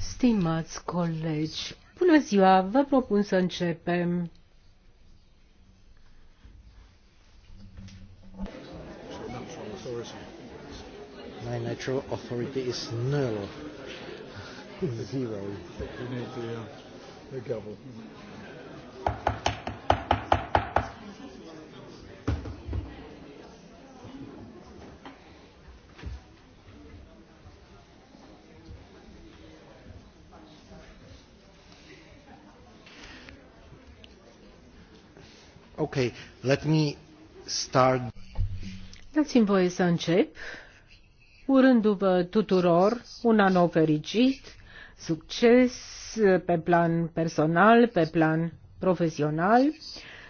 Stimați colegi, bună ziua, vă propun să începem. My natural authority is null. Zero. Okay, let me start. Dați-mi voie să încep urându-vă tuturor un an nou fericit, succes pe plan personal, pe plan profesional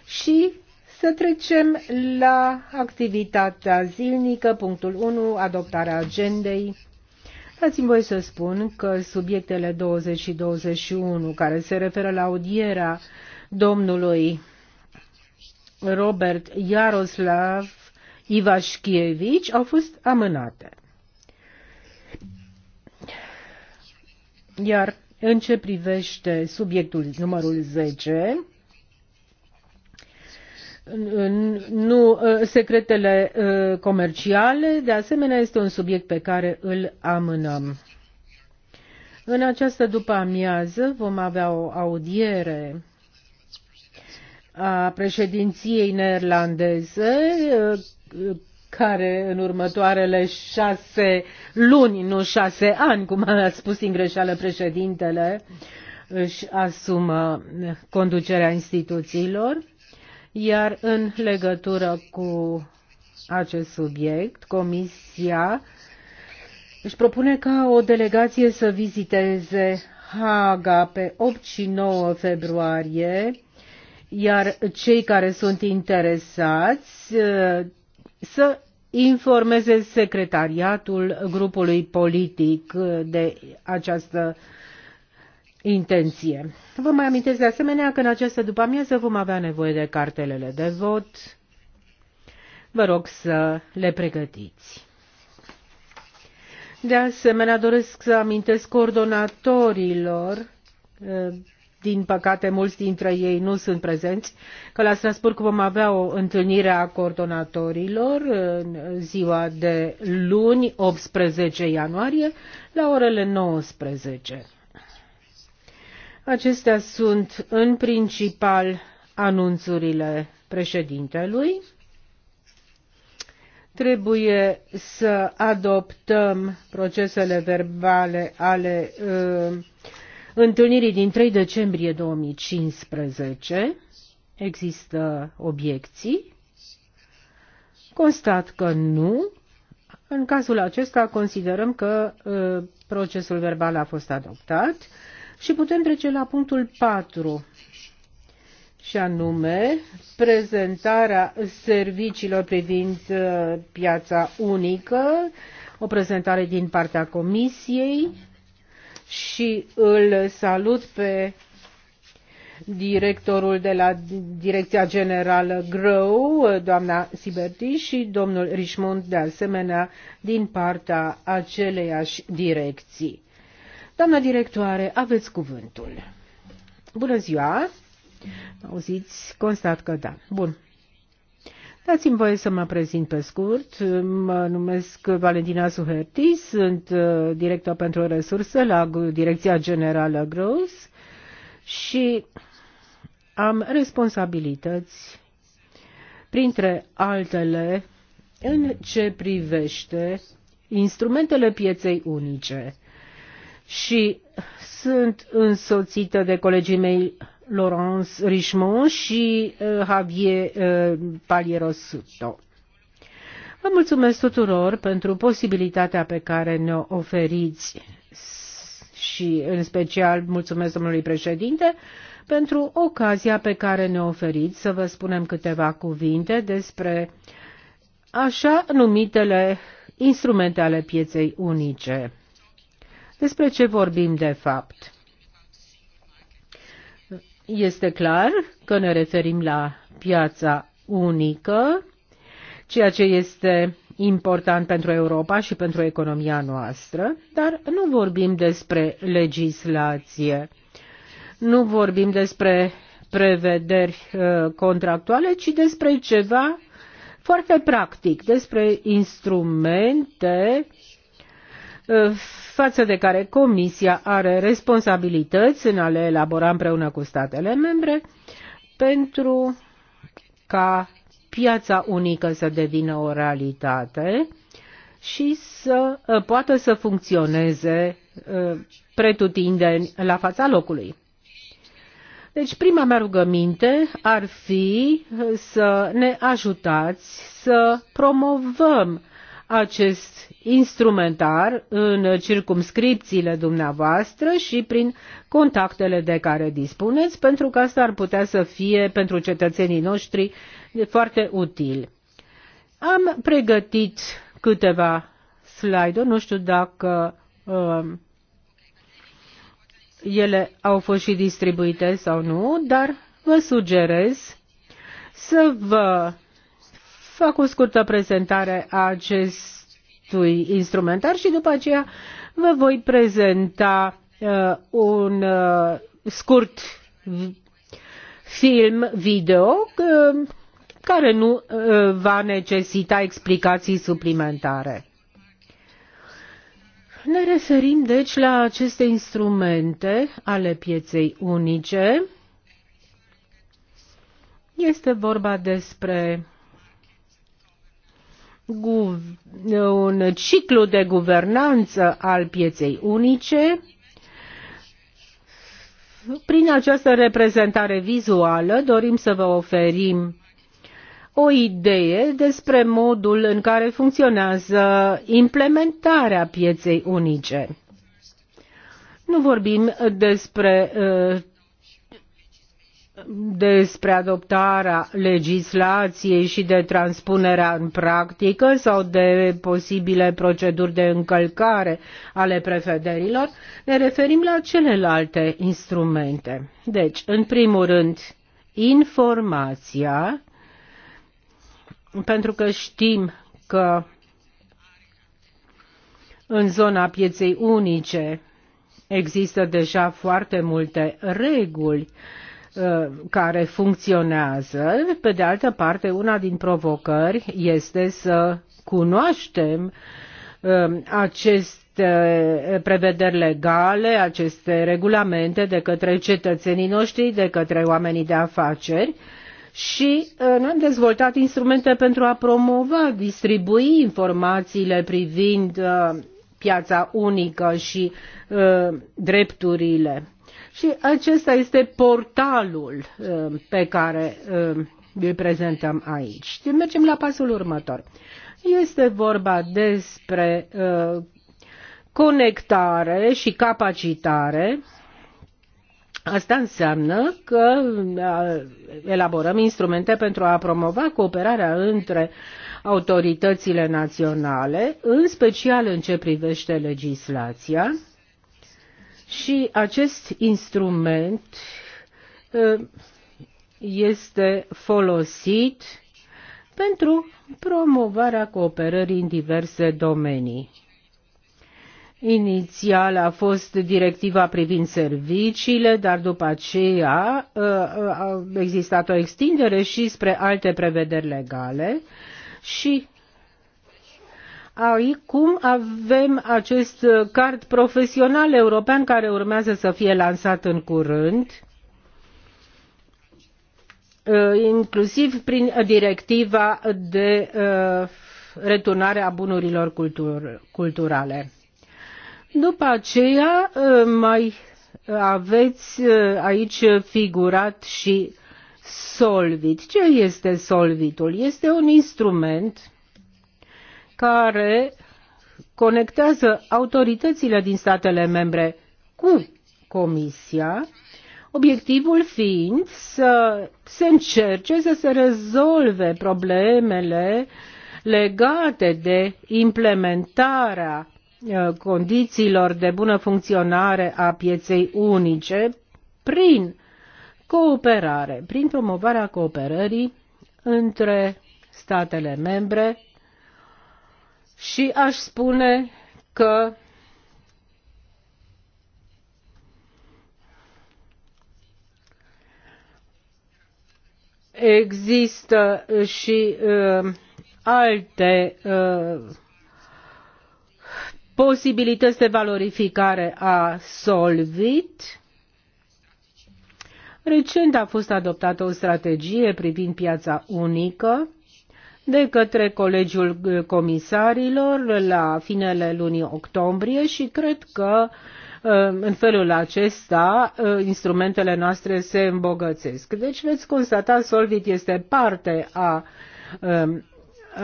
și să trecem la activitatea zilnică, punctul 1, adoptarea agendei. Dați-mi voie să spun că subiectele 20 și 21 care se referă la audierea domnului Robert Iaroslav Ivașchievici au fost amânate. Iar în ce privește subiectul numărul 10, nu, ă, secretele ă, comerciale, de asemenea, este un subiect pe care îl amânăm. În această după amiază vom avea o audiere a președinției neerlandeze, care în următoarele șase luni, nu șase ani, cum a spus din greșeală președintele, își asumă conducerea instituțiilor, iar în legătură cu acest subiect, Comisia își propune ca o delegație să viziteze Haga pe 8 și 9 februarie iar cei care sunt interesați uh, să informeze secretariatul grupului politic uh, de această intenție. Vă mai amintesc de asemenea că în această după-amiază vom avea nevoie de cartelele de vot. Vă rog să le pregătiți. De asemenea, doresc să amintesc coordonatorilor uh, din păcate mulți dintre ei nu sunt prezenți, că la Strasburg vom avea o întâlnire a coordonatorilor în ziua de luni, 18 ianuarie, la orele 19. Acestea sunt în principal anunțurile președintelui. Trebuie să adoptăm procesele verbale ale uh, întâlnirii din 3 decembrie 2015. Există obiecții? Constat că nu. În cazul acesta considerăm că uh, procesul verbal a fost adoptat și putem trece la punctul 4 și anume prezentarea serviciilor privind uh, piața unică, o prezentare din partea Comisiei și îl salut pe directorul de la Direcția Generală Grow, doamna Siberti și domnul Richmond, de asemenea, din partea aceleiași direcții. Doamna directoare, aveți cuvântul. Bună ziua! Auziți? Constat că da. Bun. Dați-mi voie să mă prezint pe scurt. Mă numesc Valentina Suherti, sunt uh, director pentru resurse la Direcția Generală Gross și am responsabilități, printre altele, în ce privește instrumentele pieței unice. Și sunt însoțită de colegii mei Laurence Richemont și uh, Javier uh, Paliero Vă mulțumesc tuturor pentru posibilitatea pe care ne-o oferiți și în special mulțumesc domnului președinte pentru ocazia pe care ne oferiți să vă spunem câteva cuvinte despre așa numitele instrumente ale pieței unice. Despre ce vorbim de fapt? Este clar că ne referim la piața unică, ceea ce este important pentru Europa și pentru economia noastră, dar nu vorbim despre legislație, nu vorbim despre prevederi uh, contractuale, ci despre ceva foarte practic, despre instrumente Eh, față de care Comisia are responsabilități în a le elabora împreună cu statele membre pentru ca piața unică să devină o realitate și să eh, poată să funcționeze eh, pretutindeni la fața locului. Deci prima mea rugăminte ar fi să ne ajutați să promovăm acest instrumentar în circumscripțiile dumneavoastră și prin contactele de care dispuneți, pentru că asta ar putea să fie pentru cetățenii noștri foarte util. Am pregătit câteva slide-uri, nu știu dacă uh, ele au fost și distribuite sau nu, dar vă sugerez să vă fac o scurtă prezentare a acestui instrumentar și după aceea vă voi prezenta uh, un uh, scurt film video uh, care nu uh, va necesita explicații suplimentare. Ne referim deci la aceste instrumente ale pieței unice. Este vorba despre un ciclu de guvernanță al pieței unice prin această reprezentare vizuală dorim să vă oferim o idee despre modul în care funcționează implementarea pieței unice. Nu vorbim despre uh, despre adoptarea legislației și de transpunerea în practică sau de posibile proceduri de încălcare ale prevederilor, ne referim la celelalte instrumente. Deci, în primul rând, informația, pentru că știm că în zona pieței unice există deja foarte multe reguli, Uh, care funcționează. Pe de altă parte, una din provocări este să cunoaștem uh, aceste prevederi legale, aceste regulamente de către cetățenii noștri, de către oamenii de afaceri și uh, ne am dezvoltat instrumente pentru a promova, distribui informațiile privind piața unică și drepturile și acesta este portalul uh, pe care uh, îl prezentăm aici. Mergem la pasul următor. Este vorba despre uh, conectare și capacitare. Asta înseamnă că elaborăm instrumente pentru a promova cooperarea între autoritățile naționale, în special în ce privește legislația, și acest instrument ă, este folosit pentru promovarea cooperării în diverse domenii. Inițial a fost directiva privind serviciile, dar după aceea ă, ă, a existat o extindere și spre alte prevederi legale și Acum avem acest card profesional european care urmează să fie lansat în curând uh, inclusiv prin directiva de uh, returnare a bunurilor culturale. După aceea uh, mai aveți aici figurat și Solvit. Ce este Solvitul? Este un instrument care conectează autoritățile din statele membre cu Comisia, obiectivul fiind să se încerce să se rezolve problemele legate de implementarea uh, condițiilor de bună funcționare a pieței unice prin cooperare, prin promovarea cooperării între statele membre și aș spune că există și uh, alte uh, posibilități de valorificare a Solvit. Recent a fost adoptată o strategie privind piața unică de către Colegiul uh, Comisarilor la finele lunii octombrie și cred că uh, în felul acesta uh, instrumentele noastre se îmbogățesc. Deci veți constata, Solvit este parte a um,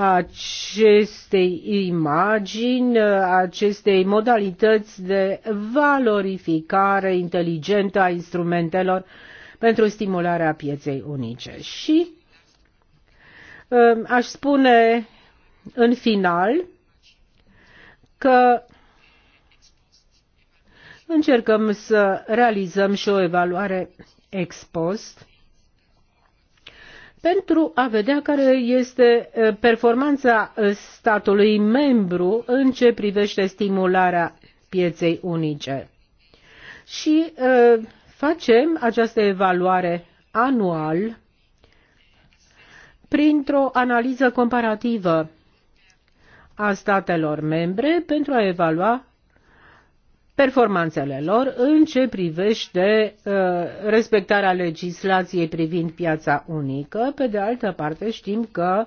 acestei imagini, acestei modalități de valorificare inteligentă a instrumentelor pentru stimularea pieței unice. Și Ehm, aș spune în final că încercăm să realizăm și o evaluare ex post pentru a vedea care este performanța statului membru în ce privește stimularea pieței unice. Și facem această evaluare anual printr-o analiză comparativă a statelor membre pentru a evalua performanțele lor în ce privește uh, respectarea legislației privind piața unică. Pe de altă parte, știm că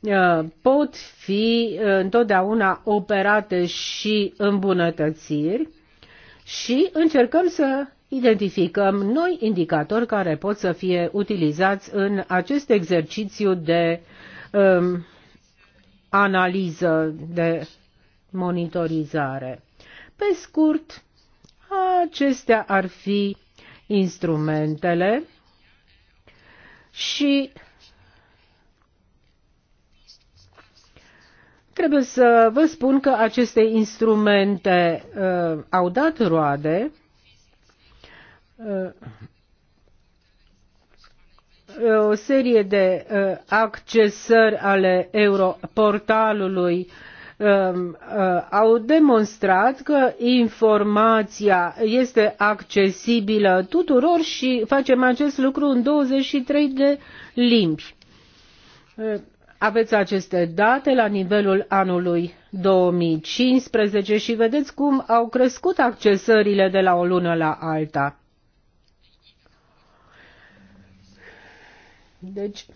uh, pot fi uh, întotdeauna operate și îmbunătățiri și încercăm să identificăm noi indicatori care pot să fie utilizați în acest exercițiu de um, analiză, de monitorizare. Pe scurt, acestea ar fi instrumentele și trebuie să vă spun că aceste instrumente uh, au dat roade Uh, o serie de uh, accesări ale europortalului um, uh, au demonstrat că informația este accesibilă tuturor și facem acest lucru în 23 de limbi. Aveți aceste date la nivelul anului 2015 și vedeți cum au crescut accesările de la o lună la alta. Deci,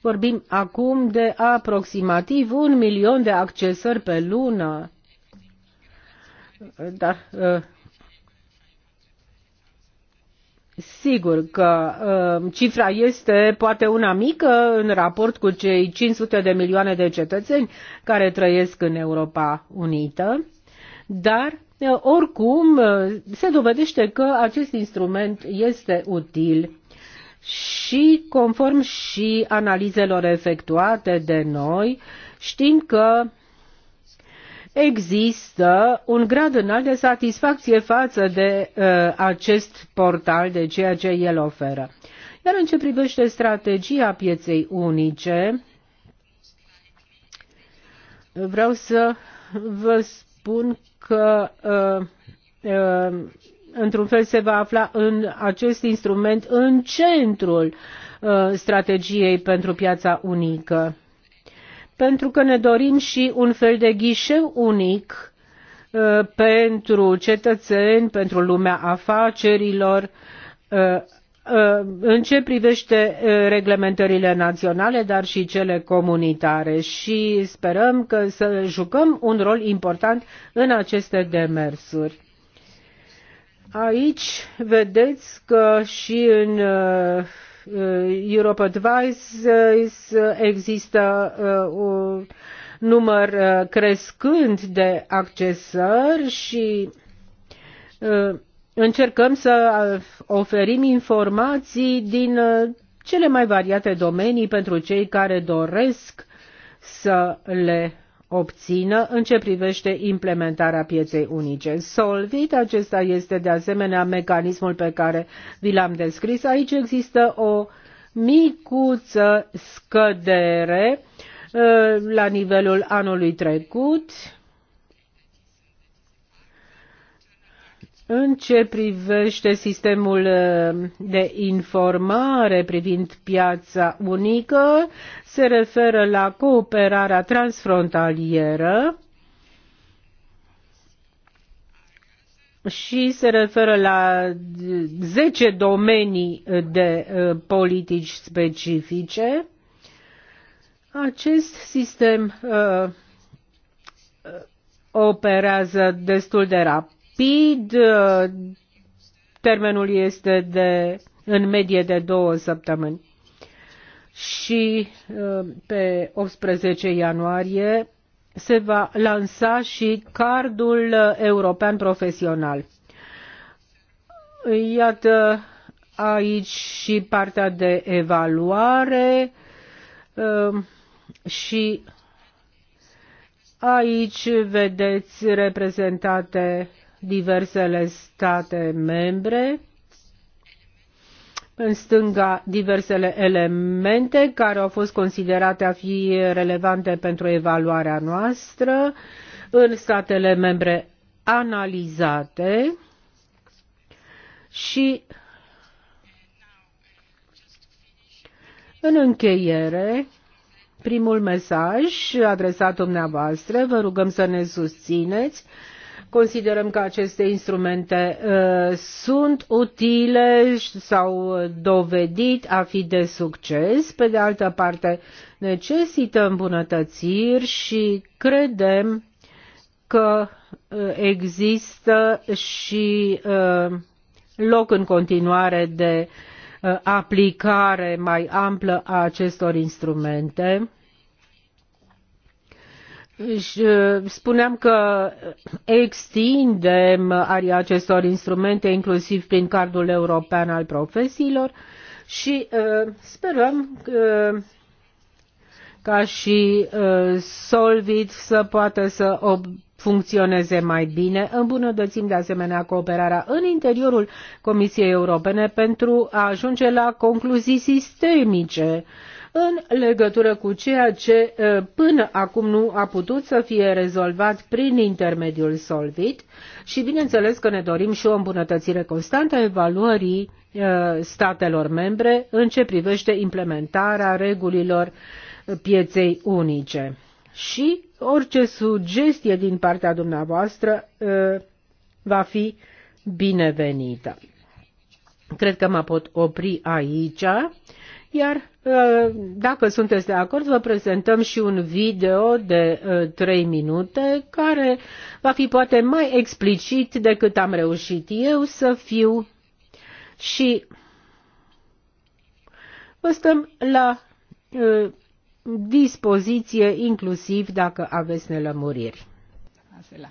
vorbim acum de aproximativ un milion de accesări pe lună. Dar uh, Sigur că uh, cifra este poate una mică în raport cu cei 500 de milioane de cetățeni care trăiesc în Europa Unită, dar uh, oricum se dovedește că acest instrument este util și conform și analizelor efectuate de noi, știm că există un grad înalt de satisfacție față de uh, acest portal, de ceea ce el oferă. Iar în ce privește strategia pieței unice, vreau să vă spun că uh, uh, într-un fel se va afla în acest instrument în centrul uh, strategiei pentru piața unică. Pentru că ne dorim și un fel de ghișeu unic uh, pentru cetățeni, pentru lumea afacerilor, uh, în ce privește reglementările naționale, dar și cele comunitare și sperăm că să jucăm un rol important în aceste demersuri. Aici vedeți că și în uh, Europe Advice există uh, un număr uh, crescând de accesări și încercăm să oferim informații din cele mai variate domenii pentru cei care doresc să le obțină în ce privește implementarea pieței unice. Solvit, acesta este de asemenea mecanismul pe care vi l-am descris. Aici există o micuță scădere uh, la nivelul anului trecut, În ce privește sistemul uh, de informare privind piața unică, se referă la cooperarea transfrontalieră și se referă la 10 domenii de uh, politici specifice. Acest sistem uh, uh operează destul de rapid speed, uh, Termenul este de, în medie de două săptămâni. Și uh, pe 18 ianuarie se va lansa și cardul european profesional. Iată aici și partea de evaluare uh, și aici vedeți reprezentate diversele state membre, în stânga diversele elemente care au fost considerate a fi relevante pentru evaluarea noastră, în statele membre analizate și în încheiere primul mesaj adresat dumneavoastră, vă rugăm să ne susțineți Considerăm că aceste instrumente uh, sunt utile, s-au dovedit a fi de succes. Pe de altă parte, necesită îmbunătățiri și credem că uh, există și uh, loc în continuare de uh, aplicare mai amplă a acestor instrumente Uh, spuneam că extindem aria acestor instrumente inclusiv prin cardul european al profesiilor și uh, sperăm uh, ca și Solvit să poată să funcționeze mai bine. Îmbunătățim de asemenea cooperarea în interiorul Comisiei Europene pentru a ajunge la concluzii sistemice uh, în legătură cu ceea ce până acum nu a putut să fie rezolvat prin intermediul Solvit și bineînțeles că ne dorim și o îmbunătățire constantă a evaluării statelor membre în ce privește implementarea regulilor pieței unice. Și orice sugestie din partea dumneavoastră va fi binevenită. Cred că mă pot opri aici iar uh, dacă sunteți de acord, vă prezentăm și un video de 3 uh, minute care va fi poate mai explicit decât am reușit eu să fiu și vă stăm la uh, dispoziție inclusiv dacă aveți nelămuriri. Asela.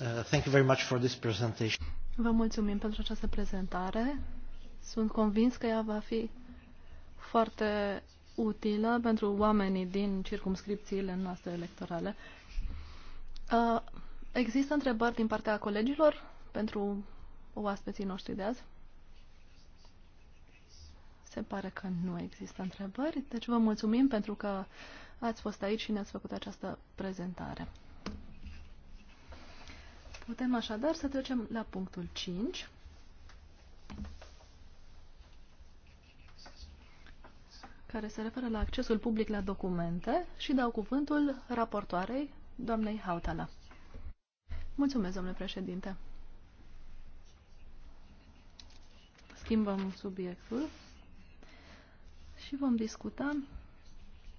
Uh, thank you very much for this presentation. Vă mulțumim pentru această prezentare. Sunt convins că ea va fi foarte utilă pentru oamenii din circumscripțiile noastre electorale. Uh, există întrebări din partea colegilor pentru oaspeții noștri de azi? Se pare că nu există întrebări, deci vă mulțumim pentru că ați fost aici și ne-ați făcut această prezentare. Putem așadar să trecem la punctul 5. care se referă la accesul public la documente și dau cuvântul raportoarei, doamnei Hautala. Mulțumesc, domnule președinte. Schimbăm subiectul și vom discuta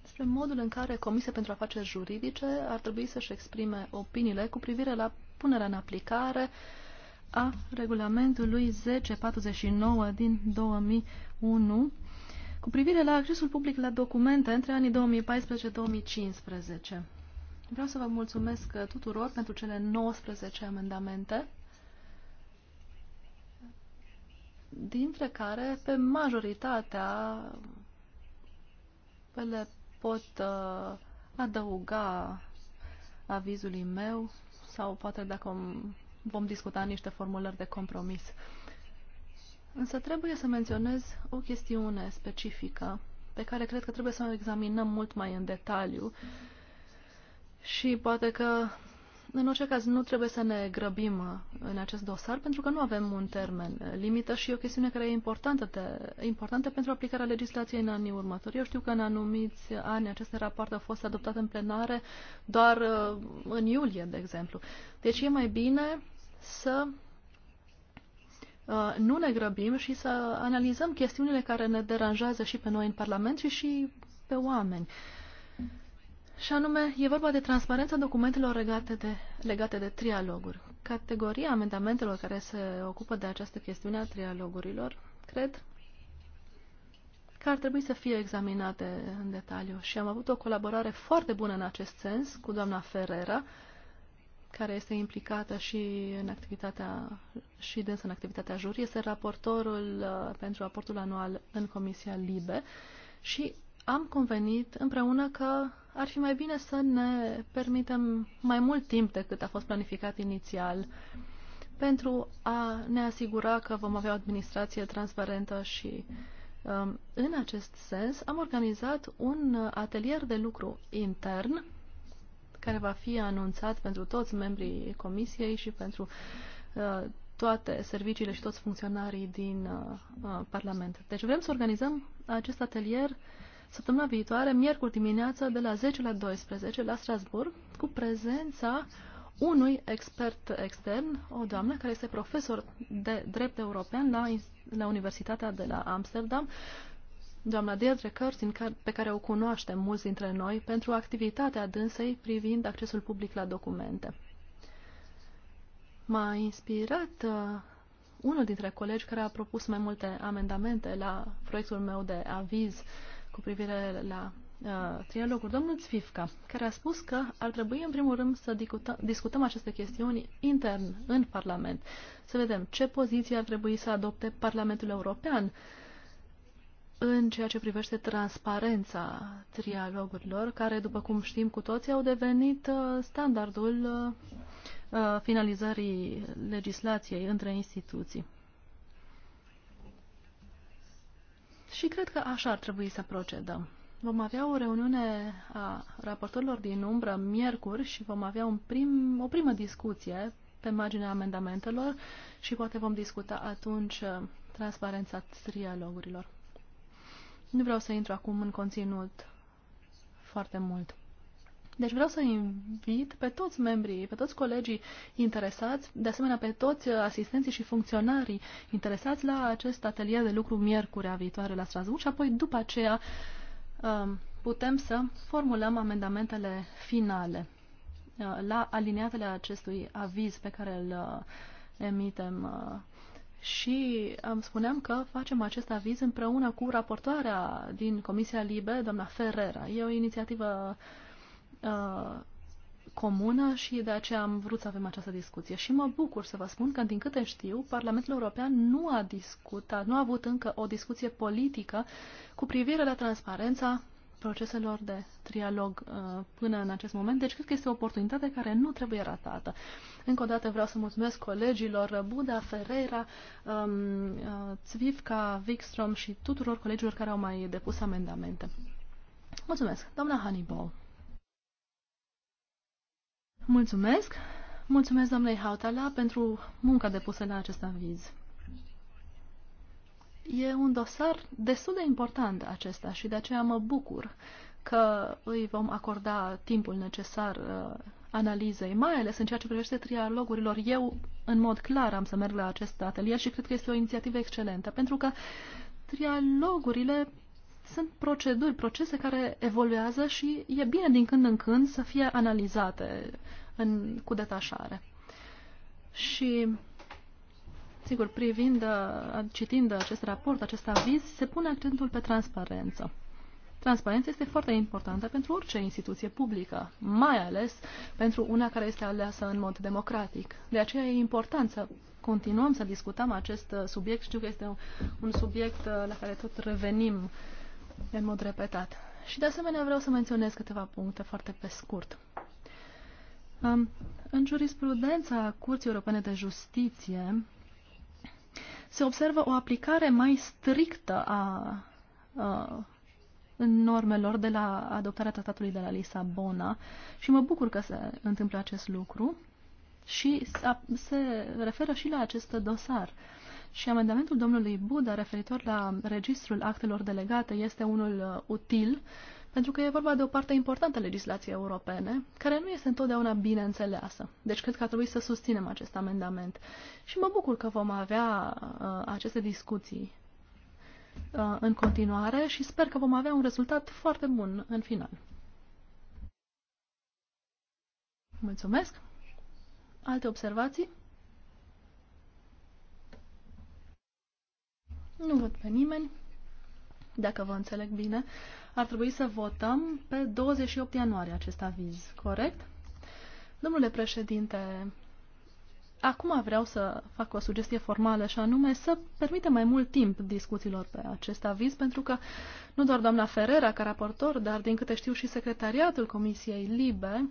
despre modul în care Comisia pentru Afaceri Juridice ar trebui să-și exprime opiniile cu privire la punerea în aplicare a regulamentului 1049 din 2001 cu privire la accesul public la documente între anii 2014-2015. Vreau să vă mulțumesc tuturor pentru cele 19 amendamente, dintre care pe majoritatea le pot uh, adăuga avizului meu sau poate dacă vom discuta niște formulări de compromis. Însă trebuie să menționez o chestiune specifică pe care cred că trebuie să o examinăm mult mai în detaliu și poate că în orice caz, nu trebuie să ne grăbim uh, în acest dosar, pentru că nu avem un termen limită și e o chestiune care e importantă, de, importantă pentru aplicarea legislației în anii următori. Eu știu că în anumiți ani aceste rapoarte au fost adoptate în plenare doar uh, în iulie, de exemplu. Deci e mai bine să uh, nu ne grăbim și să analizăm chestiunile care ne deranjează și pe noi în Parlament și și pe oameni. Uh, și anume, e vorba de transparența documentelor legate de, legate de trialoguri. Categoria amendamentelor care se ocupă de această chestiune a trialogurilor, cred că ar trebui să fie examinate în detaliu. Și am avut o colaborare foarte bună în acest sens cu doamna Ferrera, care este implicată și în activitatea și dânsă în activitatea jurii, este raportorul uh, pentru raportul anual în Comisia Libe și am convenit împreună că ar fi mai bine să ne permitem mai mult timp decât a fost planificat inițial pentru a ne asigura că vom avea o administrație transparentă și um, în acest sens am organizat un atelier de lucru intern care va fi anunțat pentru toți membrii comisiei și pentru uh, toate serviciile și toți funcționarii din uh, uh, Parlament. Deci vrem să organizăm acest atelier uh, săptămâna viitoare, miercuri dimineață, de la 10 la 12, la Strasburg, cu prezența unui expert extern, o doamnă care este profesor de drept european la, la Universitatea de la Amsterdam, doamna Deirdre Curtin, pe care o cunoaștem mulți dintre noi, pentru activitatea dânsei privind accesul public la documente. M-a inspirat uh, unul dintre colegi care a propus mai multe amendamente la proiectul meu de aviz uh, cu privire la uh, trialoguri, domnul Zvifka, care a spus că ar trebui în primul rând să discutăm, discutăm aceste chestiuni intern în Parlament, să vedem ce poziție ar trebui să adopte Parlamentul European în ceea ce privește transparența trialogurilor, care, după cum știm cu toții, au devenit uh, standardul uh, uh finalizării legislației între instituții. Și cred că așa ar trebui să procedăm. Vom avea o reuniune a raportorilor din umbră miercuri și vom avea un prim, o primă discuție pe marginea amendamentelor și poate vom discuta atunci uh, transparența trialogurilor. Nu vreau să intru acum în conținut foarte mult. Deci vreau să invit pe toți membrii, pe toți colegii interesați, de asemenea pe toți asistenții și funcționarii interesați la acest atelier de lucru miercurea viitoare la Strasbourg și apoi după aceea um, putem să formulăm amendamentele finale uh, la aliniatele acestui aviz pe care îl uh, emitem uh. și am spuneam că facem acest aviz împreună cu raportoarea din Comisia Libe, doamna Ferrera. E o inițiativă uh, Uh, comună și de aceea am vrut să avem această discuție. Și mă bucur să vă spun că, din câte știu, Parlamentul European nu a discutat, nu a avut încă o discuție politică cu privire la transparența proceselor de trialog uh, până în acest moment. Deci cred că este o oportunitate care nu trebuie ratată. Încă o dată vreau să mulțumesc colegilor Buda, Ferreira, um, uh, Zvivka, Wikstrom și tuturor colegilor care au mai depus amendamente. Mulțumesc. Doamna Hannibal. Mulțumesc. Mulțumesc doamnei Hautala pentru munca depusă la acest aviz. E un dosar destul de important acesta și de aceea mă bucur că îi vom acorda timpul necesar uh, analizei, mai ales în ceea ce privește trialogurilor. Eu, în mod clar, am să merg la acest atelier și cred că este o inițiativă excelentă, pentru că trialogurile sunt proceduri, procese care evoluează și e bine din când în când să fie analizate în, cu detașare. Și, sigur, privind, uh, citind acest raport, acest aviz, se pune accentul pe transparență. Transparența este foarte importantă pentru orice instituție publică, mai ales pentru una care este aleasă în mod democratic. De aceea e important să continuăm să discutăm acest uh, subiect. Știu că este un subiect uh, la care tot revenim în mod repetat. Și de asemenea vreau să menționez câteva puncte foarte pe scurt. în jurisprudența Curții Europene de Justiție se observă o aplicare mai strictă a, a normelor de la adoptarea tratatului de la Lisabona și mă bucur că se întâmplă acest lucru și se referă și la acest dosar. Uh, și amendamentul domnului Buda referitor la registrul actelor delegate este unul uh, util, pentru că e vorba de o parte importantă a legislației europene, care nu este întotdeauna bine înțeleasă. Deci cred că ar trebui să susținem acest amendament. Și mă bucur că vom avea uh, aceste discuții uh, în continuare și sper că vom avea un rezultat foarte bun în final. Mulțumesc! Alte observații? Nu văd pe nimeni. Dacă vă înțeleg bine, ar trebui să votăm pe 28 ianuarie acest aviz, corect? Domnule președinte, acum vreau să fac o sugestie formală și anume să permitem mai mult timp discuțiilor pe acest aviz, pentru că nu doar doamna Ferrera ca raportor, dar din câte știu și secretariatul Comisiei Libe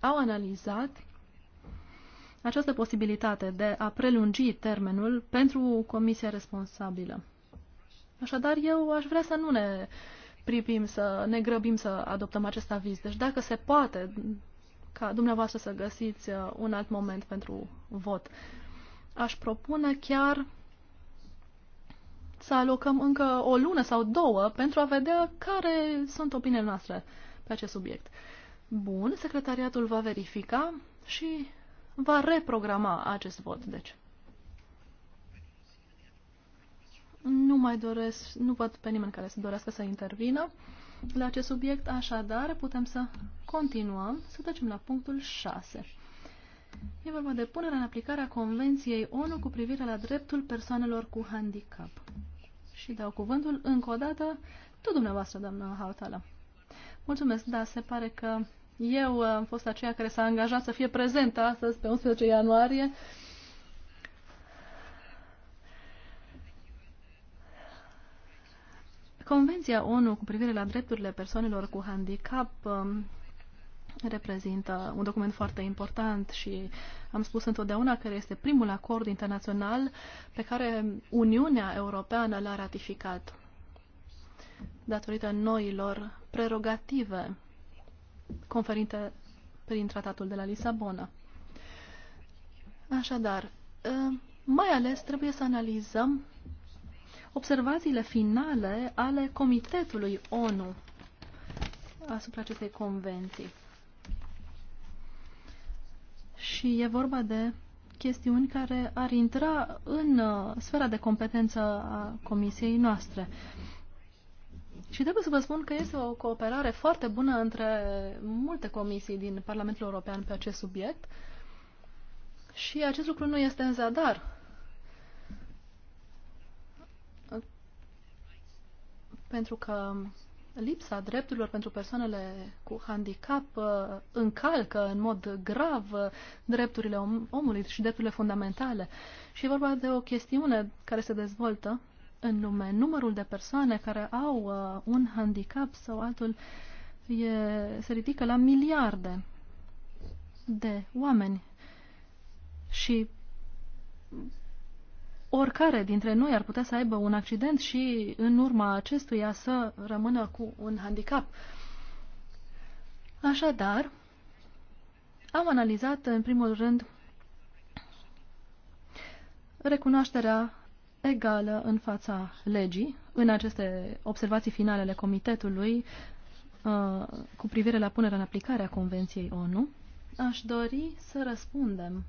au analizat această posibilitate de a prelungi termenul pentru comisia responsabilă. Așadar, eu aș vrea să nu ne pripim, să ne grăbim să adoptăm acest aviz. Deci dacă se poate ca dumneavoastră să găsiți uh, un alt moment pentru vot, aș propune chiar să alocăm încă o lună sau două pentru a vedea care sunt opiniile noastre pe acest subiect. Bun, secretariatul va verifica și va reprograma acest vot. Deci. Nu mai doresc, nu văd pe nimeni care să dorească să intervină la acest subiect, așadar putem să continuăm, să trecem la punctul 6. E vorba de punerea în aplicare a Convenției ONU cu privire la dreptul persoanelor cu handicap. Și dau cuvântul încă o dată tot dumneavoastră, doamnă Hautala. Mulțumesc, da, se pare că eu uh, am fost aceea care s-a angajat să fie prezentă astăzi, pe 11 ianuarie. Convenția ONU cu privire la drepturile persoanelor cu handicap um, reprezintă un document foarte important și am spus întotdeauna că este primul acord internațional pe care Uniunea Europeană l-a ratificat datorită noilor prerogative conferite prin tratatul de la Lisabona. Așadar, ă, mai ales trebuie să analizăm observațiile finale ale Comitetului ONU asupra acestei convenții. Și e vorba de chestiuni care ar intra în ă, sfera de competență a comisiei noastre. Și trebuie să vă spun că este o cooperare foarte bună între multe comisii din Parlamentul European pe acest subiect și acest lucru nu este în zadar. Pentru că lipsa drepturilor pentru persoanele cu handicap uh, încalcă în mod grav uh, drepturile omului și drepturile fundamentale. Și e vorba de o chestiune care se dezvoltă în lume. Numărul de persoane care au uh, un handicap sau altul e, se ridică la miliarde de oameni. Și oricare dintre noi ar putea să aibă un accident și în urma acestuia să rămână cu un handicap. Așadar, am analizat în primul rând recunoașterea egală în fața legii. În aceste observații finale ale Comitetului uh, cu privire la punerea în aplicare a Convenției ONU, aș dori să răspundem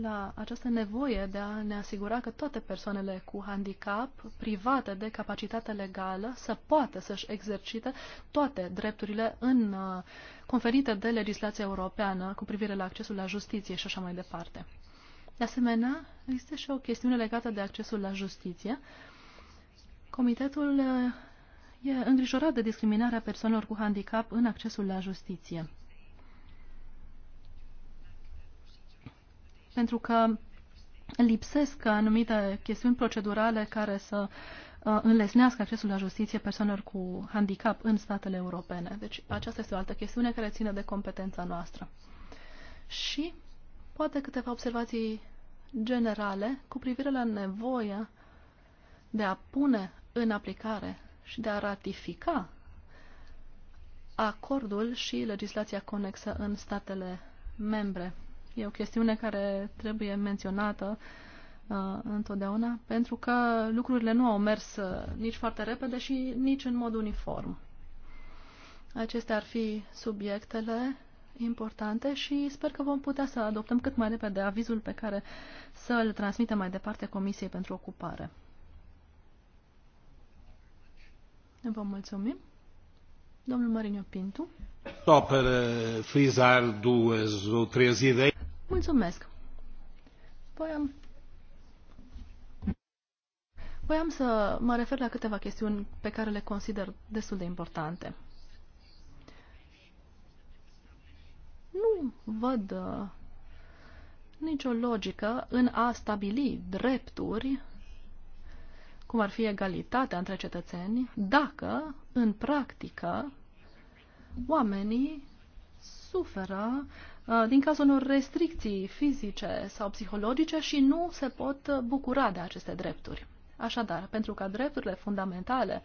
la această nevoie de a ne asigura că toate persoanele cu handicap private de capacitate legală să poată să-și exercite toate drepturile în, uh, conferite de legislația europeană cu privire la accesul la justiție și așa mai departe. De asemenea, există și o chestiune legată de accesul la justiție. Comitetul uh, e îngrijorat de discriminarea persoanelor cu handicap în accesul la justiție. Pentru că lipsesc anumite chestiuni procedurale care să uh, înlesnească accesul la justiție persoanelor cu handicap în statele europene. Deci aceasta este o altă chestiune care ține de competența noastră. Și poate câteva observații generale cu privire la nevoia de a pune în aplicare și de a ratifica acordul și legislația conexă în statele membre. E o chestiune care trebuie menționată uh, întotdeauna, pentru că lucrurile nu au mers uh, nici foarte repede și nici în mod uniform. Acestea ar fi subiectele importante și sper că vom putea să adoptăm cât mai repede avizul pe care să îl transmitem mai departe Comisiei pentru Ocupare. Vă mulțumim. Domnul Mariniu Pintu. Só para frisar duas ou três ideias. Mulțumesc. Voiam... Voiam să mă refer la câteva chestiuni pe care le consider destul de importante. nu văd uh, nicio logică în a stabili drepturi, cum ar fi egalitatea între cetățeni, dacă, în practică, oamenii suferă uh, din cauza unor restricții fizice sau psihologice și nu se pot uh, bucura de aceste drepturi. Așadar, pentru ca drepturile fundamentale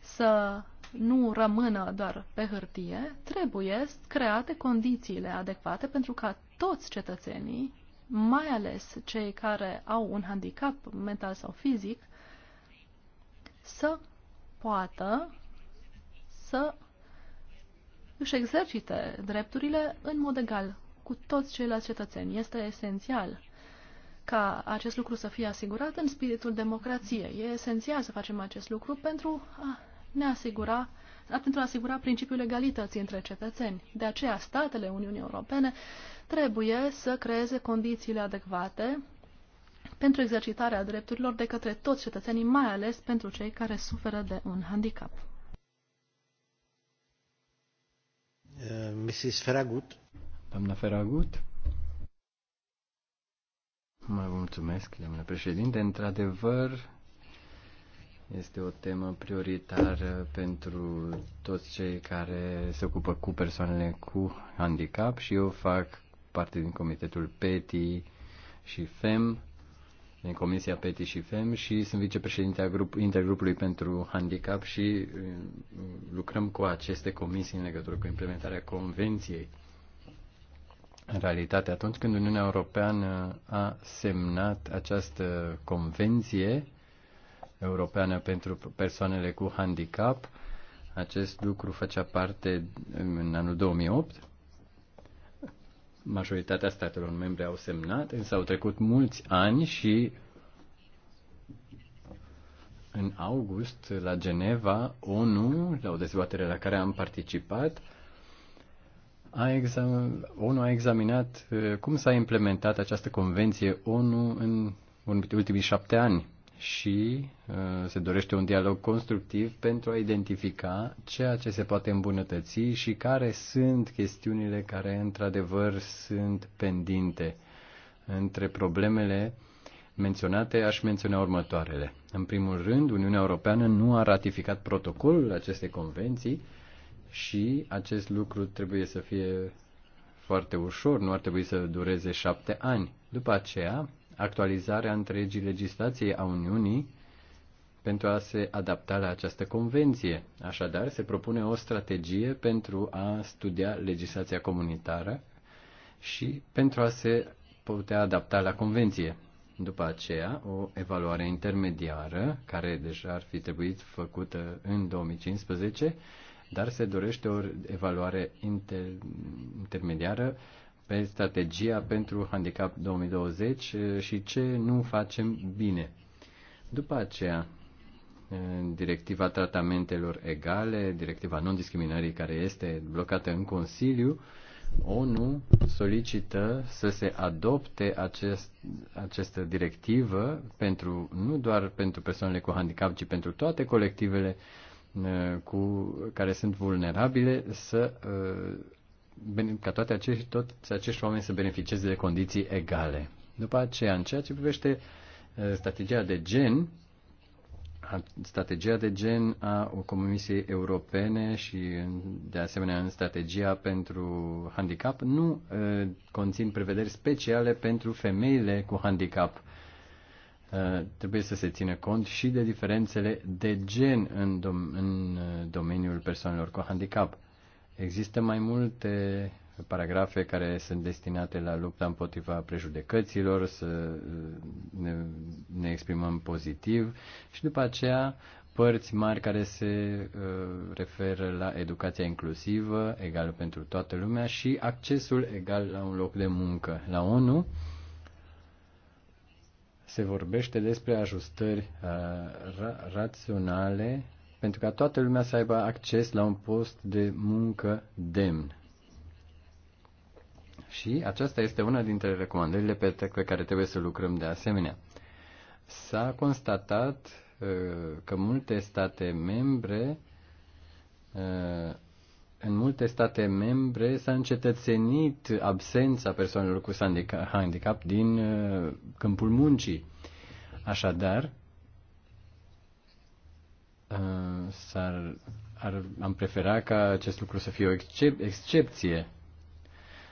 să nu rămână doar pe hârtie, trebuie create condițiile adecvate pentru ca toți cetățenii, mai ales cei care au un handicap mental sau fizic, să poată să își exercite drepturile în mod egal cu toți ceilalți cetățeni. Este esențial ca acest lucru să fie asigurat în spiritul democrației. E esențial să facem acest lucru pentru a ne asigura pentru a asigura principiul egalității între cetățeni. De aceea, statele Uniunii Europene trebuie să creeze condițiile adecvate pentru exercitarea drepturilor de către toți cetățenii, mai ales pentru cei care suferă de un handicap. Uh, Mrs. Feragut. Doamna Feragut. Mă mulțumesc, domnule președinte. Într-adevăr, este o temă prioritară pentru toți cei care se ocupă cu persoanele cu handicap și eu fac parte din comitetul PETI și FEM, din Comisia PETI și FEM și sunt vicepreședinte grup, intergrupului pentru handicap și uh, lucrăm cu aceste comisii în legătură cu implementarea convenției. În realitate, atunci când Uniunea Europeană a semnat această convenție, Europeană pentru Persoanele cu Handicap. Acest lucru făcea parte um, în anul 2008. Majoritatea statelor membre au semnat, însă au trecut mulți ani și în august la Geneva, ONU, la o dezbatere la care am participat, a exam- ONU a examinat uh, cum s-a implementat această convenție ONU în ultimii șapte ani și uh, se dorește un dialog constructiv pentru a identifica ceea ce se poate îmbunătăți și care sunt chestiunile care într-adevăr sunt pendinte. Între problemele menționate, aș menționa următoarele. În primul rând, Uniunea Europeană nu a ratificat protocolul acestei convenții și acest lucru trebuie să fie foarte ușor, nu ar trebui să dureze șapte ani. După aceea, actualizarea întregii legislației a Uniunii pentru a se adapta la această convenție. Așadar, se propune o strategie pentru a studia legislația comunitară și pentru a se putea adapta la convenție. După aceea, o evaluare intermediară, care deja ar fi trebuit făcută în 2015, dar se dorește o evaluare inter- intermediară pe strategia pentru handicap 2020 uh, și ce nu facem bine. După aceea, uh, directiva tratamentelor egale, directiva non-discriminării care este blocată în Consiliu, ONU solicită să se adopte acest, această directivă pentru, nu doar pentru persoanele cu handicap, ci pentru toate colectivele uh, cu, care sunt vulnerabile să ca toate acești, toți acești oameni să beneficieze de condiții egale. După aceea, în ceea ce privește uh, strategia de gen, strategia de gen a Comisiei Europene și, de asemenea, în strategia pentru handicap, nu uh, conțin prevederi speciale pentru femeile cu handicap. Uh, trebuie să se țină cont și de diferențele de gen în, dom- în domeniul persoanelor cu handicap Există mai multe paragrafe care sunt destinate la lupta împotriva prejudecăților, să uh, ne, ne exprimăm pozitiv și după aceea părți mari care se uh, referă la educația inclusivă, egală pentru toată lumea și accesul egal la un loc de muncă. La ONU se vorbește despre ajustări uh, ra- raționale pentru ca toată lumea să aibă acces la un post de muncă demn. Și aceasta este una dintre recomandările pe care trebuie să lucrăm de asemenea. S-a constatat uh, că multe state membre uh, în multe state membre s-a încetățenit absența persoanelor cu handicap din uh, câmpul muncii. Așadar, Uh, s-ar, ar, am prefera ca acest lucru să fie o excep- excepție.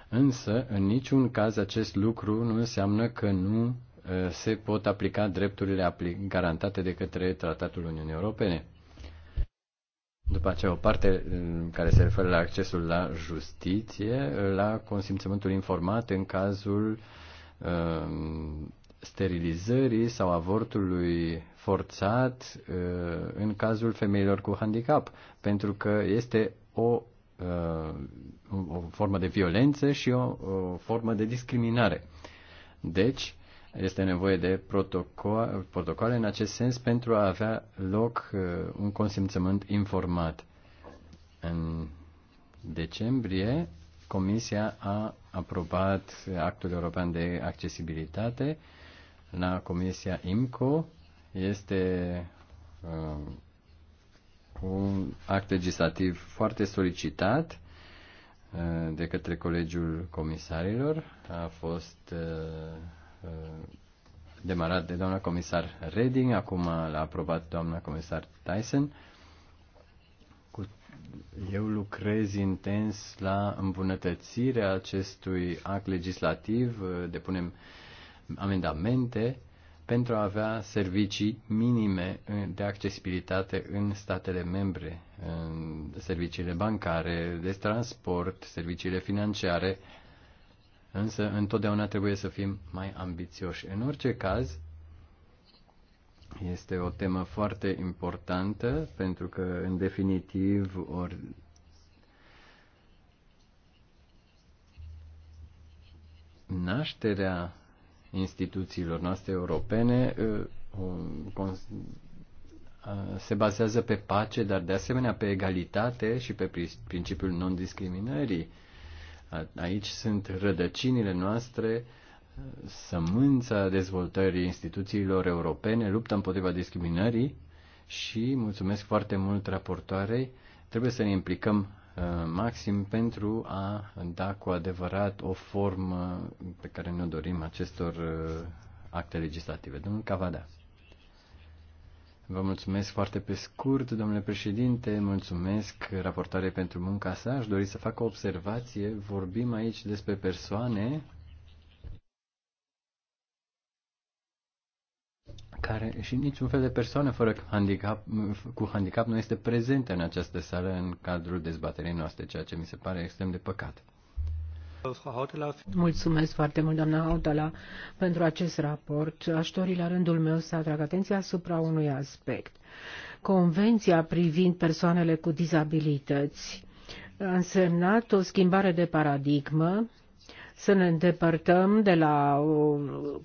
Însă, în niciun caz, acest lucru nu înseamnă că nu uh, se pot aplica drepturile apli- garantate de către Tratatul Uniunii Europene. După aceea, o parte uh, care se referă la accesul la justiție, la consimțământul informat în cazul uh, sterilizării sau avortului forțat uh, în cazul femeilor cu handicap, pentru că este o, uh, o formă de violență și o, o formă de discriminare. Deci, este nevoie de protocoale, protocoale în acest sens pentru a avea loc uh, un consimțământ informat. În decembrie, Comisia a aprobat actul european de accesibilitate la Comisia IMCO este um, un act legislativ foarte solicitat uh, de către Colegiul Comisarilor. A fost uh, uh, demarat de doamna comisar Reding, acum l-a aprobat doamna comisar Tyson. Eu lucrez intens la îmbunătățirea acestui act legislativ, depunem amendamente pentru a avea servicii minime de accesibilitate în statele membre, în serviciile bancare, de transport, serviciile financiare, însă întotdeauna trebuie să fim mai ambițioși. În orice caz, este o temă foarte importantă pentru că, în definitiv, or... nașterea instituțiilor noastre europene uh, se bazează pe pace, dar de asemenea pe egalitate și pe principiul non-discriminării. Aici sunt rădăcinile noastre, uh, sămânța dezvoltării instituțiilor europene, lupta împotriva discriminării și mulțumesc foarte mult raportoarei. Trebuie să ne implicăm Uh, maxim pentru a da cu adevărat o formă pe care ne dorim acestor uh, acte legislative. Domnul Cavada. Vă mulțumesc foarte pe scurt, domnule președinte, mulțumesc raportare pentru munca sa. Aș dori să fac o observație. Vorbim aici despre persoane care și niciun fel de persoană fără handicap, cu handicap nu este prezentă în această sală în cadrul dezbaterii noastre, ceea ce mi se pare extrem de păcat. Mulțumesc foarte mult, doamna Hautala, pentru acest raport. Aș dori la rândul meu să atrag atenția asupra unui aspect. Convenția privind persoanele cu dizabilități a însemnat o schimbare de paradigmă să ne îndepărtăm de la o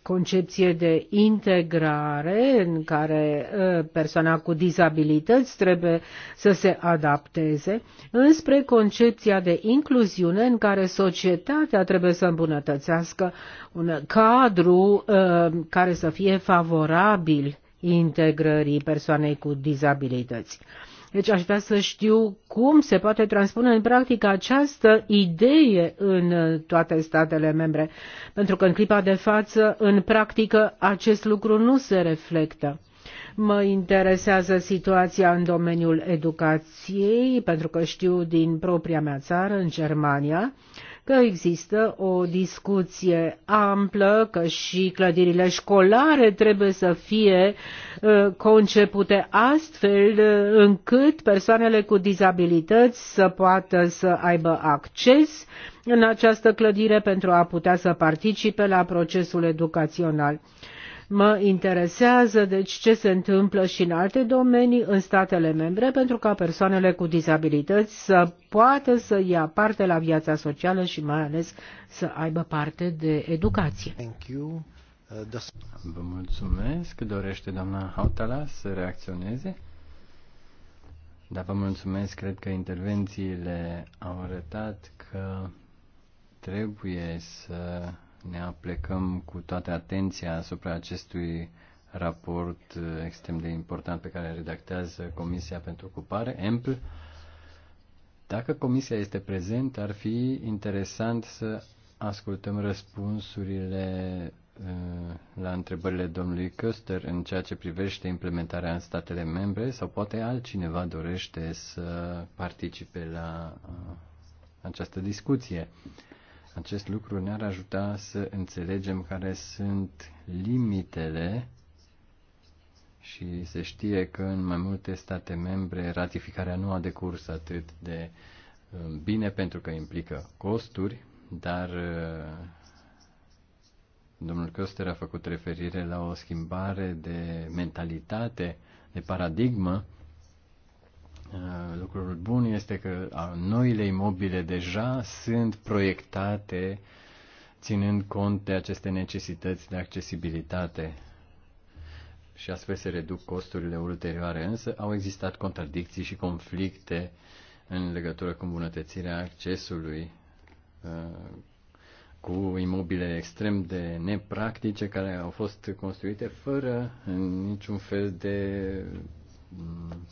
concepție de integrare în care ă, persoana cu dizabilități trebuie să se adapteze, înspre concepția de incluziune în care societatea trebuie să îmbunătățească un cadru ă, care să fie favorabil integrării persoanei cu dizabilități. Deci aș vrea să știu cum se poate transpune în practică această idee în toate statele membre, pentru că în clipa de față, în practică, acest lucru nu se reflectă. Mă interesează situația în domeniul educației, pentru că știu din propria mea țară, în Germania, că există o discuție amplă, că și clădirile școlare trebuie să fie uh, concepute astfel uh, încât persoanele cu dizabilități să poată să aibă acces în această clădire pentru a putea să participe la procesul educațional. Mă interesează deci ce se întâmplă și în alte domenii, în statele membre, pentru ca persoanele cu dizabilități să poată să ia parte la viața socială și mai ales să aibă parte de educație. Thank you. Uh, vă mulțumesc. Dorește doamna Hautala să reacționeze? Da, vă mulțumesc. Cred că intervențiile au arătat că trebuie să ne aplecăm cu toată atenția asupra acestui raport eh, extrem de important pe care redactează Comisia pentru Ocupare, EMPL. Dacă Comisia este prezent, ar fi interesant să ascultăm răspunsurile eh, la întrebările domnului Köster în ceea ce privește implementarea în statele membre sau poate altcineva dorește să participe la eh, această discuție. Acest lucru ne-ar ajuta să înțelegem care sunt limitele și se știe că în mai multe state membre ratificarea nu a decurs atât de uh, bine pentru că implică costuri, dar uh, domnul Coster a făcut referire la o schimbare de mentalitate, de paradigmă Uh, lucrul bun este că uh, noile imobile deja sunt proiectate ținând cont de aceste necesități de accesibilitate și astfel se reduc costurile ulterioare, însă au existat contradicții și conflicte în legătură cu îmbunătățirea accesului uh, cu imobile extrem de nepractice care au fost construite fără niciun fel de mm,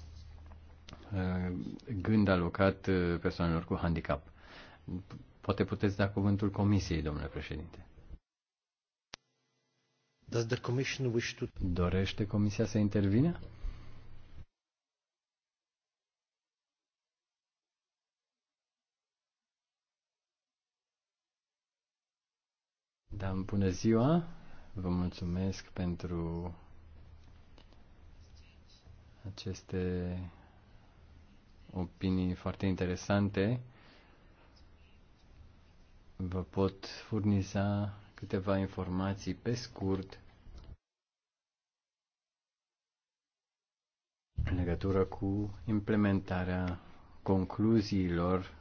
Uh, gând alocat uh, persoanelor cu handicap. Poate puteți da cuvântul Comisiei, domnule președinte. Does the commission wish to... Dorește Comisia să intervine? Da, bună ziua! Vă mulțumesc pentru aceste opinii foarte interesante. Vă pot furniza câteva informații pe scurt în legătură cu implementarea concluziilor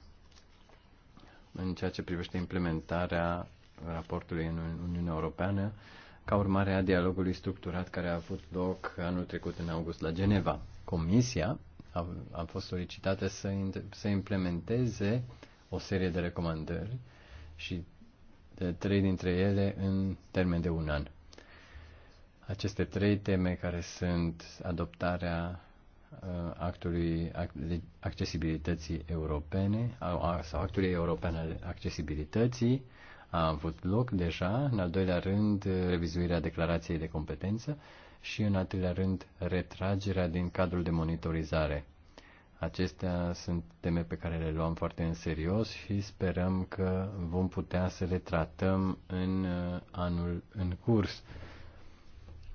în ceea ce privește implementarea raportului în Uniunea Europeană ca urmare a dialogului structurat care a avut loc anul trecut în august la Geneva. Comisia am, fost solicitate să, să implementeze o serie de recomandări și de trei dintre ele în termen de un an. Aceste trei teme care sunt adoptarea uh, actului accesibilității europene sau actului european al accesibilității a avut loc deja, în al doilea rând revizuirea declarației de competență și, în al rând, retragerea din cadrul de monitorizare. Acestea sunt teme pe care le luăm foarte în serios și sperăm că vom putea să le tratăm în uh, anul în curs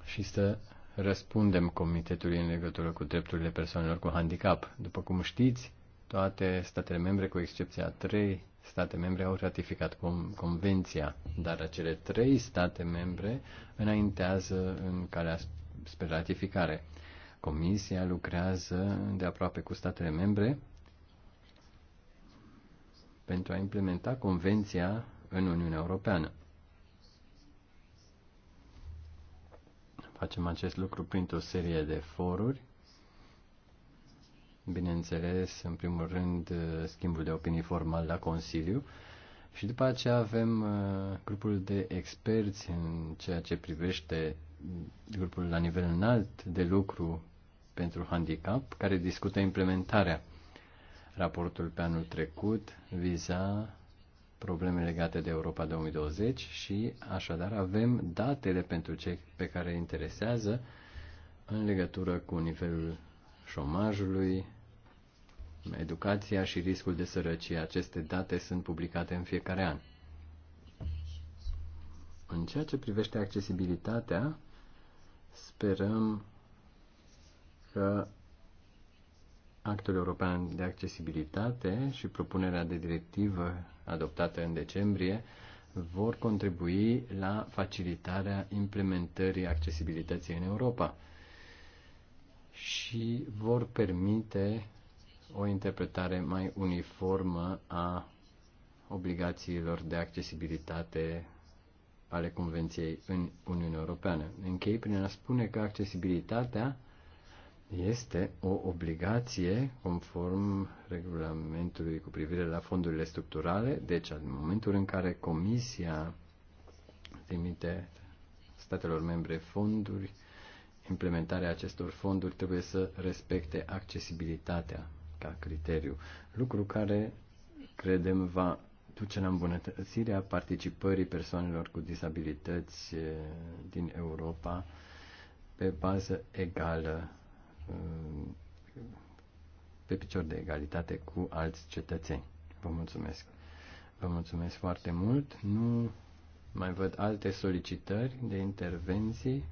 și să răspundem comitetului în legătură cu drepturile persoanelor cu handicap. După cum știți, toate statele membre, cu excepția 3, state membre au ratificat convenția, dar acele trei state membre înaintează în calea spre ratificare. Comisia lucrează de aproape cu statele membre pentru a implementa convenția în Uniunea Europeană. Facem acest lucru printr-o serie de foruri bineînțeles, în primul rând, uh, schimbul de opinii formal la Consiliu și după aceea avem uh, grupul de experți în ceea ce privește grupul la nivel înalt de lucru pentru handicap, care discută implementarea. Raportul pe anul trecut viza probleme legate de Europa 2020 și așadar avem datele pentru cei pe care interesează în legătură cu nivelul șomajului, educația și riscul de sărăcie. Aceste date sunt publicate în fiecare an. În ceea ce privește accesibilitatea, sperăm că actul european de accesibilitate și propunerea de directivă adoptată în decembrie vor contribui la facilitarea implementării accesibilității în Europa și vor permite o interpretare mai uniformă a obligațiilor de accesibilitate ale Convenției în Uniunea Europeană. Închei prin a spune că accesibilitatea este o obligație conform regulamentului cu privire la fondurile structurale, deci în momentul în care Comisia trimite statelor membre fonduri, implementarea acestor fonduri trebuie să respecte accesibilitatea ca criteriu, lucru care credem va duce la îmbunătățirea participării persoanelor cu disabilități din Europa pe bază egală, pe picior de egalitate cu alți cetățeni. Vă mulțumesc. Vă mulțumesc foarte mult. Nu mai văd alte solicitări de intervenții.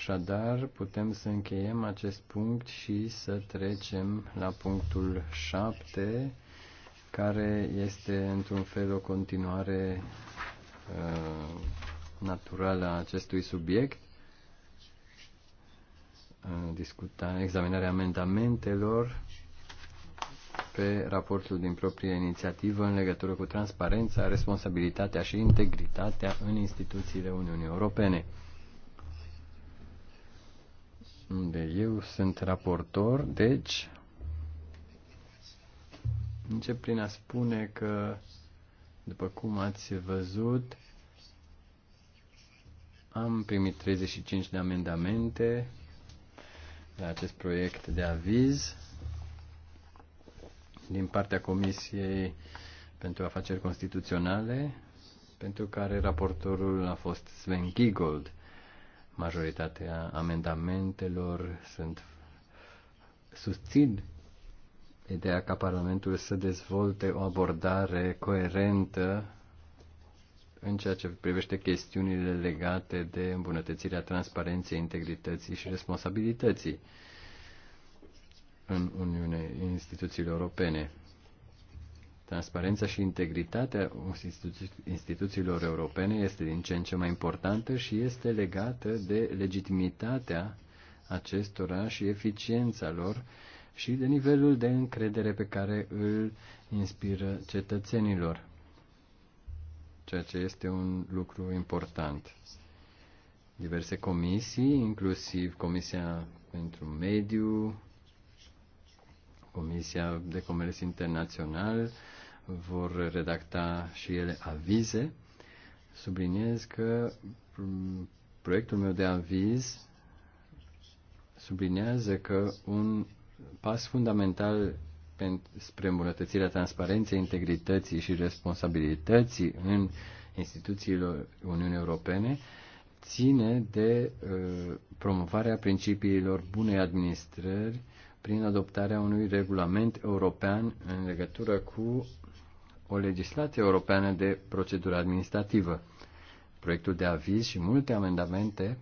Așadar, putem să încheiem acest punct și să trecem la punctul 7, care este într-un fel o continuare uh, naturală a acestui subiect. Uh, discuta examinarea amendamentelor pe raportul din proprie inițiativă în legătură cu transparența, responsabilitatea și integritatea în instituțiile Uniunii Europene unde eu sunt raportor, deci încep prin a spune că, după cum ați văzut, am primit 35 de amendamente la acest proiect de aviz din partea Comisiei pentru Afaceri Constituționale, pentru care raportorul a fost Sven Giegold. Majoritatea amendamentelor sunt susțin ideea ca Parlamentul să dezvolte o abordare coerentă în ceea ce privește chestiunile legate de îmbunătățirea transparenței, integrității și responsabilității în Uniune, instituțiile europene. Transparența și integritatea instituțiilor europene este din ce în ce mai importantă și este legată de legitimitatea acestora și eficiența lor și de nivelul de încredere pe care îl inspiră cetățenilor, ceea ce este un lucru important. Diverse comisii, inclusiv Comisia pentru Mediu, Comisia de Comerț Internațional, vor redacta și ele avize. Subliniez că proiectul meu de aviz sublinează că un pas fundamental spre îmbunătățirea transparenței, integrității și responsabilității în instituțiilor Uniunii Europene ține de uh, promovarea principiilor bunei administrări prin adoptarea unui regulament european în legătură cu o legislație europeană de procedură administrativă. Proiectul de aviz și multe amendamente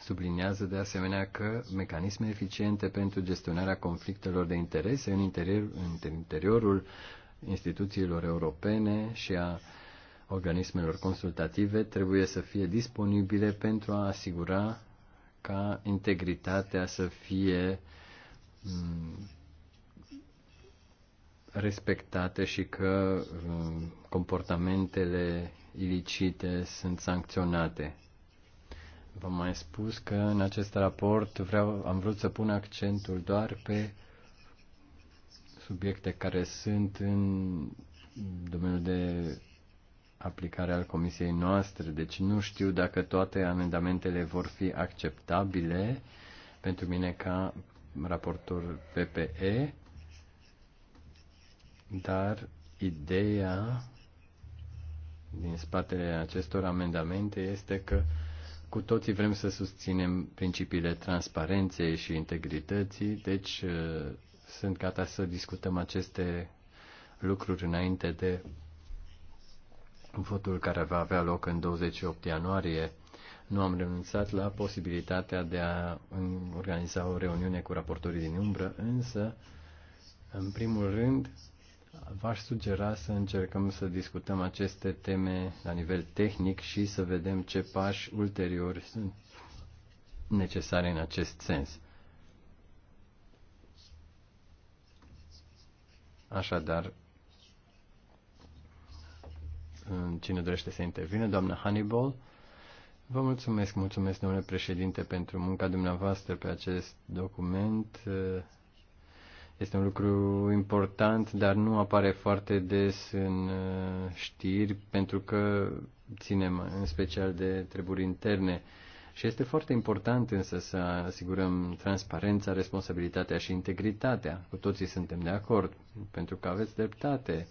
subliniază de asemenea că mecanisme eficiente pentru gestionarea conflictelor de interese în, interior, în interiorul instituțiilor europene și a organismelor consultative trebuie să fie disponibile pentru a asigura ca integritatea să fie respectate și că um, comportamentele ilicite sunt sancționate. V-am mai spus că în acest raport vreau, am vrut să pun accentul doar pe subiecte care sunt în domeniul de aplicare al comisiei noastre, deci nu știu dacă toate amendamentele vor fi acceptabile pentru mine ca raportor PPE dar ideea din spatele acestor amendamente este că cu toții vrem să susținem principiile transparenței și integrității, deci uh, sunt gata să discutăm aceste lucruri înainte de votul care va avea loc în 28 ianuarie. Nu am renunțat la posibilitatea de a organiza o reuniune cu raportorii din umbră, însă, în primul rând, V-aș sugera să încercăm să discutăm aceste teme la nivel tehnic și să vedem ce pași ulteriori sunt necesare în acest sens. Așadar, cine dorește să intervine, doamna Hannibal, vă mulțumesc, mulțumesc, domnule președinte, pentru munca dumneavoastră pe acest document. Este un lucru important, dar nu apare foarte des în uh, știri pentru că ținem în special de treburi interne. Și este foarte important însă să asigurăm transparența, responsabilitatea și integritatea. Cu toții suntem de acord, pentru că aveți dreptate.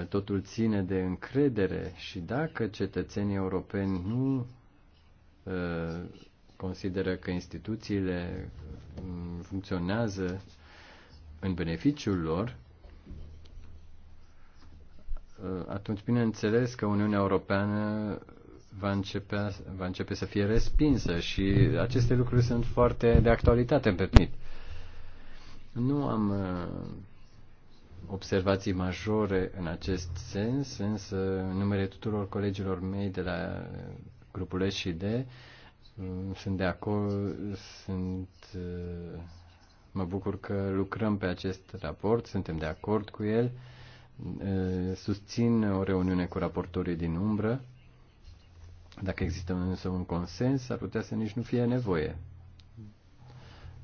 Uh, totul ține de încredere și dacă cetățenii europeni nu uh, consideră că instituțiile mm, funcționează în beneficiul lor, uh, atunci bineînțeles că Uniunea Europeană va începe, va începe să fie respinsă și aceste lucruri sunt foarte de actualitate în permit. Nu am uh, observații majore în acest sens, însă în numele tuturor colegilor mei de la uh, grupul SD sunt de acord, sunt Mă bucur că lucrăm pe acest raport, suntem de acord cu el. Eh, susțin o reuniune cu raportorii din umbră. Dacă există însă un consens, ar putea să nici nu fie nevoie.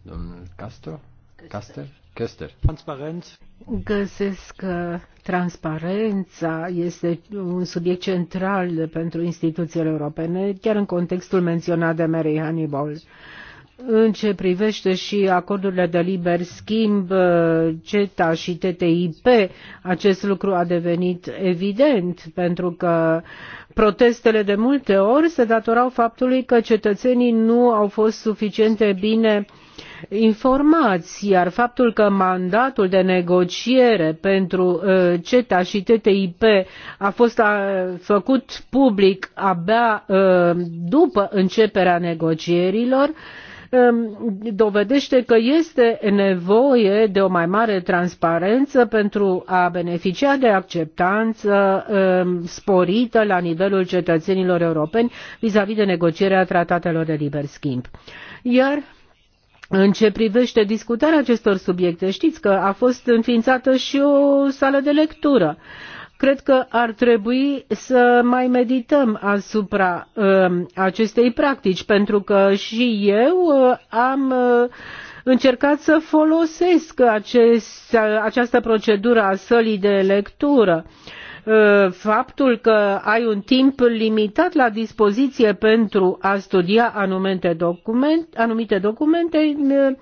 Domnul Castro? Caster? Caster. Transparent. Găsesc că transparența este un subiect central pentru instituțiile europene, chiar în contextul menționat de Mary Hannibal. În ce privește și acordurile de liber schimb, uh, CETA și TTIP, acest lucru a devenit evident, pentru că protestele de multe ori se datorau faptului că cetățenii nu au fost suficiente bine informați, iar faptul că mandatul de negociere pentru uh, CETA și TTIP a fost uh, făcut public abia după începerea negocierilor, dovedește că este nevoie de o mai mare transparență pentru a beneficia de acceptanță sporită la nivelul cetățenilor europeni vis-a-vis de negocierea tratatelor de liber schimb. Iar în ce privește discutarea acestor subiecte, știți că a fost înființată și o sală de lectură. Uh, Cred că ar trebui să mai medităm asupra uh, acestei practici, pentru că și eu uh, am uh, încercat să folosesc acest, uh, această procedură a sălii de lectură. Uh, faptul că ai un timp limitat la dispoziție pentru a studia anumite documente, anumite documente uh,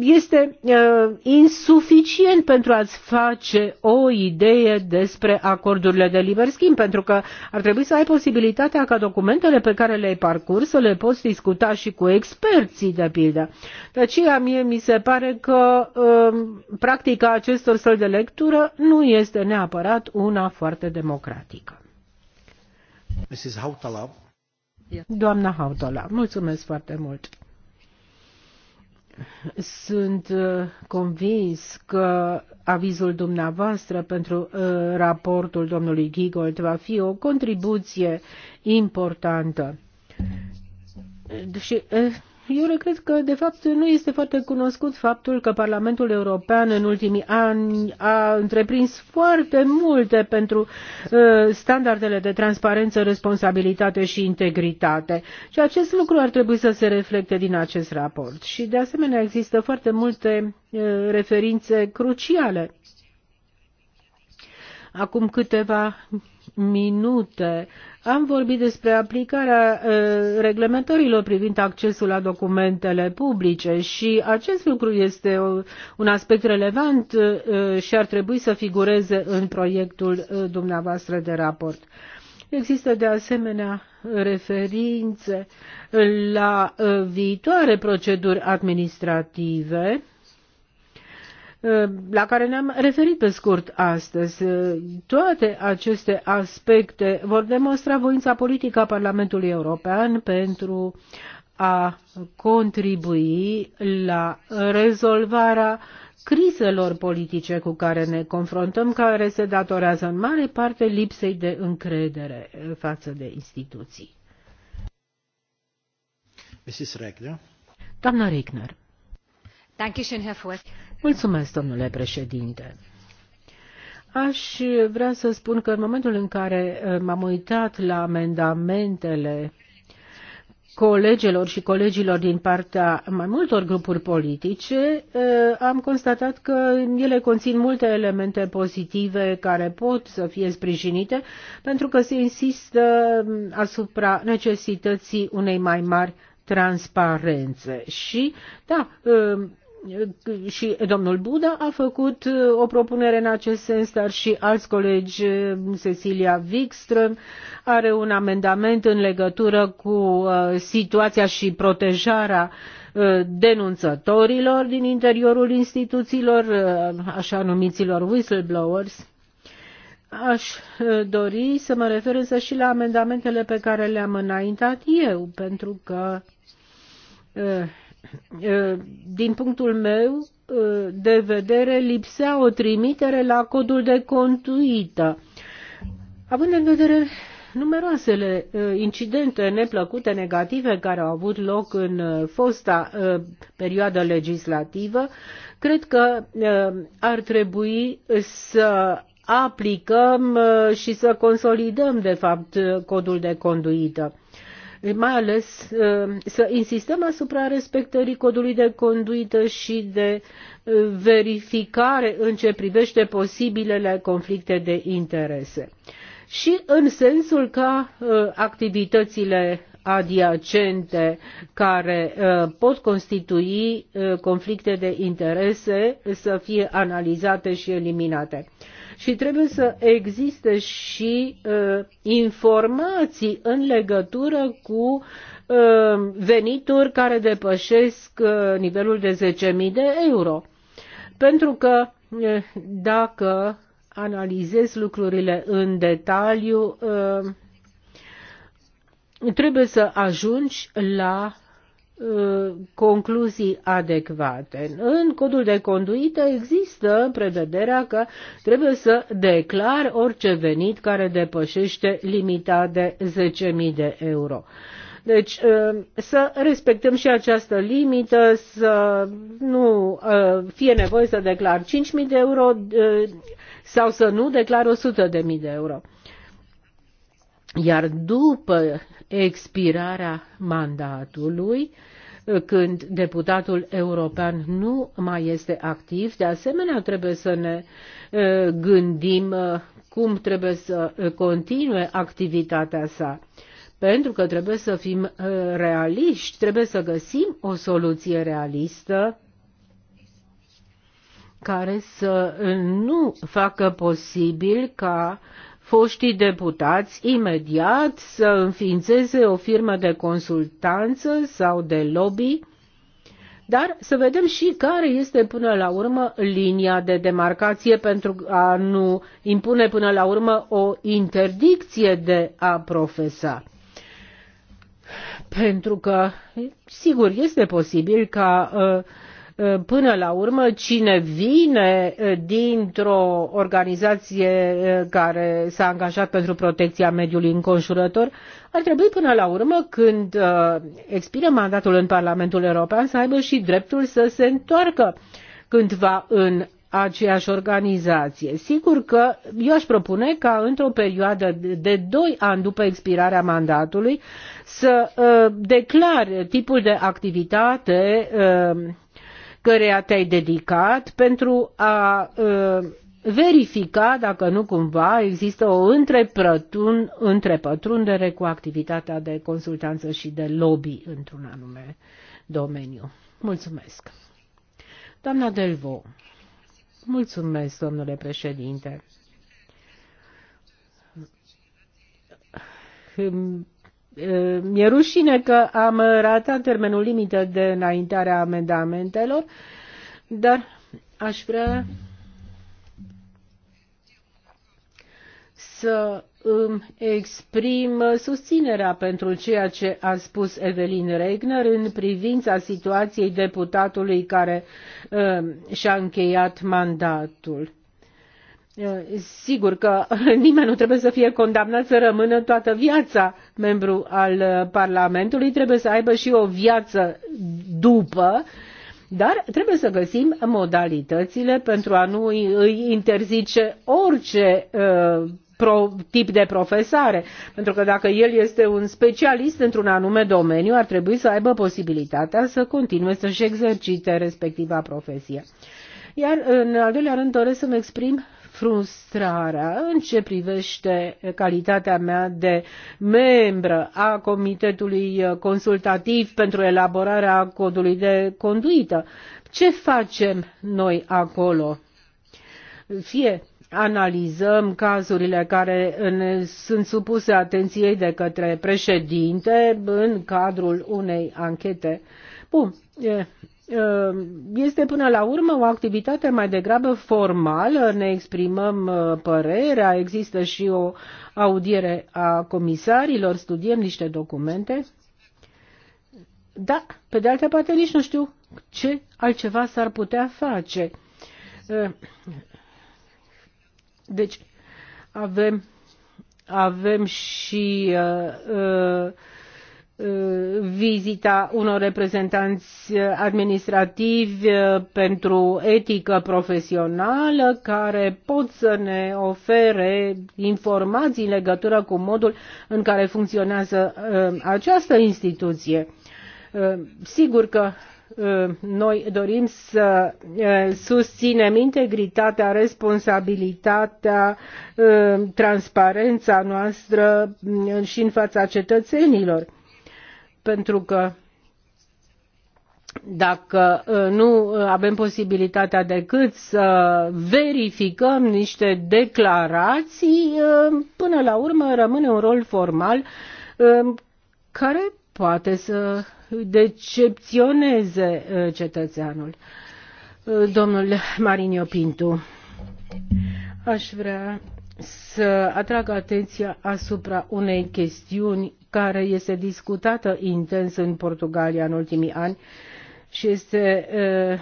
este uh, insuficient pentru a-ți face o idee despre acordurile de liber schimb, pentru că ar trebui să ai posibilitatea ca documentele pe care le-ai parcurs să le poți discuta și cu experții, de pildă. De aceea mie mi se pare că um, practica acestor săl de lectură nu este neapărat una foarte democratică. Mrs. Hautala. Doamna Hautala, mulțumesc foarte mult. Sunt uh, convins că avizul dumneavoastră pentru uh, raportul domnului Gigold va fi o contribuție importantă. Și uh, eu regret că, de fapt, nu este foarte cunoscut faptul că Parlamentul European în ultimii ani a întreprins foarte multe pentru uh, standardele de transparență, responsabilitate și integritate. Și acest lucru ar trebui să se reflecte din acest raport. Și, de asemenea, există foarte multe uh, referințe cruciale. Acum câteva minute. Am vorbit despre aplicarea uh, reglementărilor privind accesul la documentele publice și acest lucru este un aspect relevant uh, uh, și ar trebui să figureze în proiectul dumneavoastră de raport. Există de asemenea referințe la viitoare proceduri administrative Eh, la care ne-am referit pe scurt astăzi. Toate aceste aspecte vor demonstra voința politică a Parlamentului European pentru a contribui la rezolvarea crizelor politice cu care ne confruntăm, care se datorează în mare parte lipsei de încredere față de instituții. Mrs. Regner. Doamna Regner. Dankeschön, Herr Forst. Mulțumesc, domnule președinte. Aș vrea să spun că în momentul în care eh, m-am uitat la amendamentele colegelor și colegilor din partea mai multor grupuri politice, eh, am constatat că ele conțin multe elemente pozitive care pot să fie sprijinite, pentru că se insistă mm, asupra necesității unei mai mari transparențe. Și, da, eh, și domnul Buda a făcut uh, o propunere în acest sens, dar și alți colegi, uh, Cecilia Wikström, are un amendament în legătură cu uh, situația și protejarea denunțătorilor din interiorul instituțiilor, așa numiților whistleblowers. Aș dori să mă refer însă și la amendamentele pe care le-am înaintat eu, pentru că din punctul meu de vedere, lipsea o trimitere la codul de conduită. Având în vedere numeroasele incidente neplăcute, negative care au avut loc în fosta perioadă legislativă, cred că ar trebui să aplicăm și să consolidăm, de fapt, codul de conduită mai ales uh, să insistăm asupra respectării codului de conduită și de uh, verificare în ce privește posibilele conflicte de interese. Și în sensul ca uh, activitățile adiacente care pot constitui conflicte de interese să fie analizate și eliminate și trebuie să existe și uh, informații în legătură cu uh, venituri care depășesc uh, nivelul de 10.000 de euro. Pentru că uh, dacă analizez lucrurile în detaliu, uh, trebuie să ajungi la concluzii adecvate. În codul de conduită există prevederea că trebuie să declar orice venit care depășește limita de 10.000 de euro. Deci ă, să respectăm și această limită, să nu ă, fie nevoie să declar 5.000 de euro ă, sau să nu declar 100.000 de euro. Iar după expirarea mandatului, când deputatul european nu mai este activ. De asemenea, trebuie să ne gândim cum trebuie să continue activitatea sa. Pentru că trebuie să fim realiști, trebuie să găsim o soluție realistă care să nu facă posibil ca uh, foștii deputați imediat să înființeze o firmă de consultanță sau de lobby, dar să vedem și care este până la urmă linia de demarcație pentru a nu impune până la urmă o interdicție de a profesa. Pentru că, sigur, este posibil ca uh, până la urmă cine vine eh, dintr-o organizație eh, care s-a angajat pentru protecția mediului înconjurător, ar trebui până la urmă când eh, expiră mandatul în Parlamentul European să aibă și dreptul să se întoarcă cândva în aceeași organizație. Sigur că eu aș propune ca într-o perioadă de 2 ani după expirarea mandatului să uh, declare tipul de activitate uh, căreia te-ai dedicat pentru a verifica dacă nu cumva există o întrepătrundere cu activitatea de consultanță și de lobby într-un anume domeniu. Mulțumesc. Doamna Delvo. Mulțumesc, domnule președinte mi-e rușine că am ratat termenul limită de înaintare a amendamentelor, dar aș vrea să îmi exprim susținerea pentru ceea ce a spus Evelin Regner în privința situației deputatului care uh, și-a încheiat mandatul. Sigur că nimeni nu trebuie să fie condamnat să rămână toată viața membru al uh, Parlamentului, trebuie să aibă și o viață după, dar trebuie să găsim modalitățile pentru a nu îi interzice orice uh, pro, tip de profesare, pentru că dacă el este un specialist într-un anume domeniu, ar trebui să aibă posibilitatea să continue să-și exercite respectiva profesie. Iar, în al doilea rând, doresc să-mi exprim frustrarea în ce privește calitatea mea de membră a Comitetului Consultativ pentru elaborarea codului de conduită. Ce facem noi acolo? Fie analizăm cazurile care ne sunt supuse atenției de către președinte în cadrul unei anchete. Bun, Uh, este până la urmă o activitate mai degrabă formală, ne exprimăm uh, părerea, există și o audiere a comisarilor, studiem niște documente. Da, pe de altă parte nici nu știu ce altceva s-ar putea face. Uh, deci avem, avem și uh, uh, vizita unor reprezentanți administrativi eh, pentru etică profesională care pot să ne ofere informații în legătură cu modul în care funcționează eh, această instituție. Eh, sigur că noi dorim să susținem integritatea, responsabilitatea, transparența noastră mm, și în fața cetățenilor pentru că dacă uh, nu uh, avem posibilitatea decât să verificăm niște declarații, uh, până la urmă rămâne un rol formal care poate să decepționeze cetățeanul. Domnul Marinio Pintu, aș vrea să atrag atenția asupra unei chestiuni care este discutată intens în Portugalia în ultimii ani și este,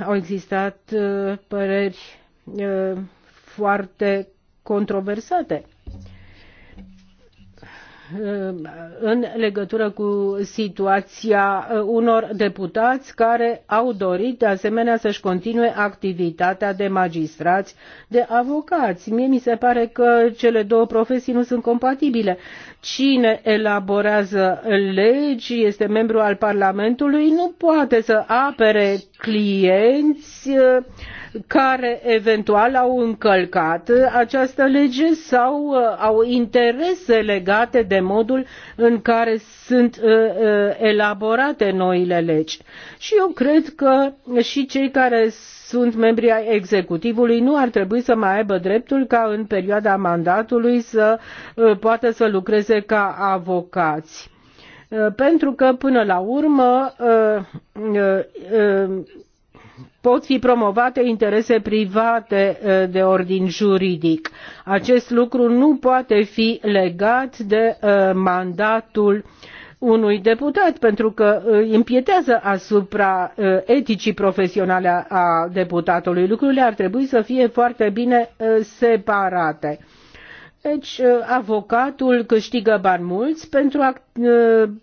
uh, au existat uh, păreri uh, foarte controversate în legătură cu situația unor deputați care au dorit de asemenea să-și continue activitatea de magistrați, de avocați. Mie mi se pare că cele două profesii nu sunt compatibile cine elaborează legi, este membru al Parlamentului, nu poate să apere clienți uh, care eventual au încălcat această lege sau uh, au interese legate de modul în care sunt uh, elaborate noile legi. Și eu cred că și cei care sunt membri ai executivului nu ar trebui să mai aibă dreptul ca în perioada mandatului să uh, poată să lucreze ca avocați. Uh, pentru că, până la urmă, uh, pot fi promovate interese private de ordin juridic. Acest lucru nu poate fi legat de mandatul uh, unui deputat, pentru că uh, impietează asupra uh, eticii profesionale a deputatului. Lucrurile ar trebui să fie foarte bine uh, separate. Deci, avocatul câștigă bani mulți pentru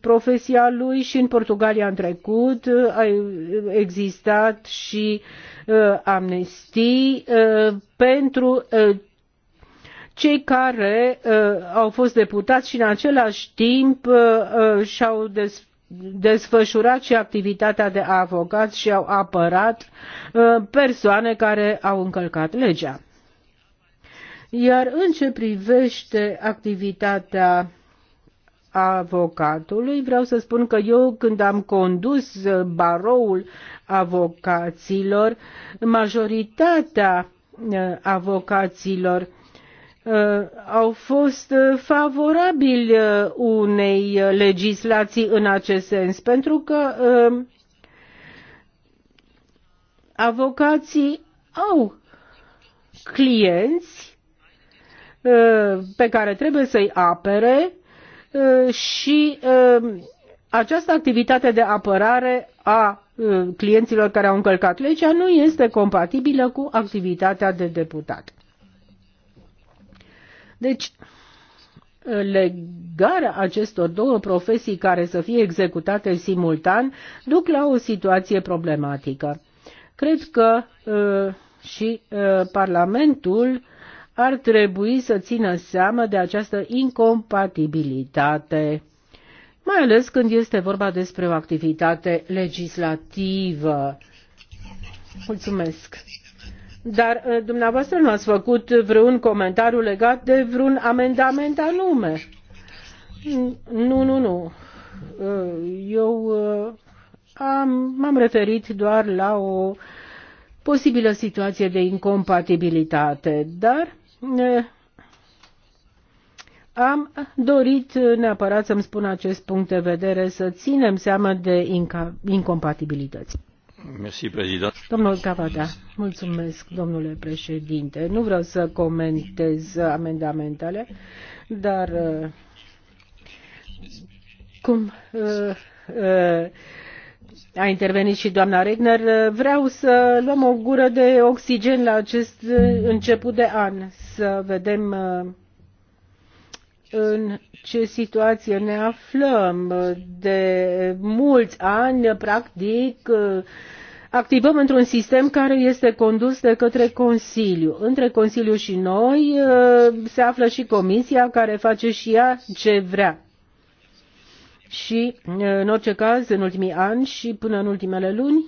profesia lui și în Portugalia în trecut a existat și amnestii pentru cei care uh, au fost deputați și în același timp uh, uh și-au des- desfășurat și activitatea de avocați și au apărat uh, persoane care au încălcat legea. Iar în ce privește activitatea avocatului, vreau să spun că eu când am condus uh, baroul avocaților, majoritatea uh, avocaților Uh, au fost uh, favorabili uh, unei legislații în acest sens, pentru că avocații au clienți pe care trebuie să-i apere și această activitate de apărare a clienților care au încălcat legea nu este compatibilă cu activitatea de deputat. Deci, legarea acestor două profesii care să fie executate simultan duc la o situație problematică. Cred că uh, și uh, Parlamentul ar trebui să țină seamă de această incompatibilitate, mai ales când este vorba despre o activitate legislativă. Mulțumesc! Dar uh, dumneavoastră nu ați făcut vreun comentariu legat de vreun amendament anume. Nu, nu, nu. Uh, eu uh, m-am referit doar la o posibilă situație de incompatibilitate, dar am dorit neapărat să-mi spun acest punct de vedere, să ținem seama de incompatibilități. Domnul Cavada, mulțumesc, domnule președinte. Nu vreau să comentez amendamentele, dar uh, cum uh, uh, a intervenit și doamna Regner, vreau să luăm o gură de oxigen la acest început de an, să vedem în ce situație ne aflăm. De mulți ani, practic, activăm într-un sistem care este condus de către Consiliu. Între Consiliu și noi se află și Comisia care face și ea ce vrea. Și, în orice caz, în ultimii ani și până în ultimele luni,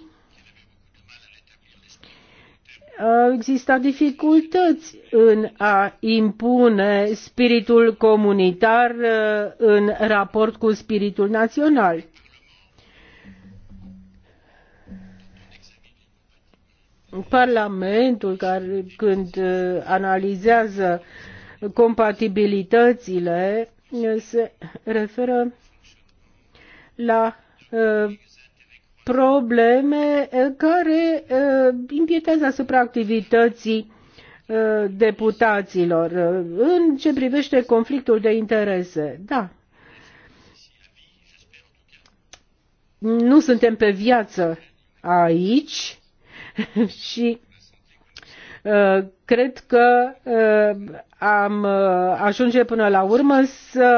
au existat dificultăți în a impune spiritul comunitar uh, în raport cu spiritul național. Parlamentul, care, când uh, analizează compatibilitățile, uh, se referă la probleme eh, care eh, impietează asupra activității eh, deputaților în ce privește conflictul de interese. Da. Nu suntem pe viață aici și cred că am ajunge până la urmă să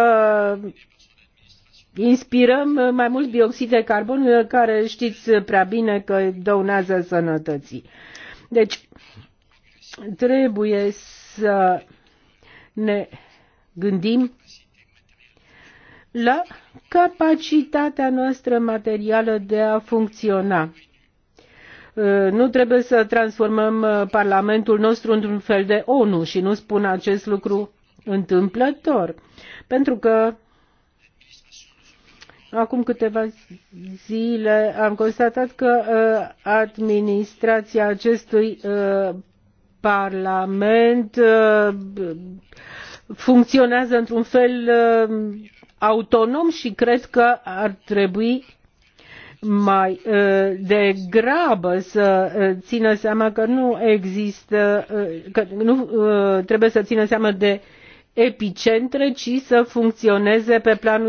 inspirăm uh, mai mult dioxid de carbon, uh, care știți uh, prea bine că dăunează sănătății. Deci, trebuie să ne gândim la capacitatea noastră materială de a funcționa. Nu trebuie să transformăm Parlamentul nostru într-un fel de ONU și nu spun acest lucru întâmplător, pentru că Acum câteva zile am constatat că uh, administrația acestui uh, Parlament uh, funcționează într-un fel autonom și cred că ar trebui mai degrabă să țină seama că nu există, că nu trebuie să țină seama de epicentre, ci să funcționeze pe plan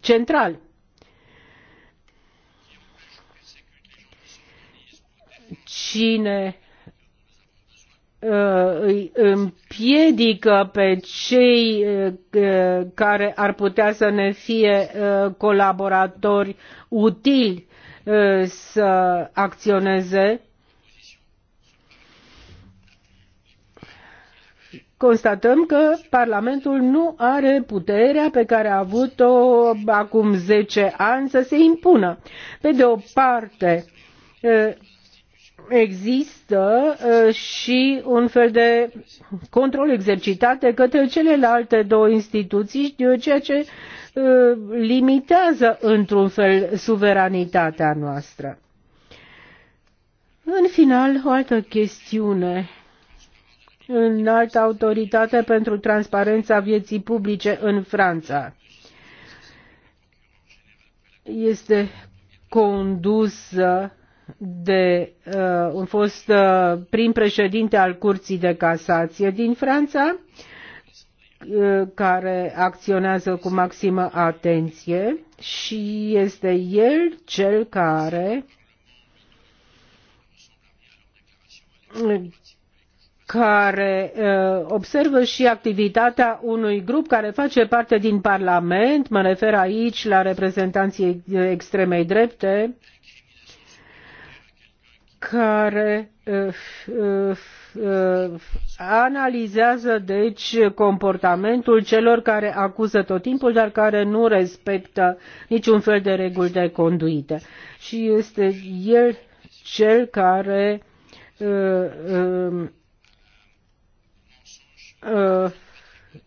central. Cine uh, îi împiedică pe cei uh, care ar putea să ne fie uh, colaboratori utili să acționeze constatăm că Parlamentul nu are puterea pe care a avut-o acum 10 ani să se impună. Pe de o parte, există și un fel de control exercitat de către celelalte două instituții, ceea ce limitează într-un fel suveranitatea noastră. În final, o altă chestiune înaltă autoritate pentru transparența vieții publice în Franța. Este condusă de uh, un fost uh, prim-președinte al Curții de Casație din Franța, uh, care acționează cu maximă atenție și este el cel care care uh, observă și activitatea unui grup care face parte din Parlament, mă refer aici la reprezentanții extremei drepte, care uh, uh, analizează deci comportamentul celor care acuză tot timpul, dar care nu respectă niciun fel de reguli de conduită. Și este el cel care uh, uh, Uh,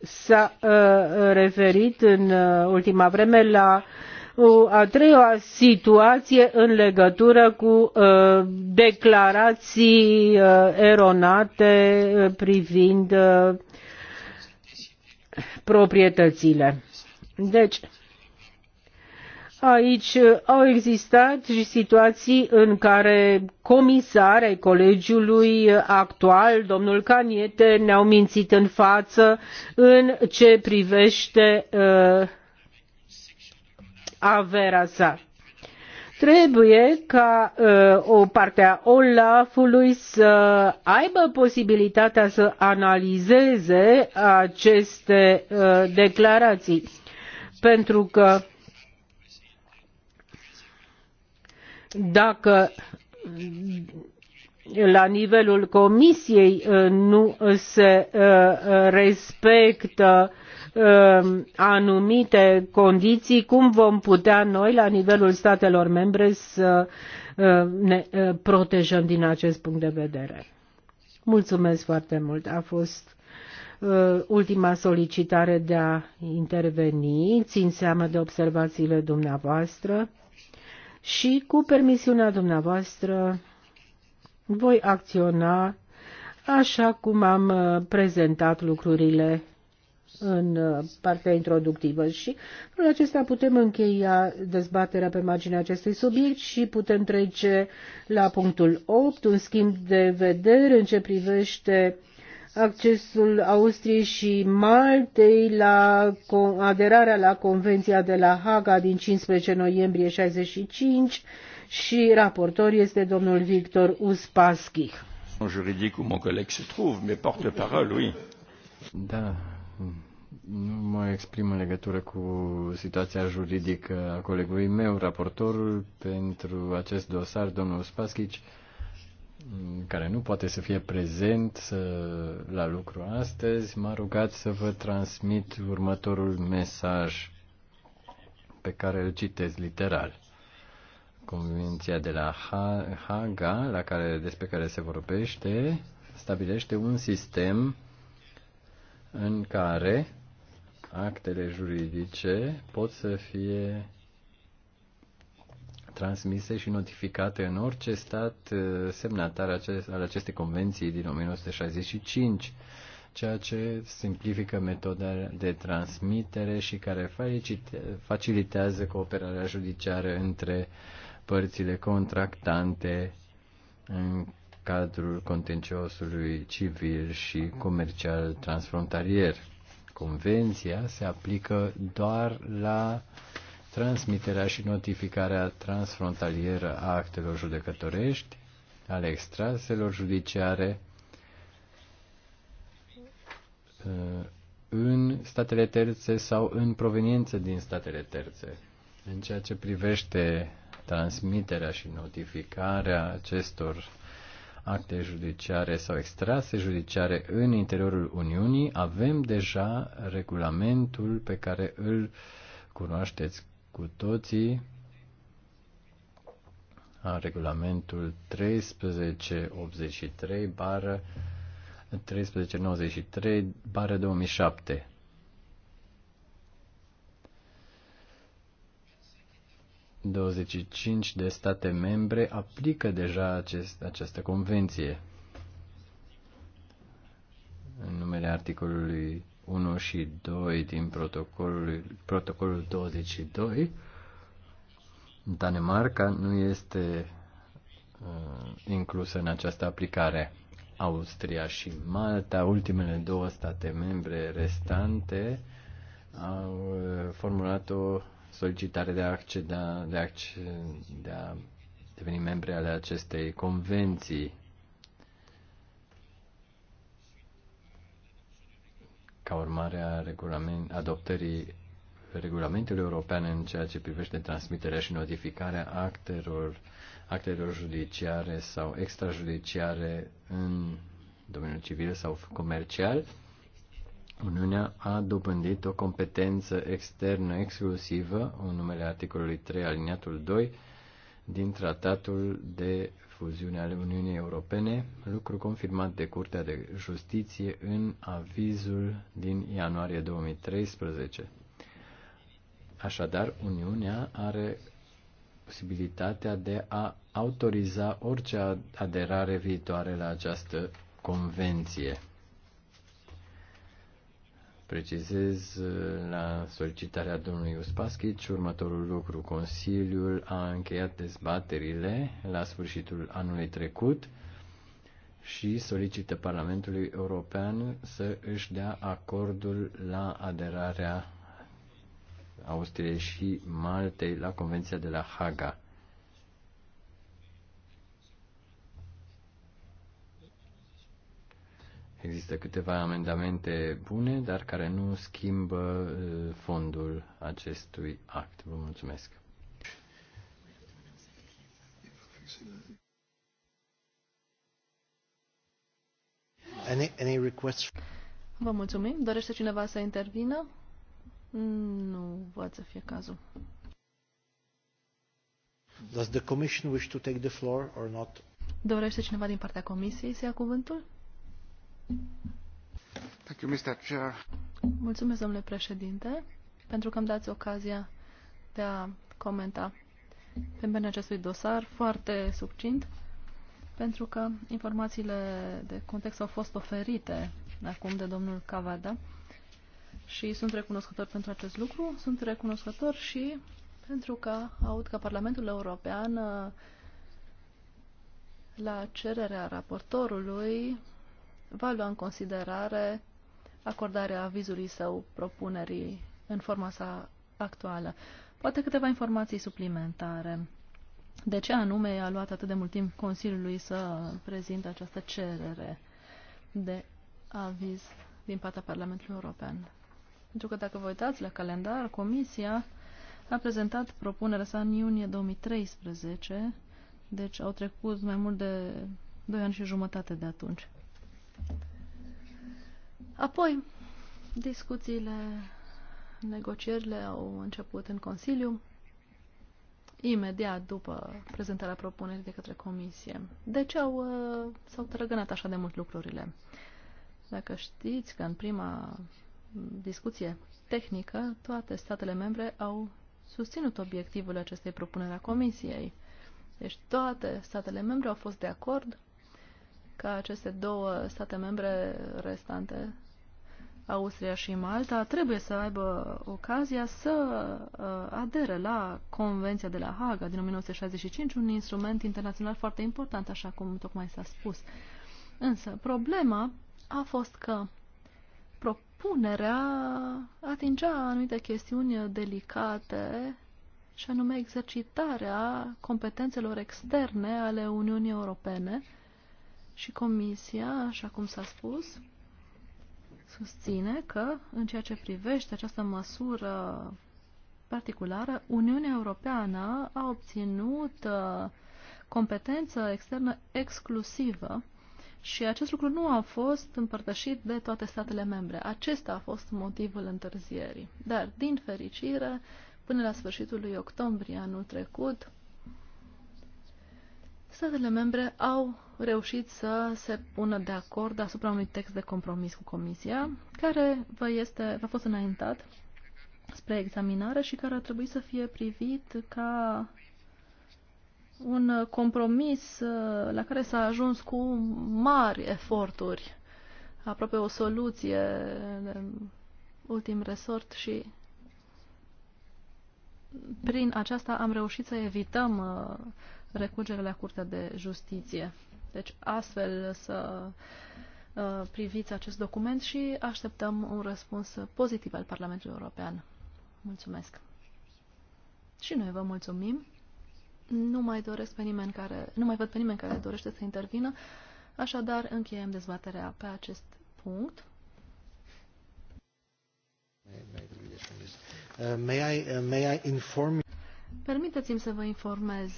s-a uh, referit în uh, ultima vreme la o a treia situație în legătură cu declarații eronate privind proprietățile. Deci, Aici uh, au existat și situații în care ai colegiului actual, domnul Caniete, ne-au mințit în față în ce privește uh, averea sa. Trebuie ca uh, o parte a Olafului să aibă posibilitatea să analizeze aceste uh, declarații, pentru că dacă la nivelul comisiei uh, nu se uh, respectă uh, anumite condiții, cum vom putea noi, la nivelul statelor membre, să ne protejăm din acest punct de vedere? Mulțumesc foarte mult. A fost ultima solicitare de a interveni. Țin seama de observațiile dumneavoastră și cu permisiunea dumneavoastră voi acționa așa cum am uh, prezentat lucrurile în uh, partea introductivă și în acesta putem încheia dezbaterea pe marginea acestui subiect și putem trece la punctul 8, un schimb de vedere în ce privește accesul Austriei și Maltei la aderarea la Convenția de la Haga din 15 noiembrie 65 și raportor este domnul Victor Uspaschi. Juridic cu mon collègue se trouve, mais porte-parole, oui. Da, nu mă exprim în legătură cu situația juridică a colegului meu, raportorul pentru acest dosar, domnul Spaschici care nu poate să fie prezent la lucru astăzi, m-a rugat să vă transmit următorul mesaj pe care îl citez literal. Convenția de la Haga, la care, despre care se vorbește, stabilește un sistem în care actele juridice pot să fie transmise și notificate în orice stat uh, semnatar al acestei convenții din 1965, ceea ce simplifică metoda de transmitere și care facilitează cooperarea judiciară între părțile contractante în cadrul contenciosului civil și comercial transfrontalier. Convenția se aplică doar la uh, transmiterea și notificarea transfrontalieră a actelor judecătorești, ale extraselor judiciare uh, în statele terțe sau în proveniență din statele terțe. În ceea ce privește transmiterea și notificarea acestor acte judiciare sau extrase judiciare în interiorul Uniunii, avem deja regulamentul pe care îl cunoașteți cu toții a regulamentul 1383 bară 1393 bară 2007. ...25 de state membre aplică deja acest, această convenție. În numele articolului 1 și 2 din protocolul, protocolul 22, Danemarca nu este uh, inclusă în această aplicare. Austria și Malta, ultimele două state membre restante, au uh, formulat o solicitare de a, acceda, de, a, de a deveni membre ale acestei convenții ca urmare a regulament, adoptării regulamentului european în ceea ce privește transmiterea și notificarea actelor, actelor judiciare sau extrajudiciare în domeniul civil sau comercial, Uniunea a dobândit o competență externă exclusivă, în numele articolului 3 aliniatul 2, din Tratatul de fuziune ale Uniunii Europene, lucru confirmat de Curtea de Justiție în avizul din ianuarie 2013. Așadar, Uniunea are posibilitatea de a autoriza orice aderare viitoare la această convenție. Precizez uh, la solicitarea domnului Uspaschici următorul lucru. Consiliul a încheiat dezbaterile la sfârșitul anului trecut și solicită Parlamentului European să își dea acordul la aderarea Austriei și Maltei la Convenția de la Haga. Există câteva amendamente bune, dar care nu schimbă uh, fondul acestui act. Vă mulțumesc. Any, any requests? Vă mulțumim. Dorește cineva să intervină? Nu văd să fie cazul. Does the commission wish to take the floor or not? Dorește cineva din partea comisiei să ia cuvântul? Mulțumesc, domnule președinte, pentru că îmi dați ocazia de a comenta pe bine acestui dosar foarte succint, pentru că informațiile de context au fost oferite acum de domnul Cavada și sunt recunoscător pentru acest lucru, sunt recunoscător și pentru că aud că Parlamentul European la cererea raportorului va lua în considerare acordarea avizului său propunerii în forma sa actuală. Poate câteva informații suplimentare. De ce anume a luat atât de mult timp Consiliului să prezinte această cerere de aviz din partea Parlamentului European? Pentru că dacă vă uitați la calendar, Comisia a prezentat propunerea sa în iunie 2013, deci au trecut mai mult de 2 ani și jumătate de atunci. Apoi, discuțiile, negocierile au început în Consiliu, imediat după prezentarea propunerii de către Comisie. De ce au, uh, s-au trăgănat așa de mult lucrurile? Dacă știți că în prima discuție tehnică, toate statele membre au susținut obiectivul acestei propuneri a Comisiei. Deci toate statele membre au fost de acord ca aceste două state membre restante, Austria și Malta, trebuie să aibă ocazia să uh, adere la Convenția de la Haga din 1965, un instrument internațional foarte important, așa cum tocmai s-a spus. Însă, problema a fost că propunerea atingea anumite chestiuni delicate și anume exercitarea competențelor externe ale Uniunii Europene, și Comisia, așa cum s-a spus, susține că, în ceea ce privește această măsură particulară, Uniunea Europeană a obținut uh, competență externă exclusivă și acest lucru nu a fost împărtășit de toate statele membre. Acesta a fost motivul întârzierii. Dar, din fericire, până la sfârșitul lui octombrie anul trecut, statele membre au reușit să se pună de acord asupra unui text de compromis cu Comisia, care vă este, v-a fost înaintat spre examinare și care ar trebui să fie privit ca un compromis uh, la care s-a ajuns cu mari eforturi, aproape o soluție de ultim resort și prin aceasta am reușit să evităm uh, recurgere la Curtea de Justiție. Deci astfel să uh, priviți acest document și așteptăm un răspuns pozitiv al Parlamentului European. Mulțumesc! Și noi vă mulțumim. Nu mai doresc pe nimeni care, nu mai văd pe nimeni care dorește să intervină. Așadar, încheiem dezbaterea pe acest punct. Uh, Permiteți-mi să vă informez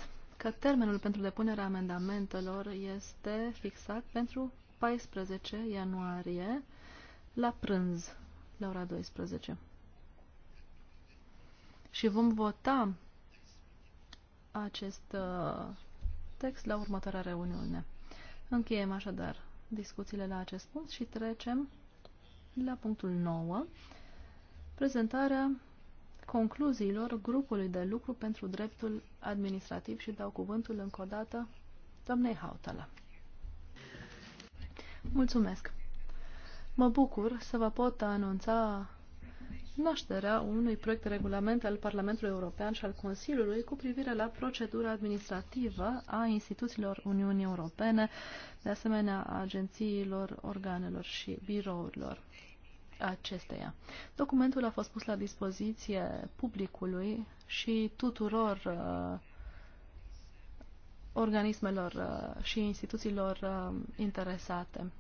că termenul pentru depunerea amendamentelor este fixat pentru 14 ianuarie la prânz, la ora 12. Și vom vota acest uh, text la următoarea reuniune. Încheiem așadar discuțiile la acest punct și trecem la punctul 9, prezentarea concluziilor grupului de lucru pentru dreptul administrativ și dau cuvântul încă o dată doamnei Hautala. Mulțumesc! Mă bucur să vă pot anunța nașterea unui proiect de regulament al Parlamentului European și al Consiliului cu privire la procedura administrativă a instituțiilor Uniunii Europene, de asemenea a agențiilor, organelor și birourilor acesteia. Documentul a fost pus la dispoziție publicului și tuturor uh, organismelor uh, și instituțiilor uh, interesate.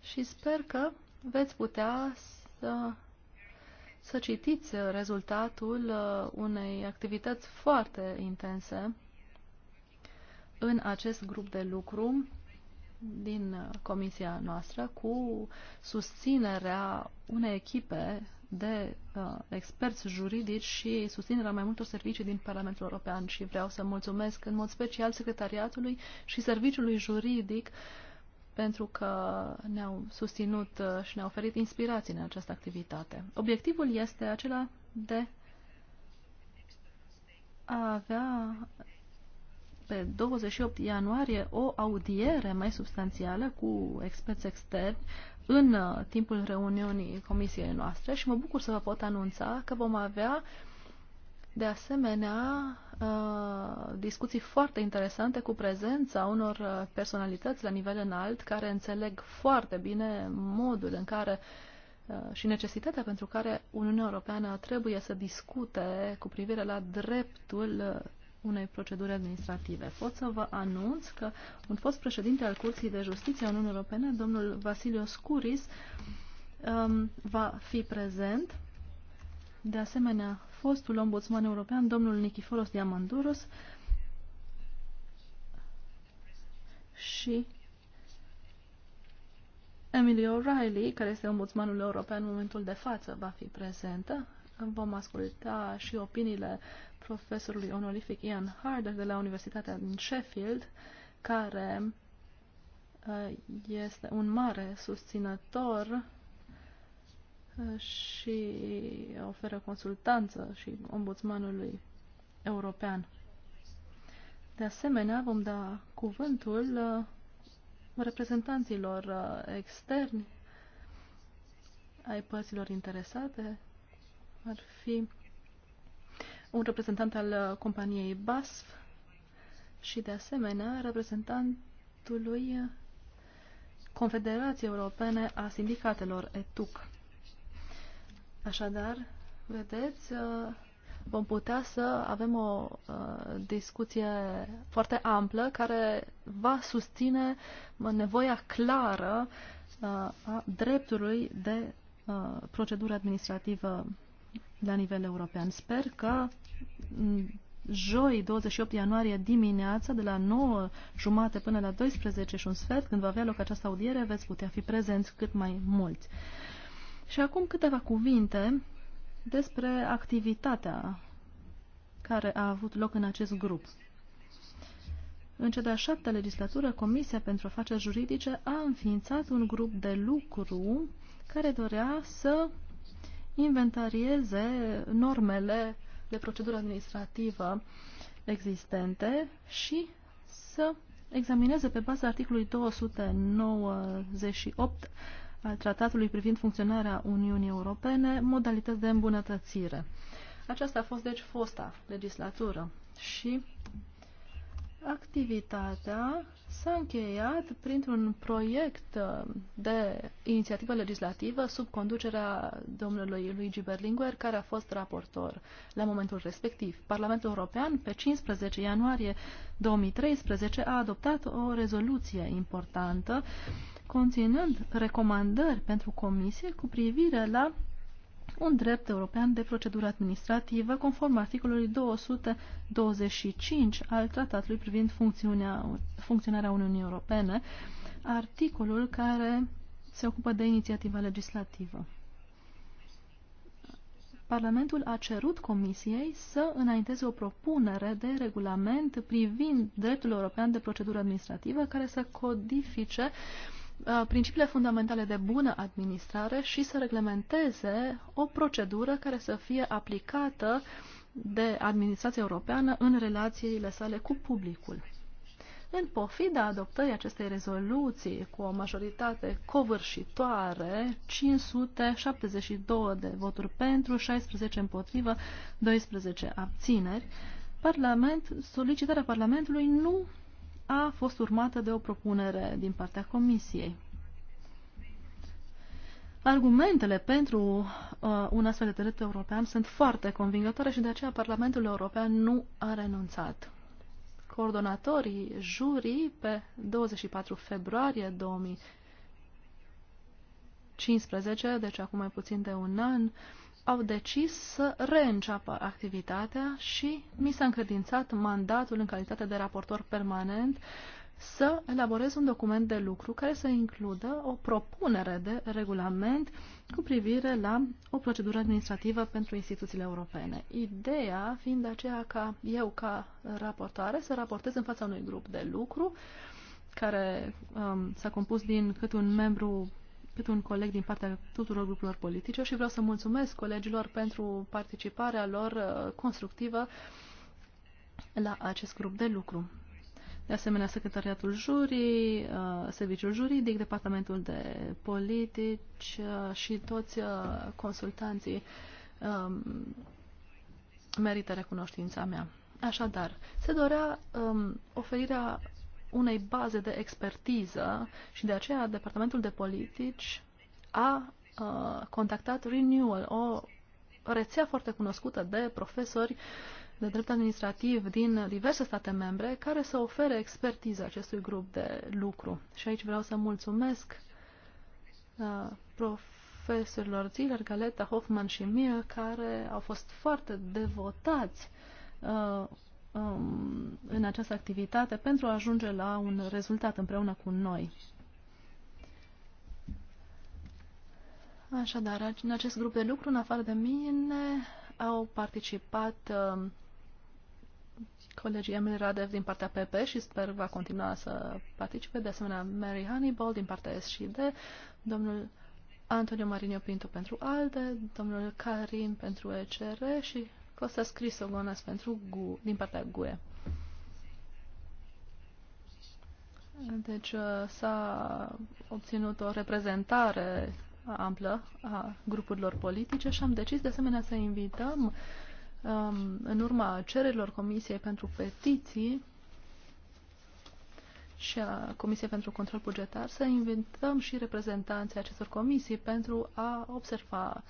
Și sper că veți putea să, să citiți rezultatul uh, unei activități foarte intense în acest grup de lucru din uh, comisia noastră cu susținerea unei echipe de uh, experți juridici și susținerea mai multor servicii din Parlamentul European și vreau să mulțumesc în mod special secretariatului și serviciului juridic pentru că ne-au susținut uh, și ne-au oferit inspirații în această activitate. Obiectivul este acela de a avea pe 28 ianuarie o audiere mai substanțială cu experți externi în uh, timpul reuniunii comisiei noastre și mă bucur să vă pot anunța că vom avea de asemenea uh, discuții foarte interesante cu prezența unor uh, personalități la nivel înalt care înțeleg foarte bine modul în care și necesitatea pentru care Uniunea Europeană trebuie să discute cu privire la dreptul unei proceduri administrative. Pot să vă anunț că un fost președinte al Curții de Justiție a Uniunii Europene, domnul Vasilios Curis, um, va fi prezent. De asemenea, fostul ombudsman european, domnul Nikiforos Diamandouros și Emilio O'Reilly, care este ombudsmanul european în momentul de față, va fi prezentă. Vom asculta și opiniile profesorului onorific Ian Harder de la Universitatea din Sheffield, care uh, este un mare susținător uh, și oferă consultanță și ombudsmanului european. De asemenea, vom da cuvântul uh, reprezentanților externi ai părților interesate. Ar fi un reprezentant al uh, companiei BASF și, de asemenea, reprezentantului uh, Confederației Europene a Sindicatelor ETUC. Așadar, vedeți, uh, vom putea să avem o discuție foarte amplă care va susține nevoia clară a dreptului de procedură administrativă la nivel european. Sper că mm, joi 28 ianuarie dimineața de la 9 jumate până la 12 și un sfert, când va avea loc această audiere, veți putea fi prezenți cât mai mulți. Și acum câteva cuvinte despre activitatea care a avut loc în acest grup. În cea de-a șaptea legislatură, Comisia pentru Afaceri Juridice a înființat un grup de lucru care dorea să inventarieze normele de procedură administrativă existente și să examineze pe baza articolului 298 al Tratatului privind funcționarea Uniunii Europene modalități de îmbunătățire. Aceasta a fost, deci, fosta legislatură și activitatea s-a încheiat printr-un proiect uh, de inițiativă legislativă sub conducerea domnului Luigi Berlinguer, care a fost raportor la momentul respectiv. Parlamentul European, pe 15 ianuarie 2013, a adoptat o rezoluție importantă conținând recomandări pentru comisie cu privire la un drept european de procedură administrativă, conform articolului 225 al tratatului privind funcționarea Uniunii Europene, articolul care se ocupă de inițiativa legislativă. Parlamentul a cerut Comisiei să înainteze o propunere de regulament privind dreptul european de procedură administrativă care să codifice uh, Uh, principiile fundamentale de bună administrare și să reglementeze o procedură care să fie aplicată de administrația europeană în relațiile sale cu publicul. În pofida adoptării acestei rezoluții cu o majoritate covârșitoare, 572 de voturi pentru, 16 împotrivă, 12 abțineri, Parlament, solicitarea Parlamentului nu a fost urmată de o propunere din partea Comisiei. Argumentele pentru uh, un astfel de drept european sunt foarte convingătoare și de aceea Parlamentul European nu a renunțat. Coordonatorii jurii pe 24 februarie 2015, deci acum mai puțin de un an, uh, au decis să reînceapă activitatea și mi s-a încredințat mandatul în calitate de raportor permanent să elaborez un document de lucru care să includă o propunere de regulament cu privire la o procedură administrativă pentru instituțiile europene. Ideea fiind aceea ca eu, ca raportare, să raportez în fața unui grup de lucru care um, s-a compus din cât un membru cât un coleg din partea tuturor grupurilor politice și vreau să mulțumesc colegilor pentru participarea lor uh, constructivă la acest grup de lucru. De asemenea, Secretariatul Jurii, uh, Serviciul Juridic, Departamentul de Politici uh, și toți consultanții um, merită recunoștința mea. Așadar, se dorea um, oferirea unei baze de expertiză și de aceea Departamentul de Politici a uh, contactat Renewal, o rețea foarte cunoscută de profesori de drept administrativ din diverse state membre care să ofere expertiză acestui grup de lucru. Și aici vreau să mulțumesc uh, profesorilor Ziller, Galeta, Hoffman și mie care au fost foarte devotați uh, um, în această activitate pentru a ajunge la un rezultat împreună cu noi. Așadar, în acest grup de lucru, în afară de mine, au participat um, colegii Emily Radev din partea PP și sper va continua să participe, de asemenea Mary Honeyball din partea SCD, domnul Antonio Marinio Pinto pentru ALDE, domnul Karin pentru ECR și scris o gonas pentru GU, din partea GUE. Deci uh, s-a obținut o reprezentare amplă a grupurilor politice și am decis de asemenea să invităm um, în urma cererilor Comisiei pentru Petiții și a Comisiei pentru Control Bugetar să invităm și reprezentanții acestor comisii pentru a observa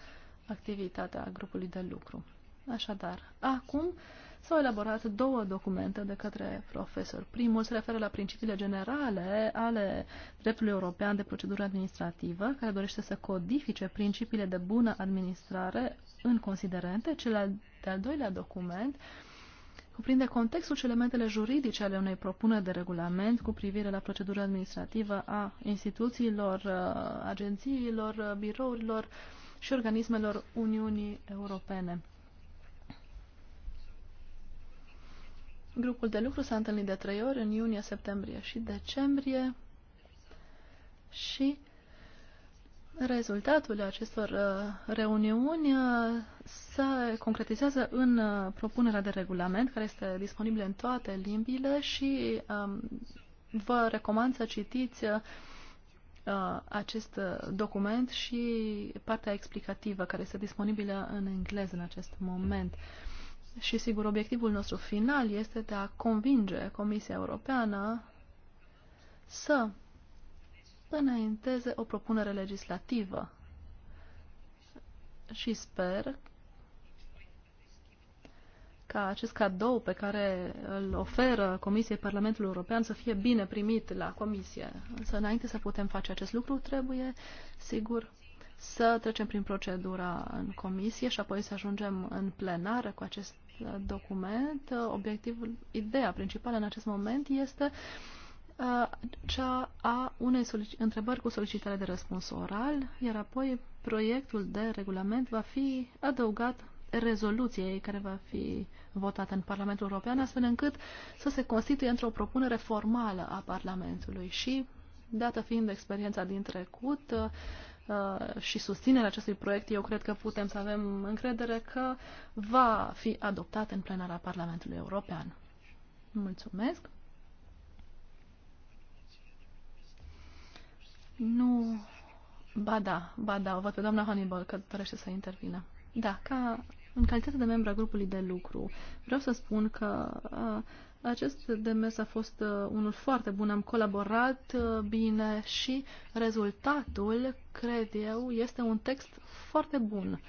activitatea grupului de lucru. Așadar, acum s-au elaborat două documente de către profesor. Primul se referă la principiile generale ale dreptului european de procedură administrativă, care dorește să codifice principiile de bună administrare în considerente. Cel de-al doilea document cuprinde contextul și elementele juridice ale unei propuneri de regulament cu privire la procedura administrativă a instituțiilor, uh, agențiilor, uh, birourilor și organismelor Uniunii Europene. Grupul de lucru s-a întâlnit de trei ori în iunie, septembrie și decembrie și rezultatul acestor uh, reuniuni uh, se concretizează în uh, propunerea de regulament care este disponibilă în toate limbile și um, vă recomand să citiți acest document și partea explicativă care este disponibilă în engleză în acest moment. Mm și sigur obiectivul nostru final este de a convinge Comisia Europeană să înainteze o propunere legislativă și sper ca acest cadou pe care îl oferă Comisiei Parlamentului European să fie bine primit la Comisie. Însă înainte să putem face acest lucru trebuie, sigur, să trecem prin procedura în Comisie și apoi să ajungem în plenară cu acest document, obiectivul, ideea principală în acest moment este cea a unei întrebări cu solicitare de răspuns oral, iar apoi proiectul de regulament va fi adăugat rezoluției care va fi votată în Parlamentul European, astfel încât să se constituie într-o propunere formală a Parlamentului. Și, dată fiind experiența din trecut, Uh, și susținerea acestui proiect, eu cred că putem să avem încredere că va fi adoptat în plenara Parlamentului European. Mulțumesc! Nu... Ba da, ba da, o văd pe doamna Hannibal că dorește să intervină. Da, ca în calitate de membru a grupului de lucru, vreau să spun că uh, acest demers a fost uh, unul foarte bun, am colaborat uh, bine și rezultatul, cred eu, este un text foarte bun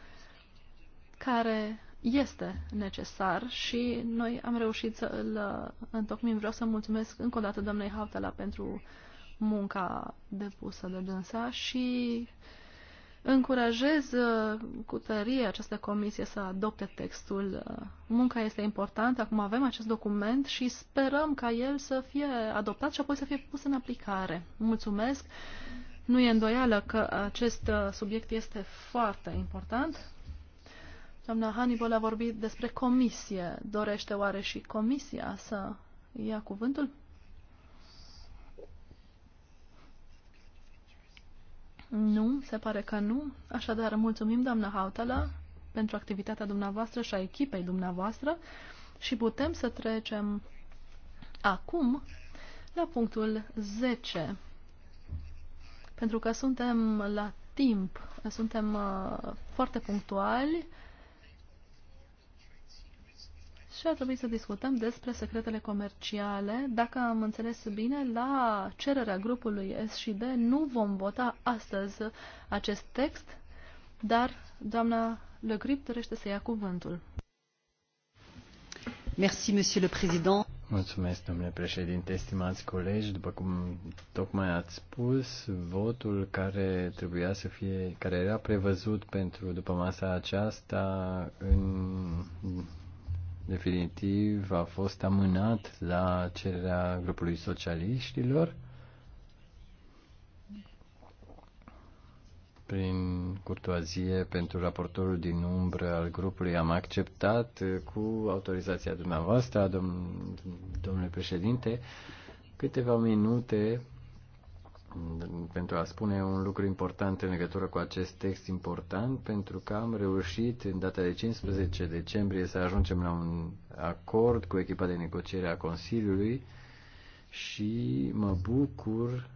care este necesar și noi am reușit să îl uh, întocmim. Vreau să mulțumesc încă o dată doamnei Hautala pentru munca depusă de dânsa și uh, încurajez uh, cu tărie această comisie să adopte textul. Uh, munca este importantă, acum avem acest document și sperăm ca el să fie adoptat și apoi să fie pus în aplicare. Mulțumesc! Nu e îndoială că acest uh, subiect este foarte important. Doamna Hannibal a vorbit despre comisie. Dorește oare și comisia să ia cuvântul? Nu, se pare că nu. Așadar, mulțumim, doamna Hautala, pentru activitatea dumneavoastră și a echipei dumneavoastră și putem să trecem acum la punctul 10. Pentru că suntem la timp, suntem uh, foarte punctuali și ar trebui să discutăm despre secretele comerciale. Dacă am înțeles bine, la cererea grupului S și D nu vom vota astăzi acest text, dar doamna Le Grip dorește să ia cuvântul. Merci, monsieur le président. Mulțumesc, domnule președinte, estimați colegi. După cum tocmai ați spus, votul care trebuia să fie, care era prevăzut pentru după masa aceasta în definitiv a fost amânat la cererea grupului socialiștilor prin curtoazie pentru raportorul din umbră al grupului am acceptat cu autorizația dumneavoastră, domn, domnule președinte, câteva minute pentru a spune un lucru important în legătură cu acest text important, pentru că am reușit în data de 15 decembrie să ajungem la un acord cu echipa de negociere a Consiliului și mă bucur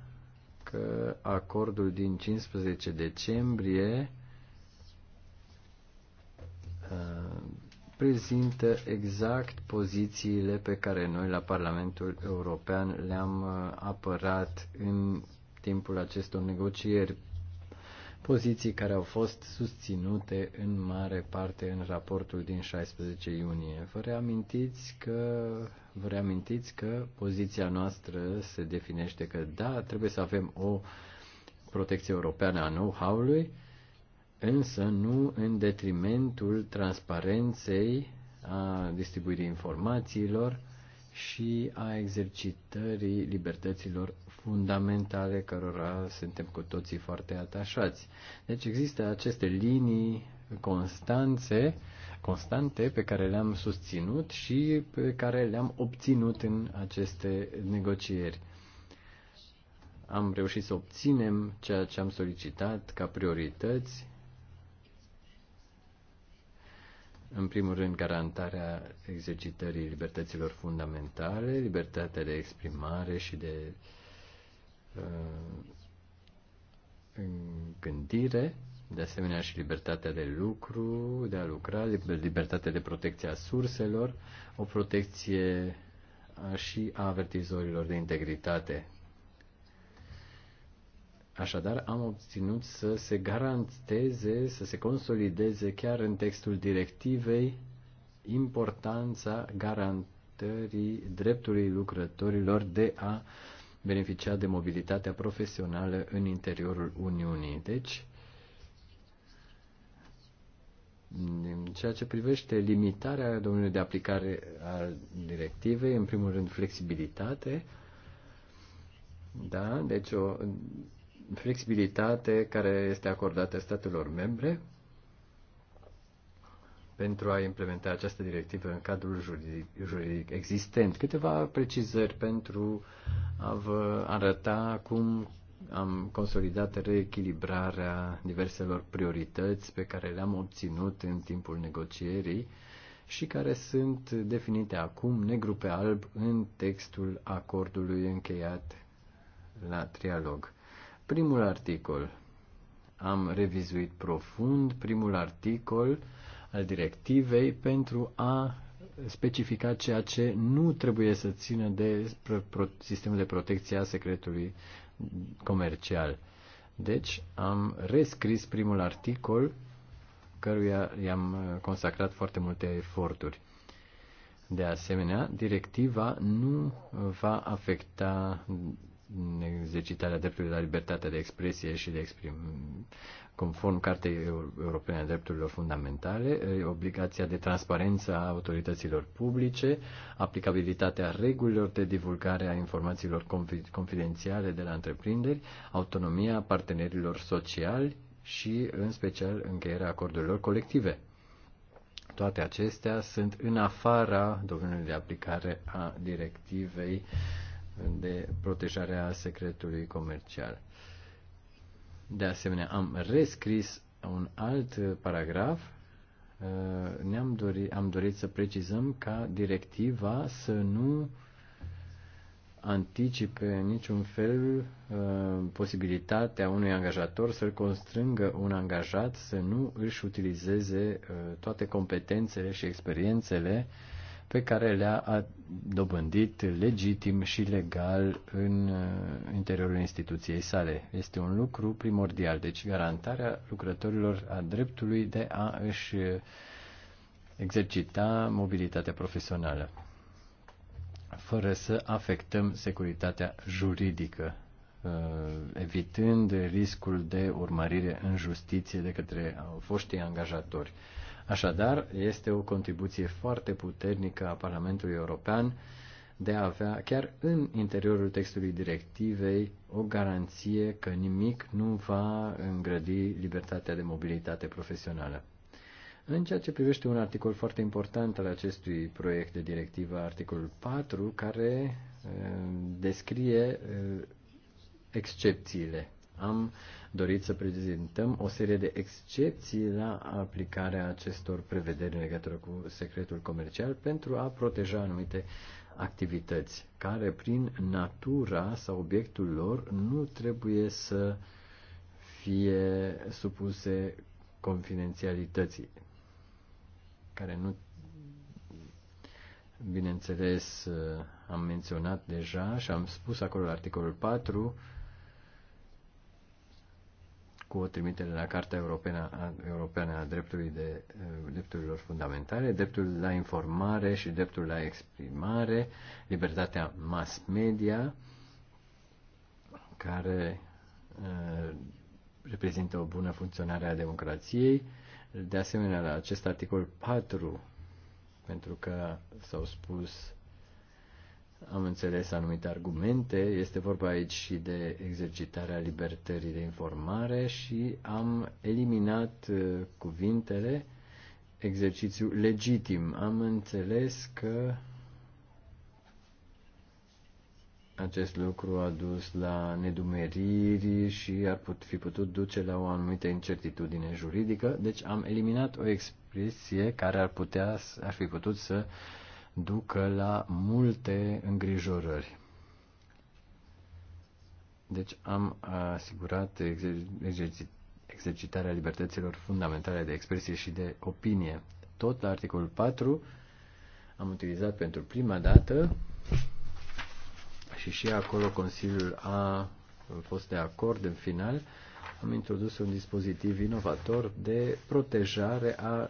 că acordul din 15 decembrie uh, prezintă exact pozițiile pe care noi la Parlamentul European le-am uh, apărat în timpul acestor negocieri, poziții care au fost susținute în mare parte în raportul din 16 iunie. Vă reamintiți că, vă reamintiți că poziția noastră se definește că da, trebuie să avem o protecție europeană a know-how-ului, însă nu în detrimentul transparenței a distribuirii informațiilor și a exercitării libertăților fundamentale cărora suntem cu toții foarte atașați. Deci există aceste linii constanțe, constante pe care le-am susținut și pe care le-am obținut în aceste negocieri. Am reușit să obținem ceea ce am solicitat ca priorități în primul rând, garantarea exercitării libertăților fundamentale, libertatea de exprimare și de în gândire, de asemenea și libertatea de lucru, de a lucra, libertatea de protecție a surselor, o protecție și a avertizorilor de integritate. Așadar, am obținut să se garanteze, să se consolideze chiar în textul directivei importanța garantării dreptului lucrătorilor de a uh, beneficia de mobilitatea profesională în interiorul Uniunii. Deci, în ceea ce privește limitarea domeniului de aplicare a directivei, în primul rând flexibilitate, da, deci o flexibilitate care este acordată statelor membre pentru a implementa această directivă în cadrul juridic, juridic existent. Câteva precizări pentru a vă arăta cum am consolidat reechilibrarea diverselor priorități pe care le-am obținut în timpul negocierii și care sunt definite acum negru pe alb în textul acordului încheiat la trialog. Primul articol. Am revizuit profund primul articol al directivei pentru a specifica ceea ce nu trebuie să țină de sistemul de protecție a secretului comercial. Deci am rescris primul articol căruia i-am consacrat foarte multe eforturi. De asemenea, directiva nu va afecta exercitarea dreptului la libertatea de expresie și de exprimare. Conform Cartei Europene a Drepturilor Fundamentale, obligația de transparență a autorităților publice, aplicabilitatea regulilor de divulgare a informațiilor confidențiale de la întreprinderi, autonomia partenerilor sociali și, în special, încheierea acordurilor colective. Toate acestea sunt în afara domeniului de aplicare a directivei de protejare a secretului comercial. De asemenea, am rescris un alt paragraf. Uh, ne-am dorit, am dorit să precizăm ca directiva să nu anticipe în niciun fel uh, posibilitatea unui angajator să-l constrângă un angajat să nu își utilizeze uh, toate competențele și experiențele pe care le-a dobândit legitim și legal în uh, interiorul instituției sale. Este un lucru primordial, deci garantarea lucrătorilor a dreptului de a își exercita mobilitatea profesională, fără să afectăm securitatea juridică, uh, evitând riscul de urmărire în justiție de către foștii angajatori. Așadar, este o contribuție foarte puternică a Parlamentului European de a avea, chiar în interiorul textului directivei, o garanție că nimic nu va îngrădi libertatea de mobilitate profesională. În ceea ce privește un articol foarte important al acestui proiect de directivă, articolul 4, care eh, descrie eh, excepțiile. Am dorit să prezentăm o serie de excepții la aplicarea acestor prevederi în legătură cu secretul comercial pentru a proteja anumite activități care prin natura sau obiectul lor nu trebuie să fie supuse confidențialității care nu bineînțeles am menționat deja și am spus acolo la articolul 4 cu o trimitere la Carta Europeană a, Europeană a dreptului de, eh, Drepturilor Fundamentale, dreptul la informare și dreptul la exprimare, libertatea mass media, care uh, reprezintă o bună funcționare a democrației. De asemenea, la acest articol 4, pentru că s-au spus am înțeles anumite argumente, este vorba aici și de exercitarea libertării de informare și am eliminat uh, cuvintele exercițiu legitim. Am înțeles că acest lucru a dus la nedumeriri și ar put, fi putut duce la o anumită incertitudine juridică, deci am eliminat o expresie care ar putea, ar fi putut să uh, ducă la multe îngrijorări. Deci am asigurat exercitarea libertăților fundamentale de expresie și de opinie. Tot la articolul 4 am utilizat pentru prima dată și și acolo Consiliul a fost de acord în final, am introdus un dispozitiv inovator de protejare a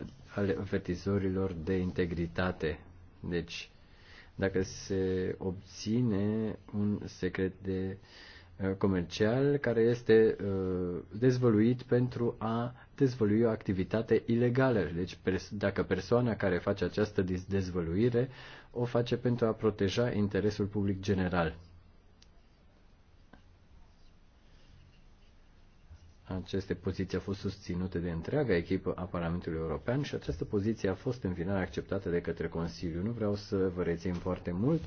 avertizorilor de integritate deci, dacă se obține un secret de uh, comercial care este uh, dezvăluit pentru a dezvălui o activitate ilegală. Deci dacă persoana care face această dezvăluire o face pentru a proteja interesul public general. Aceste poziții au fost susținute de întreaga echipă a Parlamentului European și această poziție a fost în final acceptată de către Consiliu. Nu vreau să vă rețin foarte mult.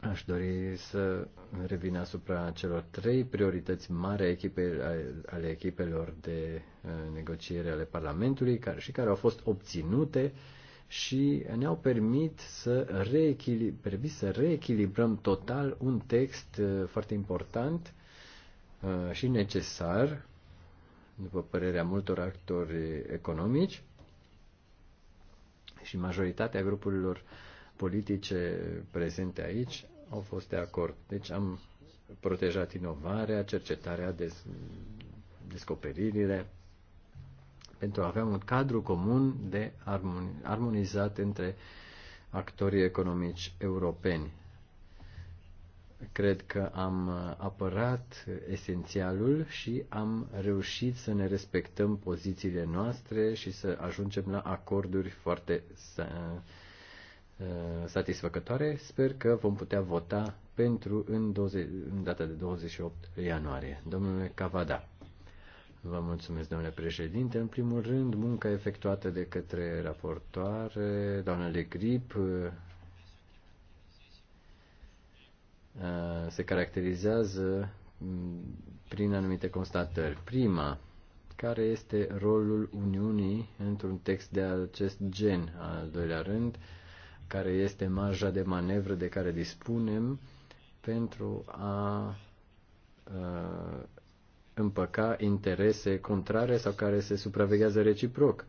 Aș dori să revin asupra celor trei priorități mari echipe, ale echipelor de uh, negociere ale Parlamentului care, și care au fost obținute și ne-au permit să, reechilib- permis să reechilibrăm total un text uh, foarte important Uh, și necesar, după părerea multor actori economici, și majoritatea grupurilor politice prezente aici au fost de acord. Deci am protejat inovarea, cercetarea, des, descoperirile, pentru a avea un cadru comun de armonizat între actorii economici europeni. Cred că am apărat esențialul și am reușit să ne respectăm pozițiile noastre și să ajungem la acorduri foarte uh, satisfăcătoare. Sper că vom putea vota pentru în, 20, în data de 28 ianuarie. Domnule Cavada. Vă mulțumesc, domnule președinte. În primul rând, munca efectuată de către raportoare, doamna Grip, Uh, se caracterizează mm, prin anumite constatări. Prima, care este rolul Uniunii într-un text de acest gen? Al doilea rând, care este marja de manevră de care dispunem pentru a uh, împăca interese contrare sau care se supraveghează reciproc.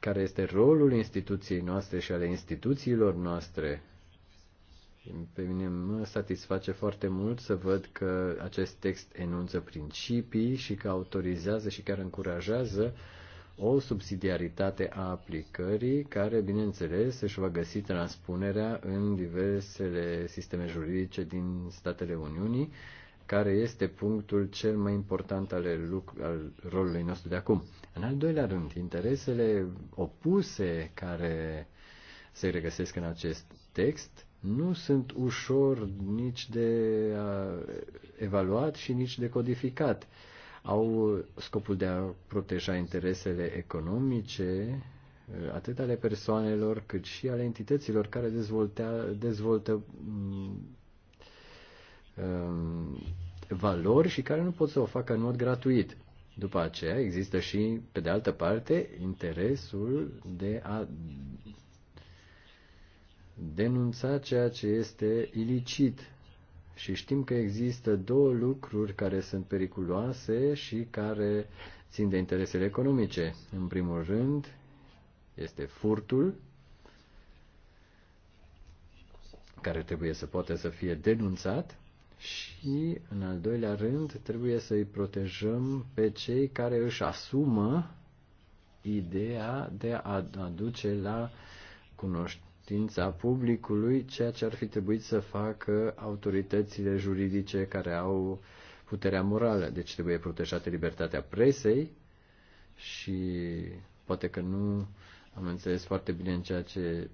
Care este rolul instituției noastre și ale instituțiilor noastre pe mine mă satisface foarte mult să văd că acest text enunță principii și că autorizează și chiar încurajează o subsidiaritate a aplicării care, bineînțeles, își va găsi transpunerea în diversele sisteme juridice din statele Uniunii, care este punctul cel mai important al rolului nostru de acum. În al doilea rând, interesele opuse care se regăsesc în acest text nu sunt ușor nici de evaluat și nici de codificat. Au scopul de a proteja interesele economice, atât ale persoanelor, cât și ale entităților care dezvoltea, dezvoltă um, valori și care nu pot să o facă în mod gratuit. După aceea există și, pe de altă parte, interesul de a denunța ceea ce este ilicit. Și știm că există două lucruri care sunt periculoase și care țin de interesele economice. În primul rând, este furtul, care trebuie să poată să fie denunțat și, în al doilea rând, trebuie să îi protejăm pe cei care își asumă ideea de a aduce la cunoștință cunoștința publicului ceea ce ar fi trebuit să facă autoritățile juridice care au puterea morală. Deci trebuie protejată libertatea presei și poate că nu am înțeles foarte bine în ceea ce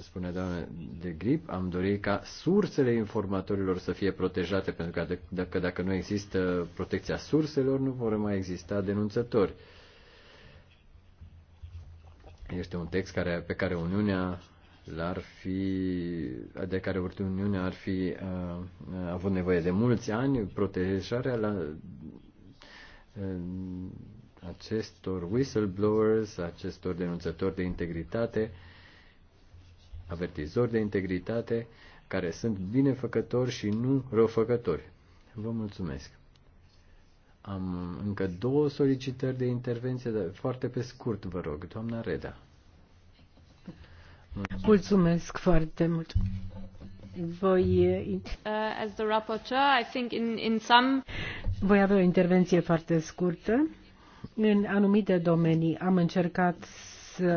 spune doamna de grip, am dorit ca sursele informatorilor să fie protejate, pentru că dacă, dacă nu există protecția surselor, nu vor mai exista denunțători. Este un text care, pe care Uniunea l-ar fi, de care Uniunea ar fi a uh, avut nevoie de mulți ani, protejarea la a, uh, acestor whistleblowers, acestor denunțători de integritate, avertizori de integritate, care sunt binefăcători și nu răufăcători. Vă mulțumesc. Am încă două solicitări de intervenție, dar foarte pe scurt, vă rog, doamna Reda. Mulțumesc, foarte mult. Voi, uh, as the rapporteur, I think in, in some... Voi avea o intervenție foarte scurtă. În anumite domenii am încercat să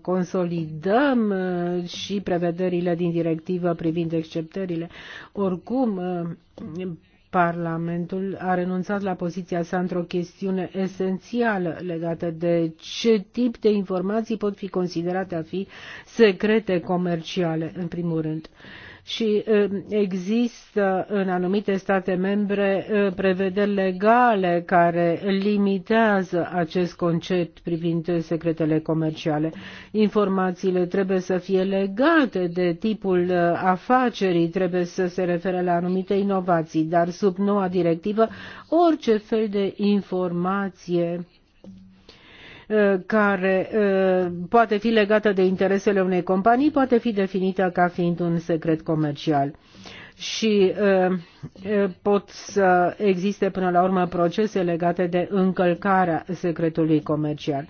consolidăm uh, și prevederile din directivă privind exceptările. Oricum, uh, Parlamentul a renunțat la poziția sa într-o chestiune esențială legată de ce tip de informații pot fi considerate a fi secrete comerciale, în primul rând și um, există în anumite state membre um, prevederi legale care limitează acest concept privind secretele comerciale. Informațiile trebuie să fie legate de tipul uh, afacerii, trebuie să se refere la anumite inovații, dar sub noua directivă orice fel de informație Uh, care uh, poate fi legată de interesele unei companii poate fi definită ca fiind un secret comercial și uh, pot să existe până la urmă procese legate de încălcarea secretului comercial.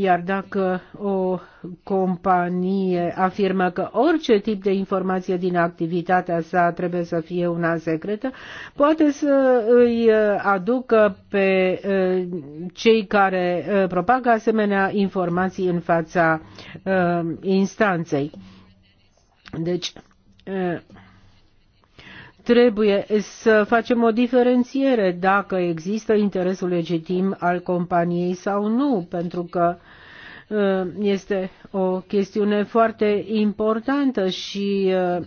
Iar dacă o companie afirmă că orice tip de informație din activitatea sa trebuie să fie una secretă, poate să îi aducă pe cei care propagă asemenea informații în fața instanței. Deci, Trebuie să facem o diferențiere dacă există interesul legitim al companiei sau nu, pentru că uh, este o chestiune foarte importantă și uh,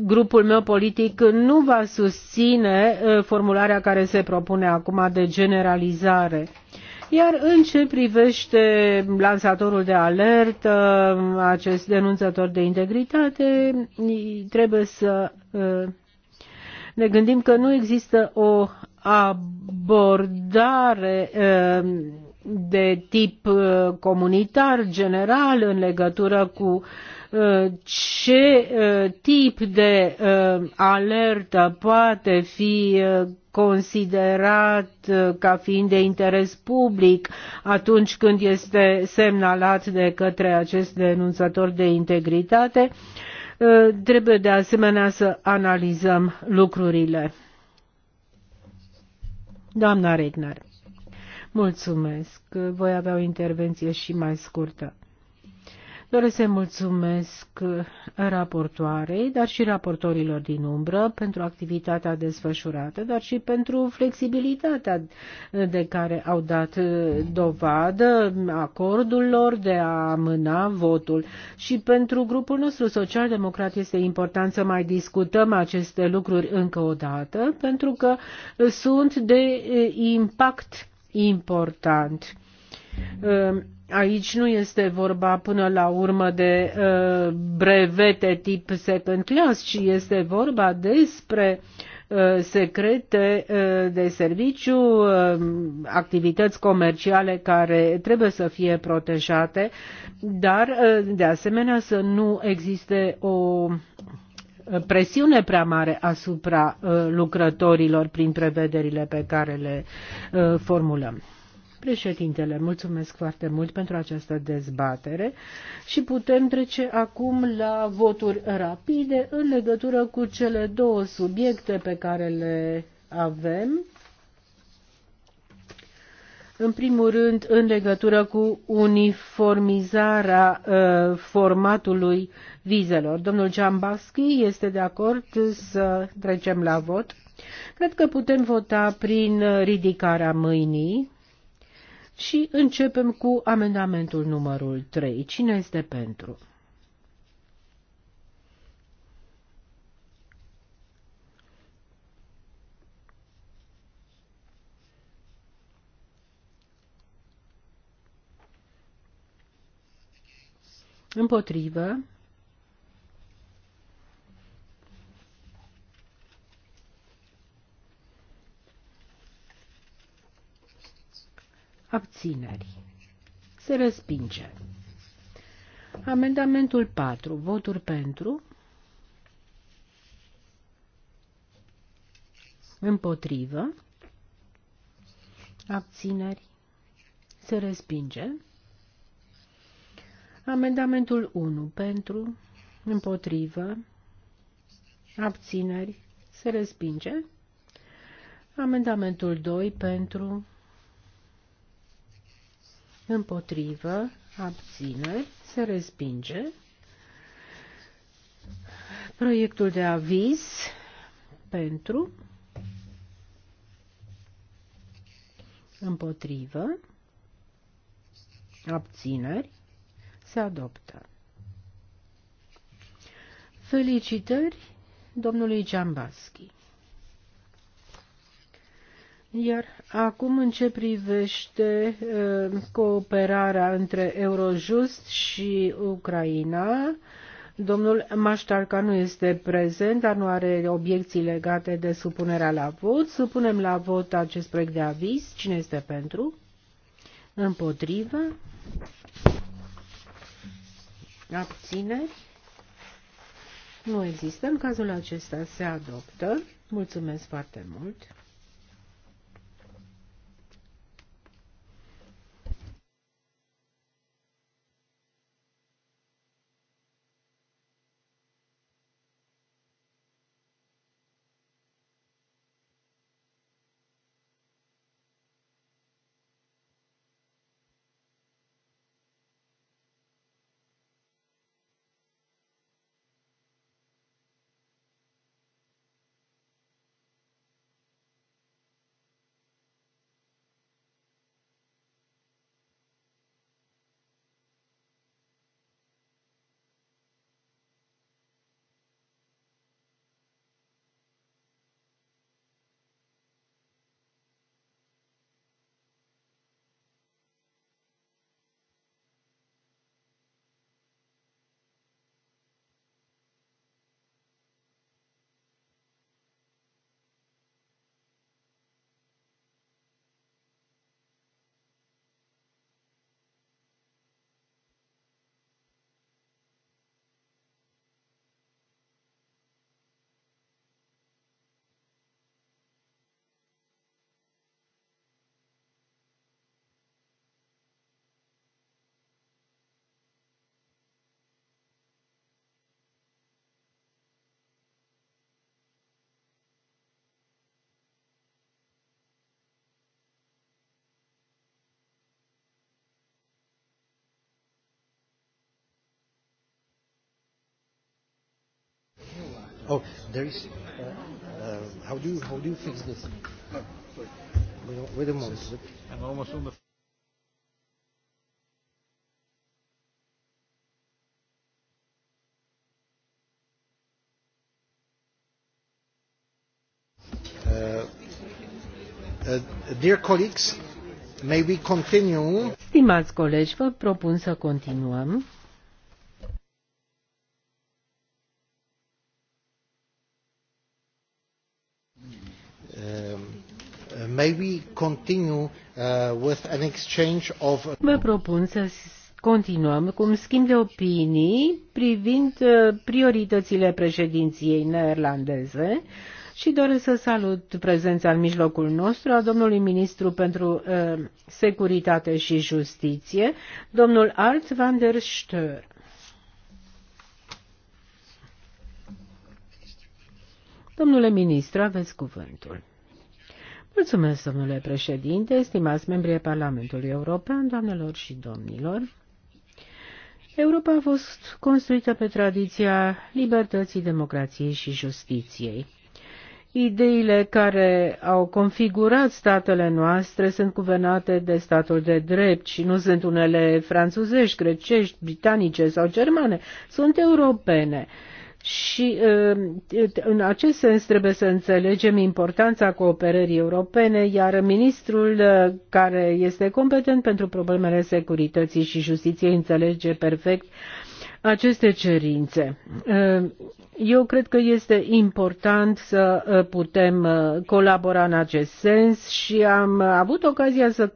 grupul meu politic nu va susține uh, formularea care se propune acum de generalizare iar în ce privește lansatorul de alertă, acest denunțător de integritate, trebuie să uh, ne gândim că nu există o abordare uh, de tip uh, comunitar general în legătură cu uh, ce uh, tip de uh, alertă poate fi uh, considerat ca fiind de interes public atunci când este semnalat de către acest denunțător de integritate. Trebuie de asemenea să analizăm lucrurile. Doamna Regner, mulțumesc. Voi avea o intervenție și mai scurtă. Doresc să mulțumesc raportoarei, dar și raportorilor din umbră pentru activitatea desfășurată, dar și pentru flexibilitatea de care au dat dovadă acordul lor de a amâna votul. Și pentru grupul nostru social-democrat este important să mai discutăm aceste lucruri încă o dată, pentru că sunt de impact important. Mm -hmm Aici nu este vorba până la urmă de uh, brevete tip second class, ci este vorba despre uh, secrete uh, de serviciu, uh, activități comerciale care trebuie să fie protejate, dar de asemenea să nu existe o presiune prea mare asupra lucrătorilor prin prevederile pe care le formulăm. Președintele, mulțumesc foarte mult pentru această dezbatere și putem trece acum la voturi rapide în legătură cu cele două subiecte pe care le avem. În primul rând, în legătură cu uniformizarea uh, formatului vizelor. Domnul Ciambaschi este de acord să trecem la vot. Cred că putem vota prin ridicarea mâinii. Și începem cu amendamentul numărul 3. Cine este pentru? Împotrivă. Abțineri. Se respinge. Amendamentul 4. Voturi pentru. Împotrivă. Abțineri. Se respinge. Amendamentul 1. Pentru. Împotrivă. Abțineri. Se respinge. Amendamentul 2. Pentru împotrivă, abțineri, se respinge. Proiectul de aviz pentru, împotrivă, abțineri, se adoptă. Felicitări domnului Giambaschi. Iar acum în ce privește uh, cooperarea între Eurojust și Ucraina, domnul Maștarca nu este prezent, dar nu are obiecții legate de supunerea la vot. Supunem la vot acest proiect de aviz. Cine este pentru? Împotrivă? Abțineri? Nu există. În cazul acesta se adoptă. Mulțumesc foarte mult. Oh, there is. Uh, uh, how do you, how do you fix this? Wait a moment. I'm almost on the. dear colleagues, may we continue? Stimați colegi, vă propun să continuăm. May continue uh, with an exchange of... Mă propun să continuăm cu un schimb de opinii privind uh, prioritățile președinției neerlandeze și doresc să salut prezența în mijlocul nostru a domnului ministru pentru uh, securitate și justiție, domnul Art van der Stör. Domnule ministru, aveți cuvântul. Mulțumesc, domnule președinte, stimați membrii Parlamentului European, doamnelor și domnilor. Europa a fost construită pe tradiția libertății, democrației și justiției. Ideile care au configurat statele noastre sunt guvernate de statul de drept și nu sunt unele franțuzești, grecești, britanice sau germane, sunt europene. Și în acest sens trebuie să înțelegem importanța cooperării europene, iar ministrul care este competent pentru problemele securității și justiției înțelege perfect aceste cerințe. Uh, eu cred că este important să uh, putem uh, colabora în acest sens și am avut ocazia să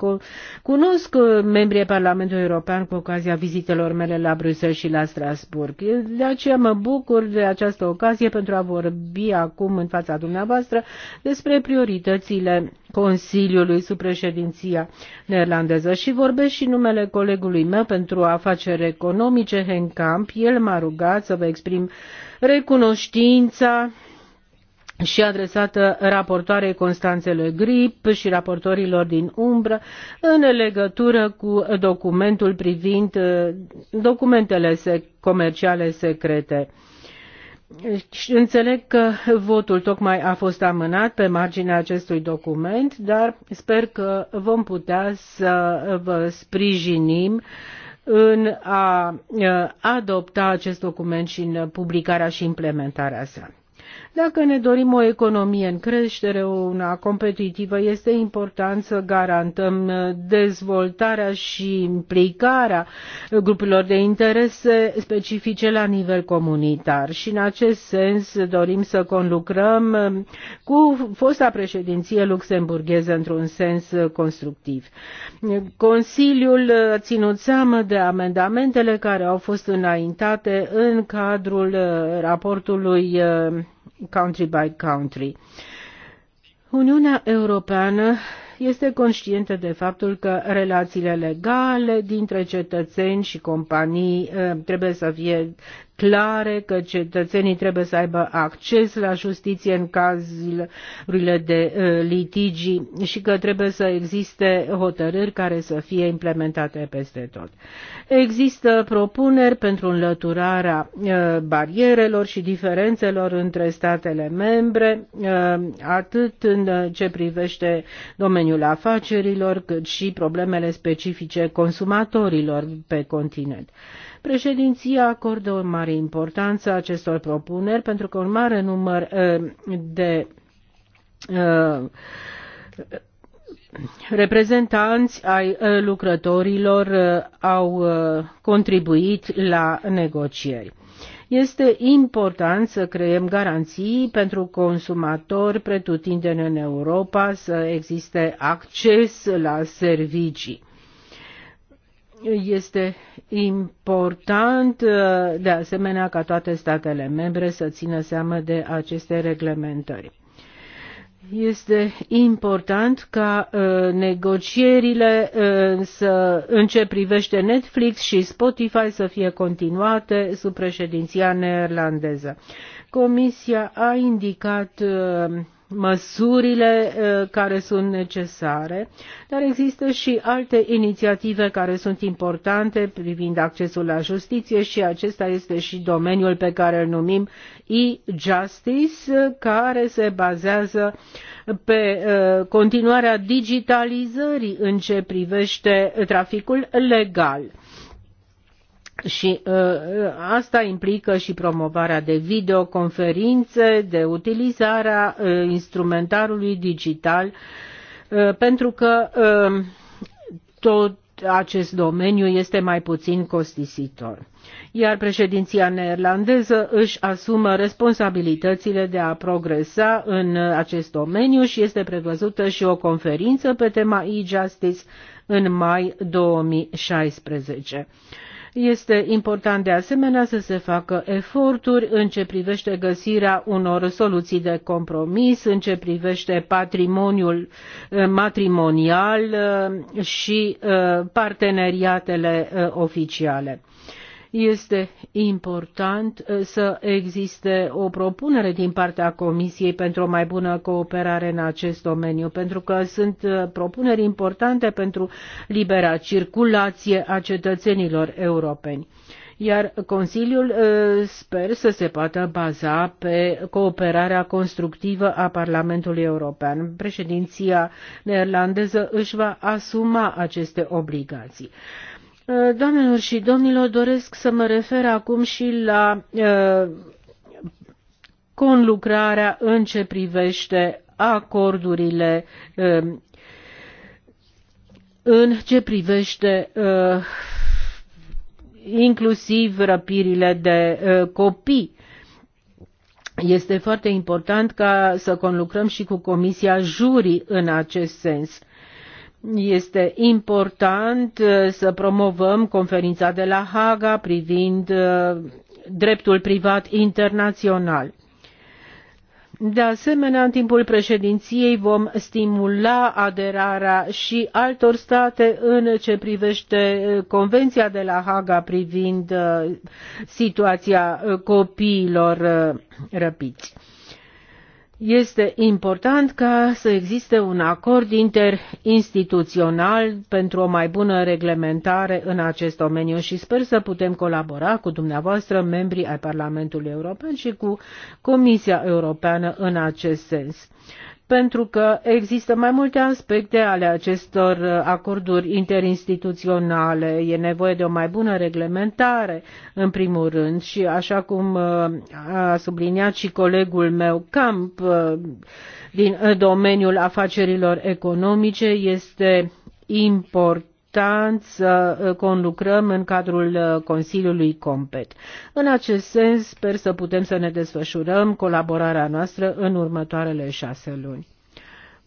cunosc membrii Parlamentului European cu ocazia vizitelor mele la Bruxelles și la Strasburg. De aceea mă bucur de această ocazie pentru a vorbi acum în fața dumneavoastră despre prioritățile Consiliului sub președinția neerlandeză și vorbesc și numele colegului meu pentru afaceri economice, Henka Trump, El m-a rugat să vă exprim recunoștința și adresată raportoarei Constanțele Grip și raportorilor din umbră în legătură cu documentul privind uh, documentele comerciale secrete. Înțeleg că votul tocmai a fost amânat pe marginea acestui document, dar sper că vom putea să vă sprijinim uh, în a adopta acest document și în publicarea și implementarea sa. Dacă ne dorim o economie în creștere, una competitivă, este important să garantăm uh, dezvoltarea și implicarea grupurilor de interese specifice la nivel comunitar. Și în acest sens dorim să conlucrăm uh, cu fosta președinție luxemburgheză într-un sens uh, constructiv. Consiliul a ținut seamă de amendamentele care au fost înaintate în cadrul raportului country by country. Uniunea Europeană este conștientă de faptul că relațiile legale dintre cetățeni și companii eh, trebuie să fie clare că cetățenii trebuie să aibă acces la justiție în cazurile de uh, litigi și că trebuie să existe hotărâri care să fie implementate peste tot. Există propuneri pentru înlăturarea uh, barierelor și diferențelor între statele membre, uh, atât în ce privește domeniul afacerilor, cât și problemele specifice consumatorilor pe continent. Președinția acordă o mare importanță acestor propuneri pentru că un mare număr eh, de eh, reprezentanți ai eh, lucrătorilor au contribuit la negocieri. Este important să creăm garanții pentru consumatori pretutindeni în Europa, să existe acces la servicii. Este important uh, de asemenea ca toate statele membre să țină seama de aceste reglementări. Este important ca uh, negocierile uh, să, în ce privește Netflix și Spotify să fie continuate sub președinția neerlandeză. Comisia a indicat uh, măsurile care sunt necesare, dar există și alte inițiative care sunt importante privind accesul la justiție și acesta este și domeniul pe care îl numim e-justice, care se bazează pe continuarea digitalizării în ce privește traficul legal și uh, uh, asta implică și promovarea de videoconferințe, de utilizarea uh, instrumentarului digital, uh, pentru că uh, tot acest domeniu este mai puțin costisitor. Iar președinția neerlandeză își asumă responsabilitățile de a progresa în acest domeniu și este prevăzută și o conferință pe tema e-justice în mai 2016. Este important de asemenea să se facă eforturi în ce privește găsirea unor soluții de compromis, în ce privește patrimoniul eh, matrimonial eh, și eh, parteneriatele oficiale. Este important uh, să existe o propunere din partea Comisiei pentru o mai bună cooperare în acest domeniu, pentru că sunt uh, propuneri importante pentru libera circulație a cetățenilor europeni iar Consiliul uh, sper să se poată baza pe cooperarea constructivă a Parlamentului European. Președinția neerlandeză își va asuma aceste obligații. Doamnelor și domnilor, doresc să mă refer acum și la uh, conlucrarea în ce privește acordurile uh, în ce privește uh, inclusiv răpirile de copii. Este foarte important ca să conlucrăm și cu Comisia Juri în acest sens este important uh, să promovăm conferința de la Haga privind uh, dreptul privat internațional. De asemenea, în timpul președinției vom stimula aderarea și altor state în ce privește uh, Convenția de la Haga privind situația copiilor răpiți. Este important ca să existe un acord interinstituțional pentru o mai bună reglementare în acest domeniu și sper să putem colabora cu dumneavoastră, membrii ai Parlamentului European și cu Comisia Europeană în acest sens pentru că există mai multe aspecte ale acestor acorduri interinstituționale. E nevoie de o mai bună reglementare, în primul rând, și așa cum uh, a subliniat și colegul meu Camp uh, din uh, domeniul afacerilor economice, este important important să uh, conlucrăm în cadrul uh, Consiliului Compet. În acest sens, sper să putem să ne desfășurăm colaborarea noastră în următoarele șase luni.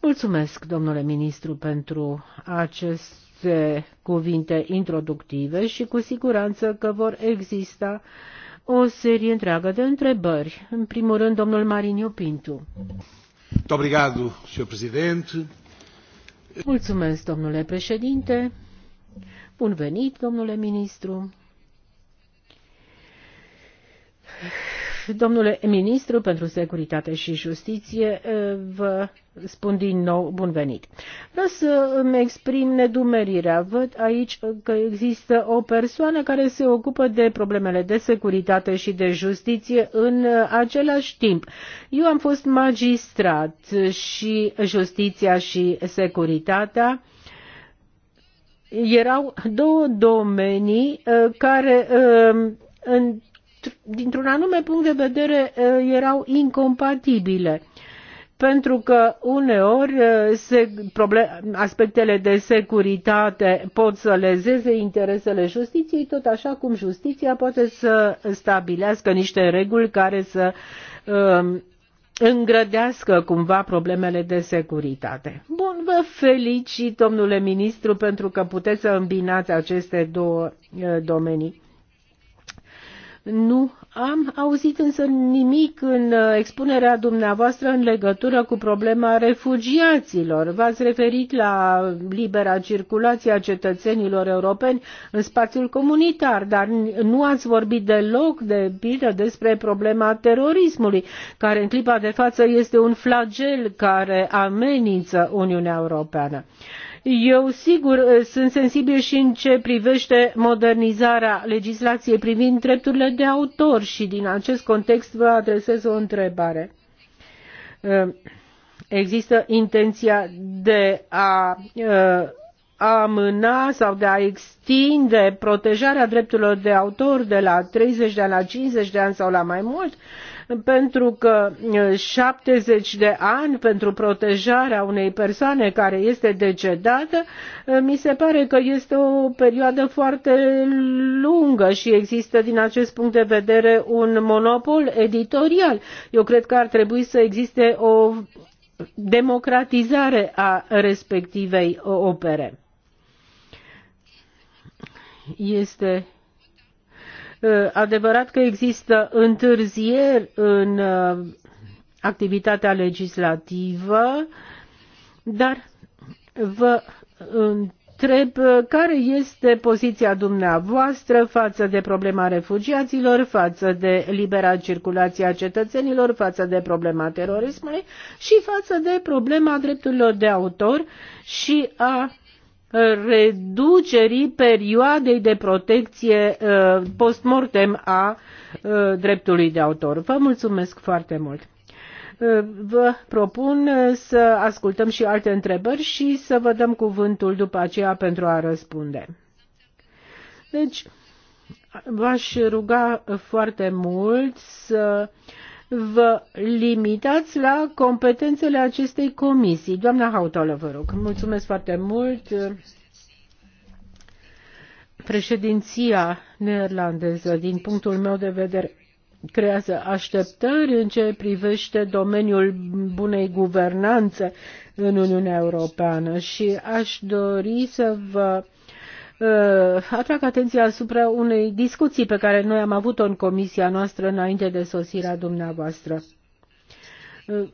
Mulțumesc, domnule ministru, pentru aceste cuvinte introductive și cu siguranță că vor exista o serie întreagă de întrebări. În primul rând, domnul Mariniu Pintu. Mulțumesc, domnule președinte. Bun venit, domnule ministru! Domnule ministru pentru securitate și justiție, vă spun din nou bun venit. Vreau să îmi exprim nedumerirea. Văd aici că există o persoană care se ocupă de problemele de securitate și de justiție în același timp. Eu am fost magistrat și justiția și securitatea erau două domenii uh, care uh, dintr-un anume punct de vedere uh, erau incompatibile pentru că uneori se, problem, aspectele de securitate pot să lezeze interesele justiției, tot așa cum justiția poate să stabilească niște reguli care să îngrădească cumva problemele de securitate. Bun, vă felicit, domnule ministru, pentru că puteți să îmbinați aceste două eh, domenii. Nu am auzit însă nimic în uh, expunerea dumneavoastră în legătură cu problema refugiaților. V-ați referit la libera circulație a cetățenilor europeni în spațiul comunitar, dar nu ați vorbit deloc de pildă despre problema terorismului, care în clipa de față este un flagel care amenință Uniunea Europeană. Eu sigur uh, sunt sensibil și în ce privește modernizarea legislației privind drepturile de autor și din acest context vă adresez o întrebare. Uh, există intenția de a uh, amâna sau de a extinde protejarea drepturilor de autor de la 30 de ani la 50 de ani sau la mai mult pentru că 70 de ani pentru protejarea unei persoane care este decedată, mi se pare că este o perioadă foarte lungă și există din acest punct de vedere un monopol editorial. Eu cred că ar trebui să existe o democratizare a respectivei opere. Este Uh, adevărat că există întârzieri în uh, activitatea legislativă, dar vă întreb uh, care este poziția dumneavoastră față de problema refugiaților, față de libera circulație a cetățenilor, față de problema terorismului și față de problema drepturilor de autor și a reducerii perioadei de protecție uh, postmortem a uh, dreptului de autor. Vă mulțumesc foarte mult! Uh, vă propun să ascultăm și alte întrebări și să vă dăm cuvântul după aceea pentru a răspunde. Deci, v-aș ruga foarte mult să uh, vă limitați la competențele acestei comisii. Doamna Hautală, vă rog. Mulțumesc foarte mult. Președinția neerlandeză, din punctul meu de vedere, creează așteptări în ce privește domeniul bunei guvernanțe în Uniunea Europeană și aș dori să vă uh, Uh, atrag atenția asupra unei discuții pe care noi am avut-o în comisia noastră înainte de sosirea dumneavoastră. Uh,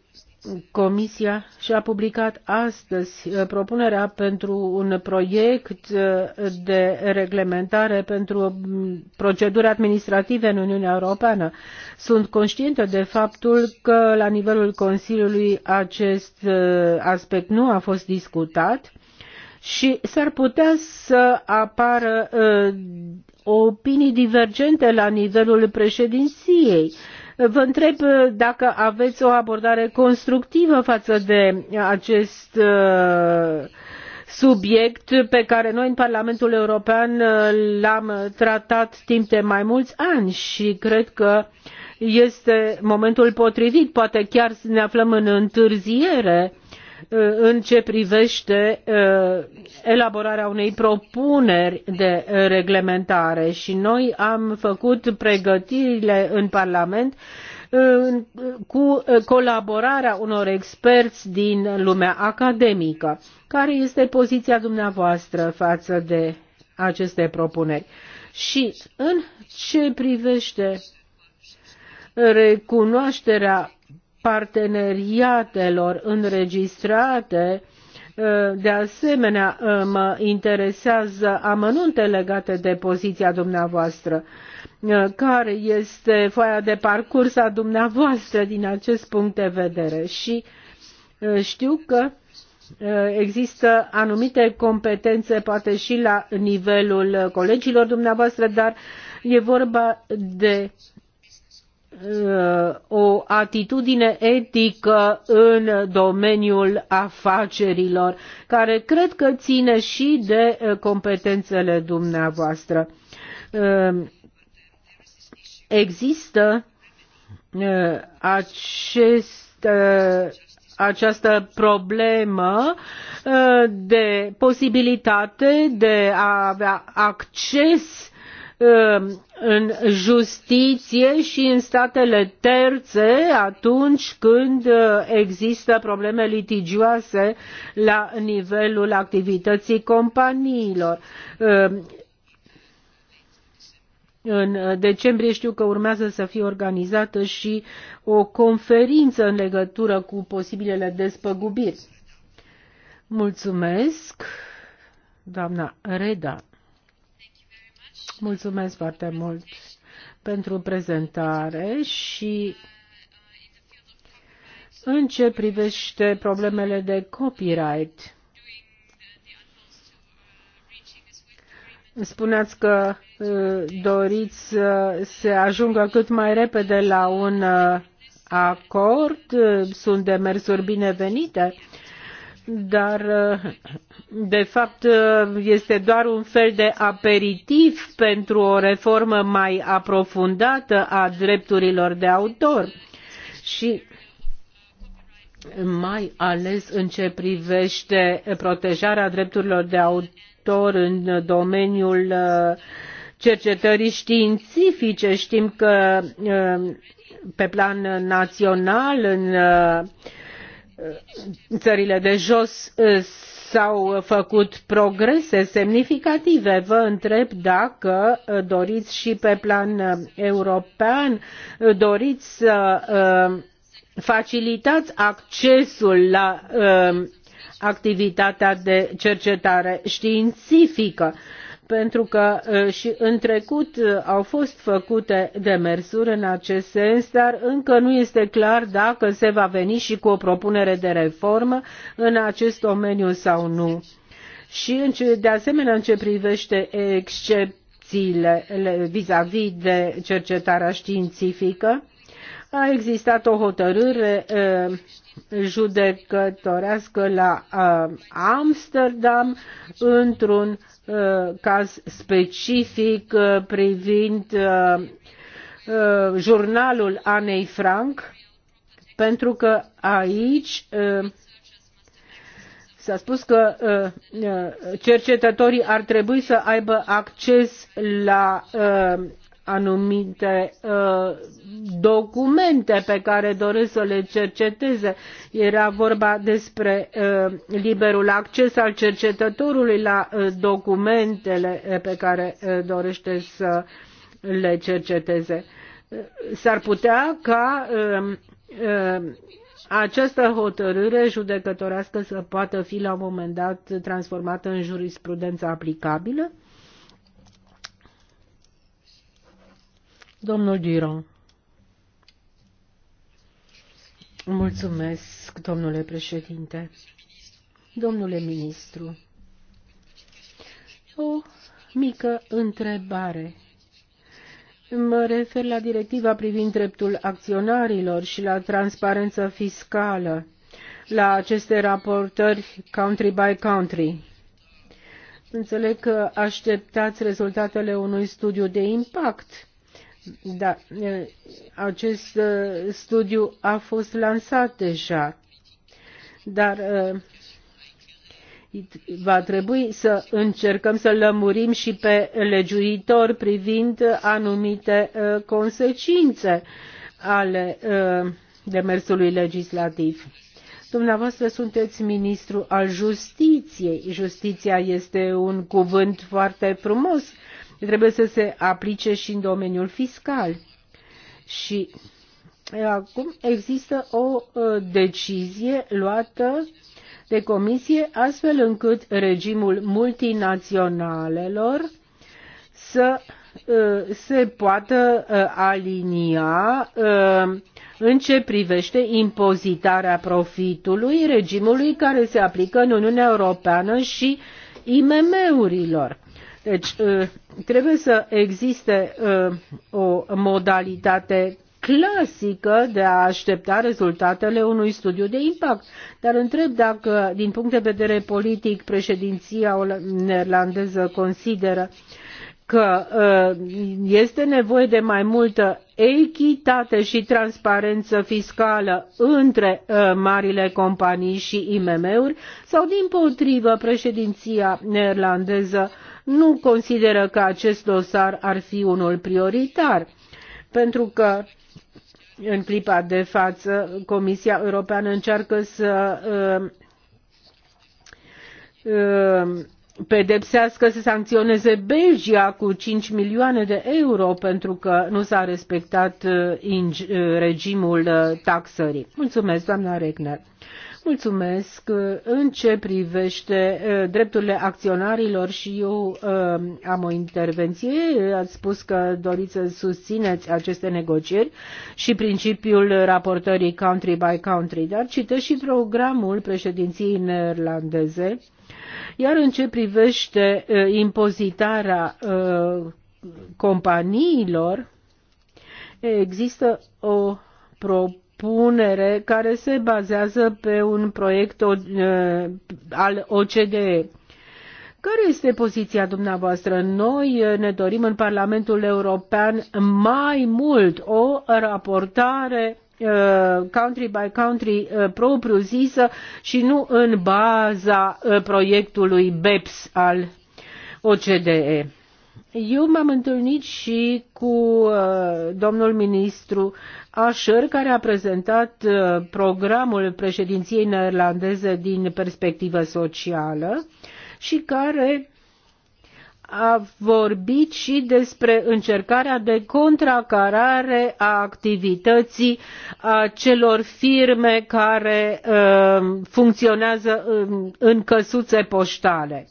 comisia și-a publicat astăzi uh, propunerea pentru un proiect de reglementare pentru um, proceduri administrative în Uniunea Europeană. Sunt conștientă de faptul că la nivelul Consiliului acest aspect nu a fost discutat și s-ar putea să apară uh, opinii divergente la nivelul președinției. Vă întreb uh, dacă aveți o abordare constructivă față de acest uh, subiect pe care noi în Parlamentul European l-am tratat timp de mai mulți ani și cred că este momentul potrivit, poate chiar ne aflăm în întârziere uh, Uh, în ce privește uh, elaborarea unei propuneri de reglementare și noi am făcut pregătirile în Parlament uh, cu colaborarea unor experți din lumea academică. Care este poziția dumneavoastră față de aceste propuneri? Și în ce privește recunoașterea parteneriatelor înregistrate. Ă, de asemenea, ă, mă interesează amănunte legate de poziția dumneavoastră. Ă, care este foaia de parcurs a dumneavoastră din acest punct de vedere? Și știu că există anumite competențe poate și la nivelul colegilor dumneavoastră, dar e vorba de Uh, o atitudine etică în domeniul afacerilor, care cred că ține și de uh, competențele dumneavoastră. Uh, există acest această problemă de posibilitate de a avea acces Uh, în justiție și în statele terțe atunci când uh, există probleme litigioase la nivelul activității companiilor. Uh, în decembrie știu că urmează să fie organizată și o conferință în legătură cu posibilele despăgubiri. Mulțumesc, doamna Reda. Mulțumesc foarte mult pentru prezentare și în ce privește problemele de copyright, spuneați că uh, doriți să se ajungă cât mai repede la un uh, acord, uh, sunt demersuri binevenite, dar eh, de fapt eh, este doar un fel de aperitiv pentru o reformă mai aprofundată a drepturilor de autor. Și mai ales în ce privește protejarea drepturilor de autor în domeniul eh, cercetării științifice. Știm că pe plan național în Uh, țările de jos uh, s-au făcut progrese semnificative. Vă întreb dacă uh, doriți și pe plan european, doriți să facilitați accesul la activitatea de cercetare științifică pentru că și în trecut au fost făcute demersuri în acest sens, dar încă nu este clar dacă se va veni și cu o propunere de reformă în acest domeniu sau nu. Și de asemenea în ce privește excepțiile vis-a-vis -vis de cercetarea științifică, a existat o hotărâre judecătorească la Amsterdam într-un Uh, caz specific uh, privind uh, jurnalul Anei Frank, pentru că aici s-a spus că cercetătorii ar trebui să aibă acces la anumite uh, documente pe care doresc să le cerceteze. Era vorba despre uh, liberul acces al cercetătorului la uh, documentele uh, pe care uh, dorește să le cerceteze. Uh, s-ar putea ca uh, uh, această hotărâre judecătorească să poată fi la un moment dat transformată în jurisprudență aplicabilă? Domnul Diron. Mulțumesc, domnule președinte. Domnule ministru, o mică întrebare. Mă refer la directiva privind dreptul acționarilor și la transparență fiscală, la aceste raportări country by country. Înțeleg că așteptați rezultatele unui studiu de impact da, acest studiu a fost lansat deja, dar va trebui să încercăm să lămurim și pe legiuitor privind anumite consecințe ale demersului legislativ. Dumneavoastră sunteți ministru al justiției. Justiția este un cuvânt foarte frumos trebuie să se aplice și în domeniul fiscal. Și acum există o decizie luată de comisie astfel încât regimul multinaționalelor să se poată alinia în ce privește impozitarea profitului regimului care se aplică în Uniunea Europeană și IMM-urilor. Deci uh, trebuie să existe uh, o modalitate clasică de a aștepta rezultatele unui studiu de impact. Dar întreb dacă, din punct de vedere politic, președinția neerlandeză consideră că uh, este nevoie de mai multă echitate și transparență fiscală între marile companii și IMM-uri sau, din potrivă, președinția neerlandeză nu consideră că acest dosar ar fi unul prioritar, pentru că în clipa de față Comisia Europeană încearcă să uh, uh, pedepsească, să sancționeze Belgia cu 5 milioane de euro pentru că nu s-a respectat uh, uh regimul uh, taxării. Mulțumesc, doamna Regner. Mulțumesc. În ce privește drepturile acționarilor și eu am o intervenție. Ați spus că doriți să susțineți aceste negocieri și principiul raportării country by country, dar cită și programul președinției neerlandeze. Iar în ce privește impozitarea companiilor, există o propunere propunere care se bazează pe un proiect al OCDE. Care este poziția dumneavoastră? Noi ne dorim în Parlamentul European mai mult o raportare country by country propriu zisă și nu în baza proiectului BEPS al OCDE. Eu m-am întâlnit și cu domnul ministru Asher, care a prezentat uh, programul președinției neerlandeze din perspectivă socială și care a vorbit și despre încercarea de contracarare a activității a celor firme care uh, funcționează în, în căsuțe poștale.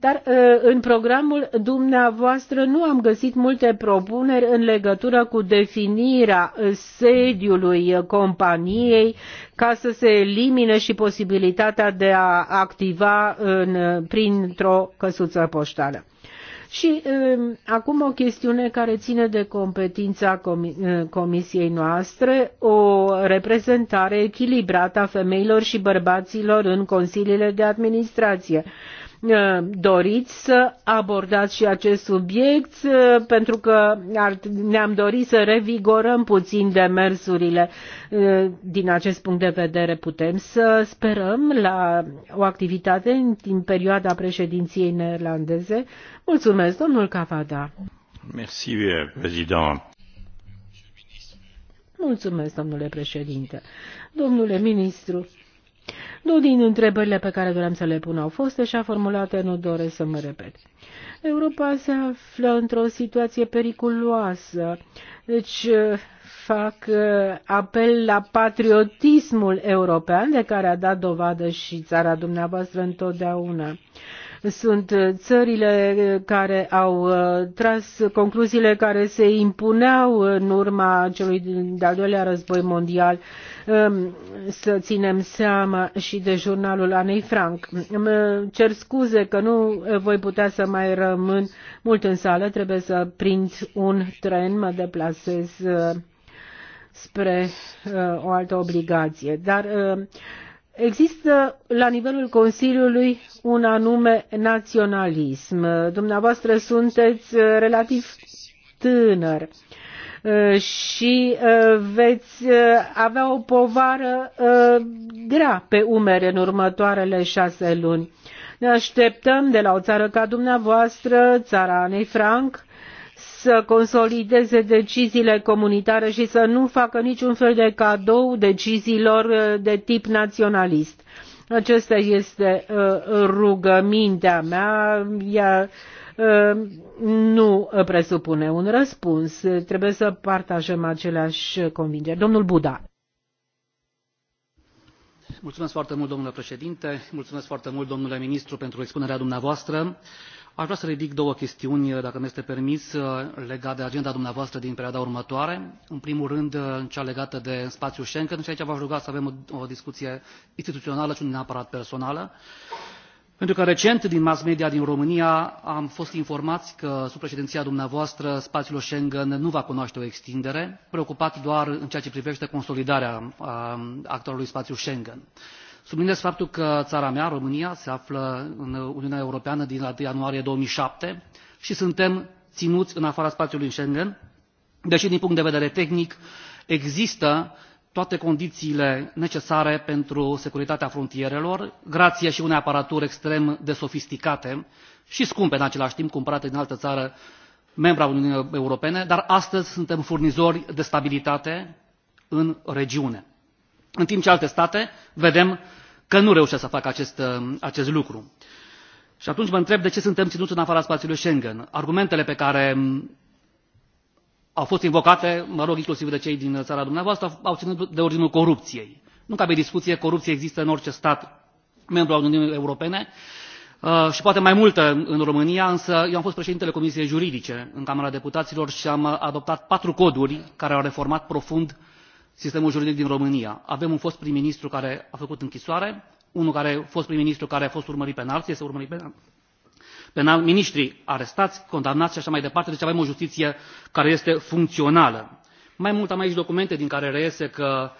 Dar uh, în programul dumneavoastră nu am găsit multe propuneri în legătură cu definirea uh, sediului uh, companiei ca să se elimine și posibilitatea de a activa în, printr-o căsuță poștală. Și acum o chestiune care ține de competința comisiei noastre, o reprezentare echilibrată a femeilor și bărbaților în consiliile de administrație. Uh, doriți să abordați și acest subiect, uh, pentru că ne-am dorit să revigorăm puțin demersurile. Uh, din acest punct de vedere putem să sperăm la o activitate în, perioada președinției neerlandeze. Mulțumesc, domnul Cavada. Merci, président. Mulțumesc, domnule președinte. Domnule ministru, Două din întrebările pe care doream să le pun au fost așa formulate, nu doresc să mă repet. Europa se află într-o situație periculoasă, deci uh, fac uh, apel la patriotismul european de care a dat dovadă și țara dumneavoastră întotdeauna sunt uh, țările uh, care au uh, tras concluziile care se impuneau în urma celui de-al doilea război mondial um, să ținem seama și de jurnalul Anei Frank. Îmi cer scuze că nu voi putea să mai rămân mult în sală, trebuie să prind un tren, mă deplasez spre o altă obligație. Dar Există la nivelul Consiliului un anume naționalism. Dumneavoastră sunteți uh, relativ tânăr uh, și uh, veți avea o povară grea pe umeri în următoarele șase luni. Ne așteptăm de la o țară ca dumneavoastră, țara Anei Frank, să consolideze deciziile comunitare și să nu facă niciun fel de cadou deciziilor uh, de tip naționalist. Aceasta este uh, rugămintea mea. Ea uh, nu presupune un răspuns. Trebuie să partajăm aceleași convingeri. Domnul Buda. Mulțumesc foarte mult, domnule președinte. Mulțumesc foarte mult, domnule ministru, pentru expunerea dumneavoastră. Aș vrea să ridic două chestiuni, dacă mi este permis, uh, legate de agenda dumneavoastră din perioada următoare. În primul rând, uh, cea legată de spațiul Schengen și aici v-aș ruga să avem o, o discuție instituțională și nu neapărat personală. Pentru că recent, din mass media din România, am fost informați că sub președinția dumneavoastră spațiul Schengen nu va cunoaște o extindere, preocupat doar în ceea ce privește consolidarea uh, actorului spațiul Schengen. Subliniez faptul că țara mea, România, se află în Uniunea Europeană din 1 ianuarie 2007 și suntem ținuți în afara spațiului Schengen, deși din punct de vedere tehnic există toate condițiile necesare pentru securitatea frontierelor, grație și unei aparaturi extrem de sofisticate și scumpe în același timp, cumpărate din altă țară membra Uniunii Europene, dar astăzi suntem furnizori de stabilitate în regiune. În timp ce alte state vedem că nu reușesc să facă acest, uh, acest lucru. Și atunci mă întreb de ce suntem ținuți în afara spațiului Schengen. Argumentele pe care um, au fost invocate, mă rog, inclusiv de cei din țara dumneavoastră, au ținut de ordinul corupției. Nu cabe discuție, corupție există în orice stat membru al Uniunii Europene uh, și poate mai multă în România, însă eu am fost președintele Comisiei Juridice în Camera Deputaților și am adoptat patru coduri care au reformat profund sistemul juridic din România. Avem un fost prim-ministru care a făcut închisoare, unul care a fost prim-ministru care a fost urmărit penal, este urmărit penal, penal miniștri arestați, condamnați și așa mai departe, deci avem o justiție care este funcțională. Mai mult am aici documente din care reiese că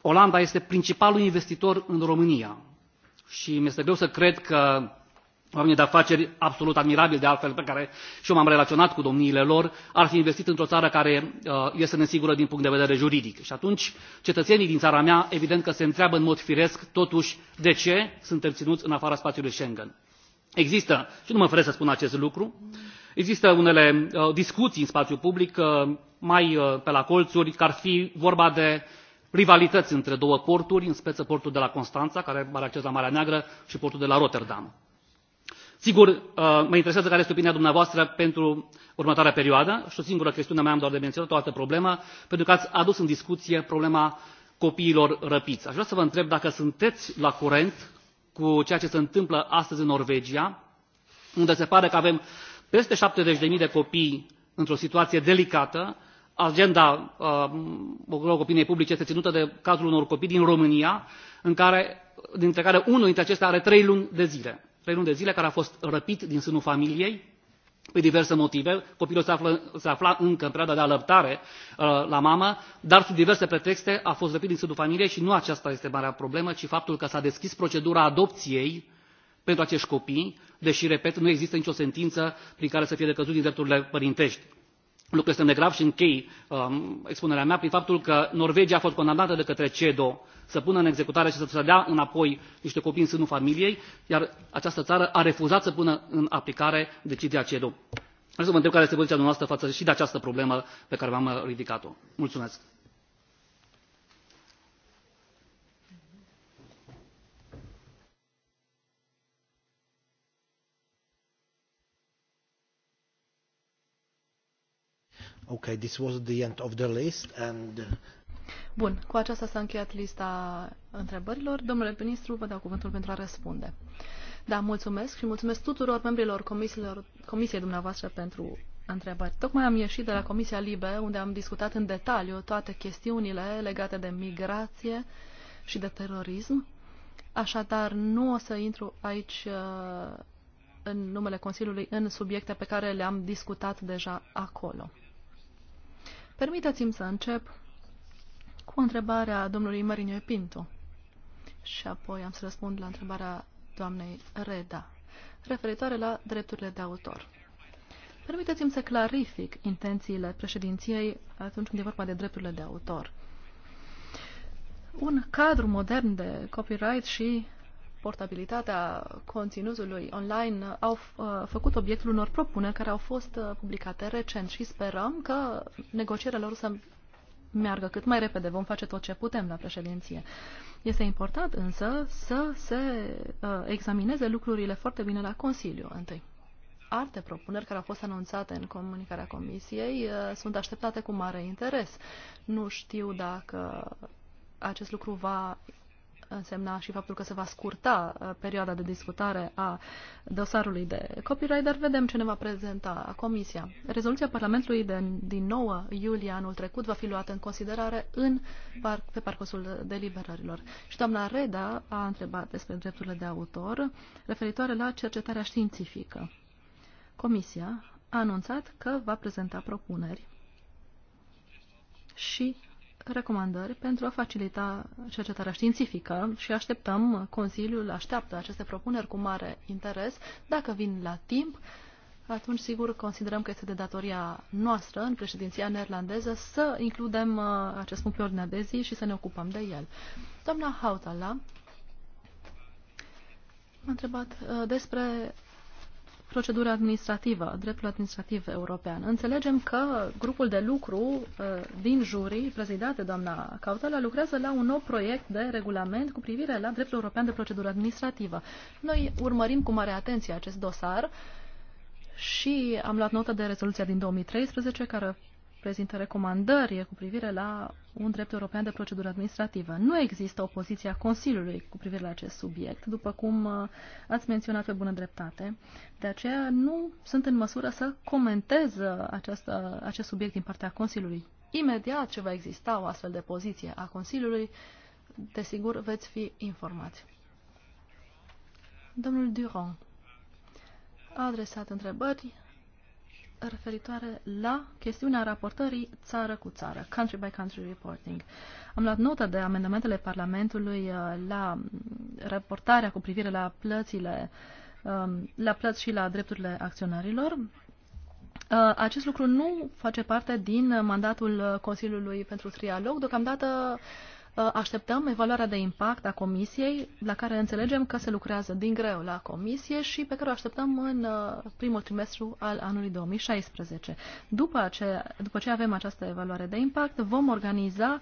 Olanda este principalul investitor în România și mi este greu să cred că oameni de afaceri absolut admirabili de altfel pe care și eu m-am relaționat cu domniile lor, ar fi investit într-o țară care uh, este nesigură din punct de vedere juridic. Și atunci cetățenii din țara mea evident că se întreabă în mod firesc totuși de ce suntem ținuți în afara spațiului Schengen. Există, și nu mă feresc să spun acest lucru, există unele uh, discuții în spațiul public uh, mai pe la colțuri, că ar fi vorba de rivalități între două porturi, în speță portul de la Constanța, care are acces la Marea Neagră, și portul de la Rotterdam Sigur, uh, mă interesează care este opinia dumneavoastră pentru următoarea perioadă și o singură chestiune mai am doar de menționat, o altă problemă, pentru că ați adus în discuție problema copiilor răpiți. Aș vrea să vă întreb dacă sunteți la curent cu ceea ce se întâmplă astăzi în Norvegia, unde se pare că avem peste 70.000 de copii într-o situație delicată. Agenda, uh, rog, opiniei publice este ținută de cazul unor copii din România, în care, dintre care unul dintre acestea are trei luni de zile trei luni de zile, care a fost răpit din sânul familiei pe diverse motive. Copilul se afla, se afla încă în perioada de alăptare uh, la mamă, dar sub diverse pretexte a fost răpit din sânul familiei și nu aceasta este marea problemă, ci faptul că s-a deschis procedura adopției pentru acești copii, deși, repet, nu există nicio sentință prin care să fie decăzut din drepturile părintești lucru extrem de grav și închei um, expunerea mea prin faptul că norvegia a fost condamnată de către cedo să pună în executare și să dea înapoi niște copii în sânul familiei iar această țară a refuzat să pună în aplicare decizia cedo. vreau să vă întreb care este poziția dumneavoastră față și de această problemă pe care v am uh, ridicat o. mulțumesc. Okay, this was the end of the list and... Uh, Bun, cu aceasta s-a încheiat lista întrebărilor. Domnule ministru, vă dau cuvântul pentru a răspunde. Da, mulțumesc și mulțumesc tuturor membrilor comisiilor, comisiei dumneavoastră pentru întrebări. Tocmai am ieșit de la Comisia Libe, unde am discutat în detaliu toate chestiunile legate de migrație și de terorism. Așadar, nu o să intru aici uh, în numele Consiliului în subiecte pe care le-am discutat deja acolo. Permiteți-mi să încep cu întrebarea domnului Marine Pinto și apoi am să răspund la întrebarea doamnei Reda, referitoare la drepturile de autor. Permiteți-mi să clarific intențiile președinției atunci când e vorba de drepturile de autor. Un cadru modern de copyright și portabilitatea conținutului online au uh, făcut obiectul unor propuneri care au fost uh, publicate recent și sperăm că negocierile lor să meargă cât mai repede. Vom face tot ce putem la președinție. Este important însă să se uh, examineze lucrurile foarte bine la Consiliu întâi. Alte propuneri care au fost anunțate în comunicarea Comisiei sunt așteptate cu mare interes. Nu știu dacă acest lucru va însemna și faptul că se va scurta uh, perioada de discutare a dosarului de copyright, dar vedem ce ne va prezenta Comisia. Rezoluția Parlamentului de, din 9 iulie anul trecut va fi luată în considerare în, pe parcursul deliberărilor. Și doamna Reda a întrebat despre drepturile de autor referitoare la cercetarea științifică. Comisia a anunțat că va prezenta propuneri și recomandări pentru a facilita cercetarea științifică și așteptăm, Consiliul așteaptă aceste propuneri cu mare interes. Dacă vin la timp, atunci sigur considerăm că este de datoria noastră în președinția neerlandeză să includem uh, acest punct pe ordinea de zi și să ne ocupăm de el. Doamna Hautala m-a întrebat uh, despre procedură administrativă, dreptul administrativ european. Înțelegem că grupul de lucru uh, din jurii, prezidat de doamna Cautela, lucrează la un nou proiect de regulament cu privire la dreptul european de procedură administrativă. Noi urmărim cu mare atenție acest dosar și am luat notă de rezoluția din 2013 care prezintă recomandări cu privire la un drept european de procedură administrativă. Nu există o poziție a Consiliului cu privire la acest subiect, după cum uh, ați menționat pe bună dreptate. De aceea nu sunt în măsură să comentez uh, această, acest subiect din partea Consiliului. Imediat ce va exista o astfel de poziție a Consiliului, desigur veți fi informați. Domnul Durand a adresat întrebări referitoare la chestiunea raportării țară cu țară, country by country reporting. Am luat notă de amendamentele Parlamentului uh, la raportarea cu privire la plățile, um, la plăți și la drepturile acționarilor. Uh, acest lucru nu face parte din mandatul Consiliului pentru Trialog. Deocamdată Uh, așteptăm evaluarea de impact a Comisiei, la care înțelegem că se lucrează din greu la Comisie și pe care o așteptăm în uh, primul trimestru al anului 2016. După ce, după ce avem această evaluare de impact, vom organiza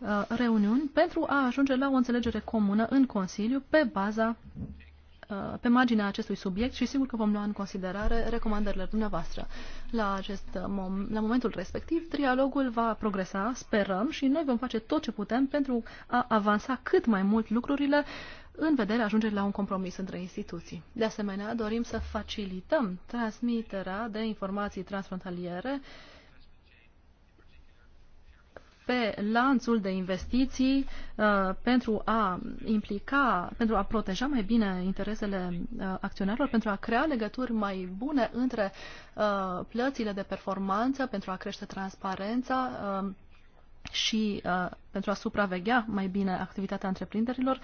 uh, reuniuni pentru a ajunge la o înțelegere comună în Consiliu pe baza Uh, pe marginea acestui subiect și sigur că vom lua în considerare recomandările dumneavoastră. La, acest uh, mom- la momentul respectiv, trialogul va progresa, sperăm, și noi vom face tot ce putem pentru a avansa cât mai mult lucrurile în vederea ajungerii la un compromis între instituții. De asemenea, dorim să facilităm transmiterea de informații transfrontaliere uh, pe lanțul de investiții uh, pentru a implica, pentru a proteja mai bine interesele uh, acționarilor, pentru a crea legături mai bune între uh, plățile de performanță, pentru a crește transparența uh, și uh, pentru a supraveghea mai bine activitatea întreprinderilor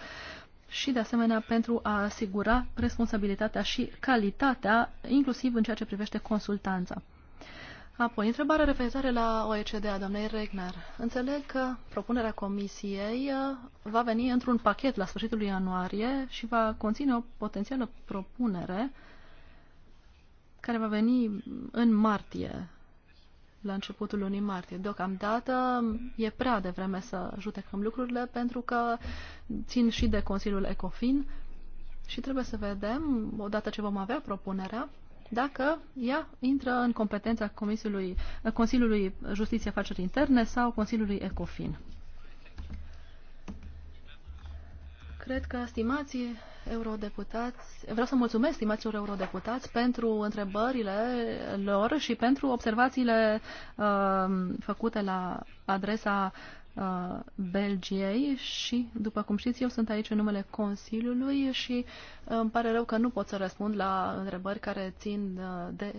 și, de asemenea, pentru a asigura responsabilitatea și calitatea, inclusiv în ceea ce privește consultanța. Apoi, întrebare referitoare la OECD a doamnei Regner. Înțeleg că propunerea comisiei uh, va veni într-un pachet la sfârșitul lui ianuarie și va conține o potențială propunere care va veni în martie, la începutul lunii martie. Deocamdată e prea devreme să judecăm lucrurile pentru că țin și de Consiliul ECOFIN și trebuie să vedem, odată ce vom avea propunerea, dacă ea intră în competența Comisului, Consiliului Justiție Afaceri Interne sau Consiliului ECOFIN. Cred că, stimați eurodeputați, vreau să mulțumesc stimaților eurodeputați pentru întrebările lor și pentru observațiile uh, făcute la adresa Uh, Belgiei și, după cum știți, eu sunt aici în numele Consiliului și îmi pare rău că nu pot să răspund la întrebări care țin uh, de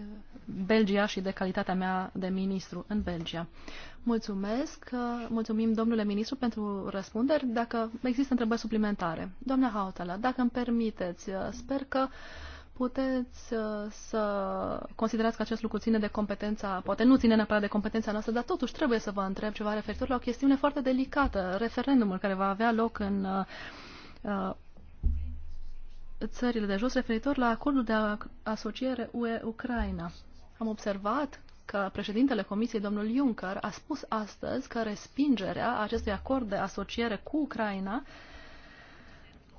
Belgia și de calitatea mea de ministru în Belgia. Mulțumesc, uh, mulțumim domnule ministru pentru răspunderi. Dacă există întrebări suplimentare, doamna Hautala, dacă îmi permiteți, sper că uh, puteți uh, să considerați că acest lucru ține de competența, poate nu ține neapărat de competența noastră, dar totuși trebuie să vă întreb ceva referitor la o chestiune foarte delicată, referendumul care va avea loc în uh, uh țările de jos referitor la acordul de asociere UE-Ucraina. Am observat că președintele Comisiei, domnul Juncker, a spus astăzi că respingerea acestui acord de asociere cu Ucraina uh,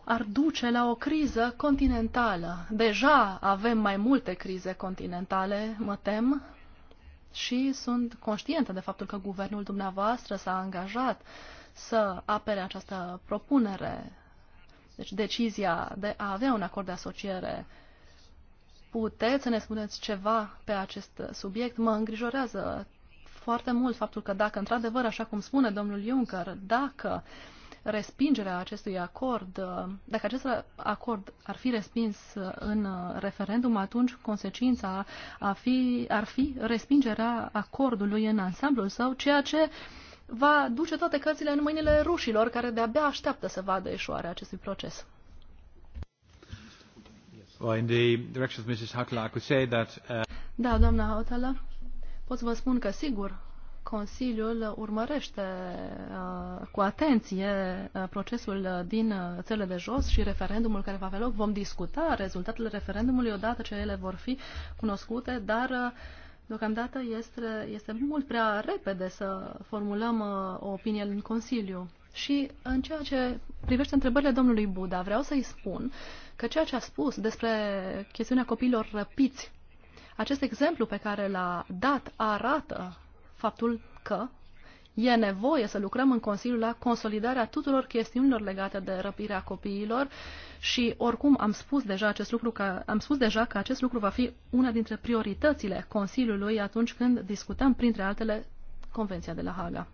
ar duce la o criză continentală. Deja avem mai multe crize continentale, mă tem, și sunt conștientă de faptul că guvernul dumneavoastră s-a angajat să apere această propunere, deci decizia de a avea un acord de asociere. Puteți să ne spuneți ceva pe acest subiect? Mă îngrijorează foarte mult faptul că dacă, într-adevăr, așa cum spune domnul Juncker, dacă uh, respingerea acestui acord, uh, dacă acest acord ar fi respins uh, în uh, referendum, atunci consecința ar fi, ar fi respingerea acordului în ansamblul său, ceea ce va duce toate cărțile în mâinile rușilor, care de-abia așteaptă să vadă eșoarea acestui proces. Well, in the direction of Mrs. I could say that, uh... Da, doamna Hautala, pot să vă spun că, sigur, Consiliul urmărește uh, cu atenție uh, procesul din uh, țările de jos și referendumul care va avea loc. Vom discuta rezultatele referendumului odată ce ele vor fi cunoscute, dar deocamdată este, este mult prea repede să formulăm o opinie în Consiliu. Și în ceea ce privește întrebările domnului Buda, vreau să-i spun că ceea ce a spus despre chestiunea copiilor răpiți, acest exemplu pe care l-a dat arată faptul că e nevoie să lucrăm în Consiliu la consolidarea tuturor chestiunilor legate de răpirea copiilor și oricum am spus deja acest lucru că, am spus deja că acest lucru va fi una dintre prioritățile Consiliului atunci când discutăm printre altele Convenția de la Haga.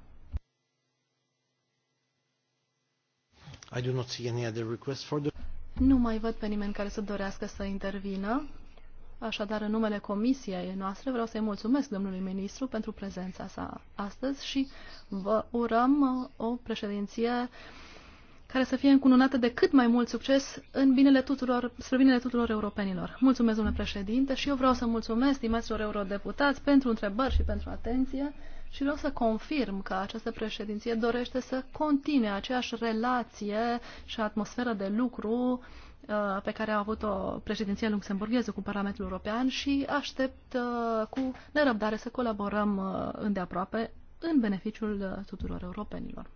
I do not see any other request for the... Nu mai văd pe nimeni care să dorească să intervină. Așadar, în numele comisiei noastre, vreau să-i mulțumesc domnului ministru pentru prezența sa astăzi și vă urăm uh, o președinție care să fie încununată de cât mai mult succes în binele tuturor, spre binele tuturor europenilor. Mulțumesc, domnule președinte, și eu vreau să mulțumesc stimaților eurodeputați pentru întrebări și pentru atenție și vreau să confirm că această președinție dorește să continue aceeași relație și atmosferă de lucru uh, Uh, pe care a avut-o președinția luxemburgheză cu Parlamentul European și aștept uh, cu nerăbdare să colaborăm uh, îndeaproape în beneficiul tuturor europenilor.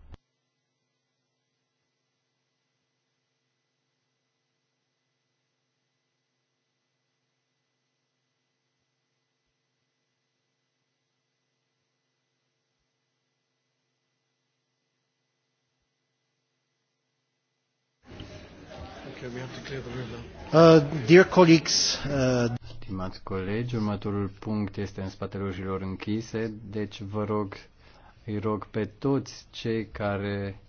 Uh, dear colleagues, uh... Stimați colegi, următorul punct este în spatele ușilor închise, deci vă rog, îi rog pe toți cei care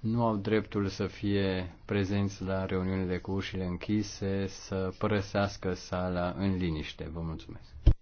nu au dreptul să fie prezenți la reuniunile cu ușile închise să părăsească sala în liniște. Vă mulțumesc.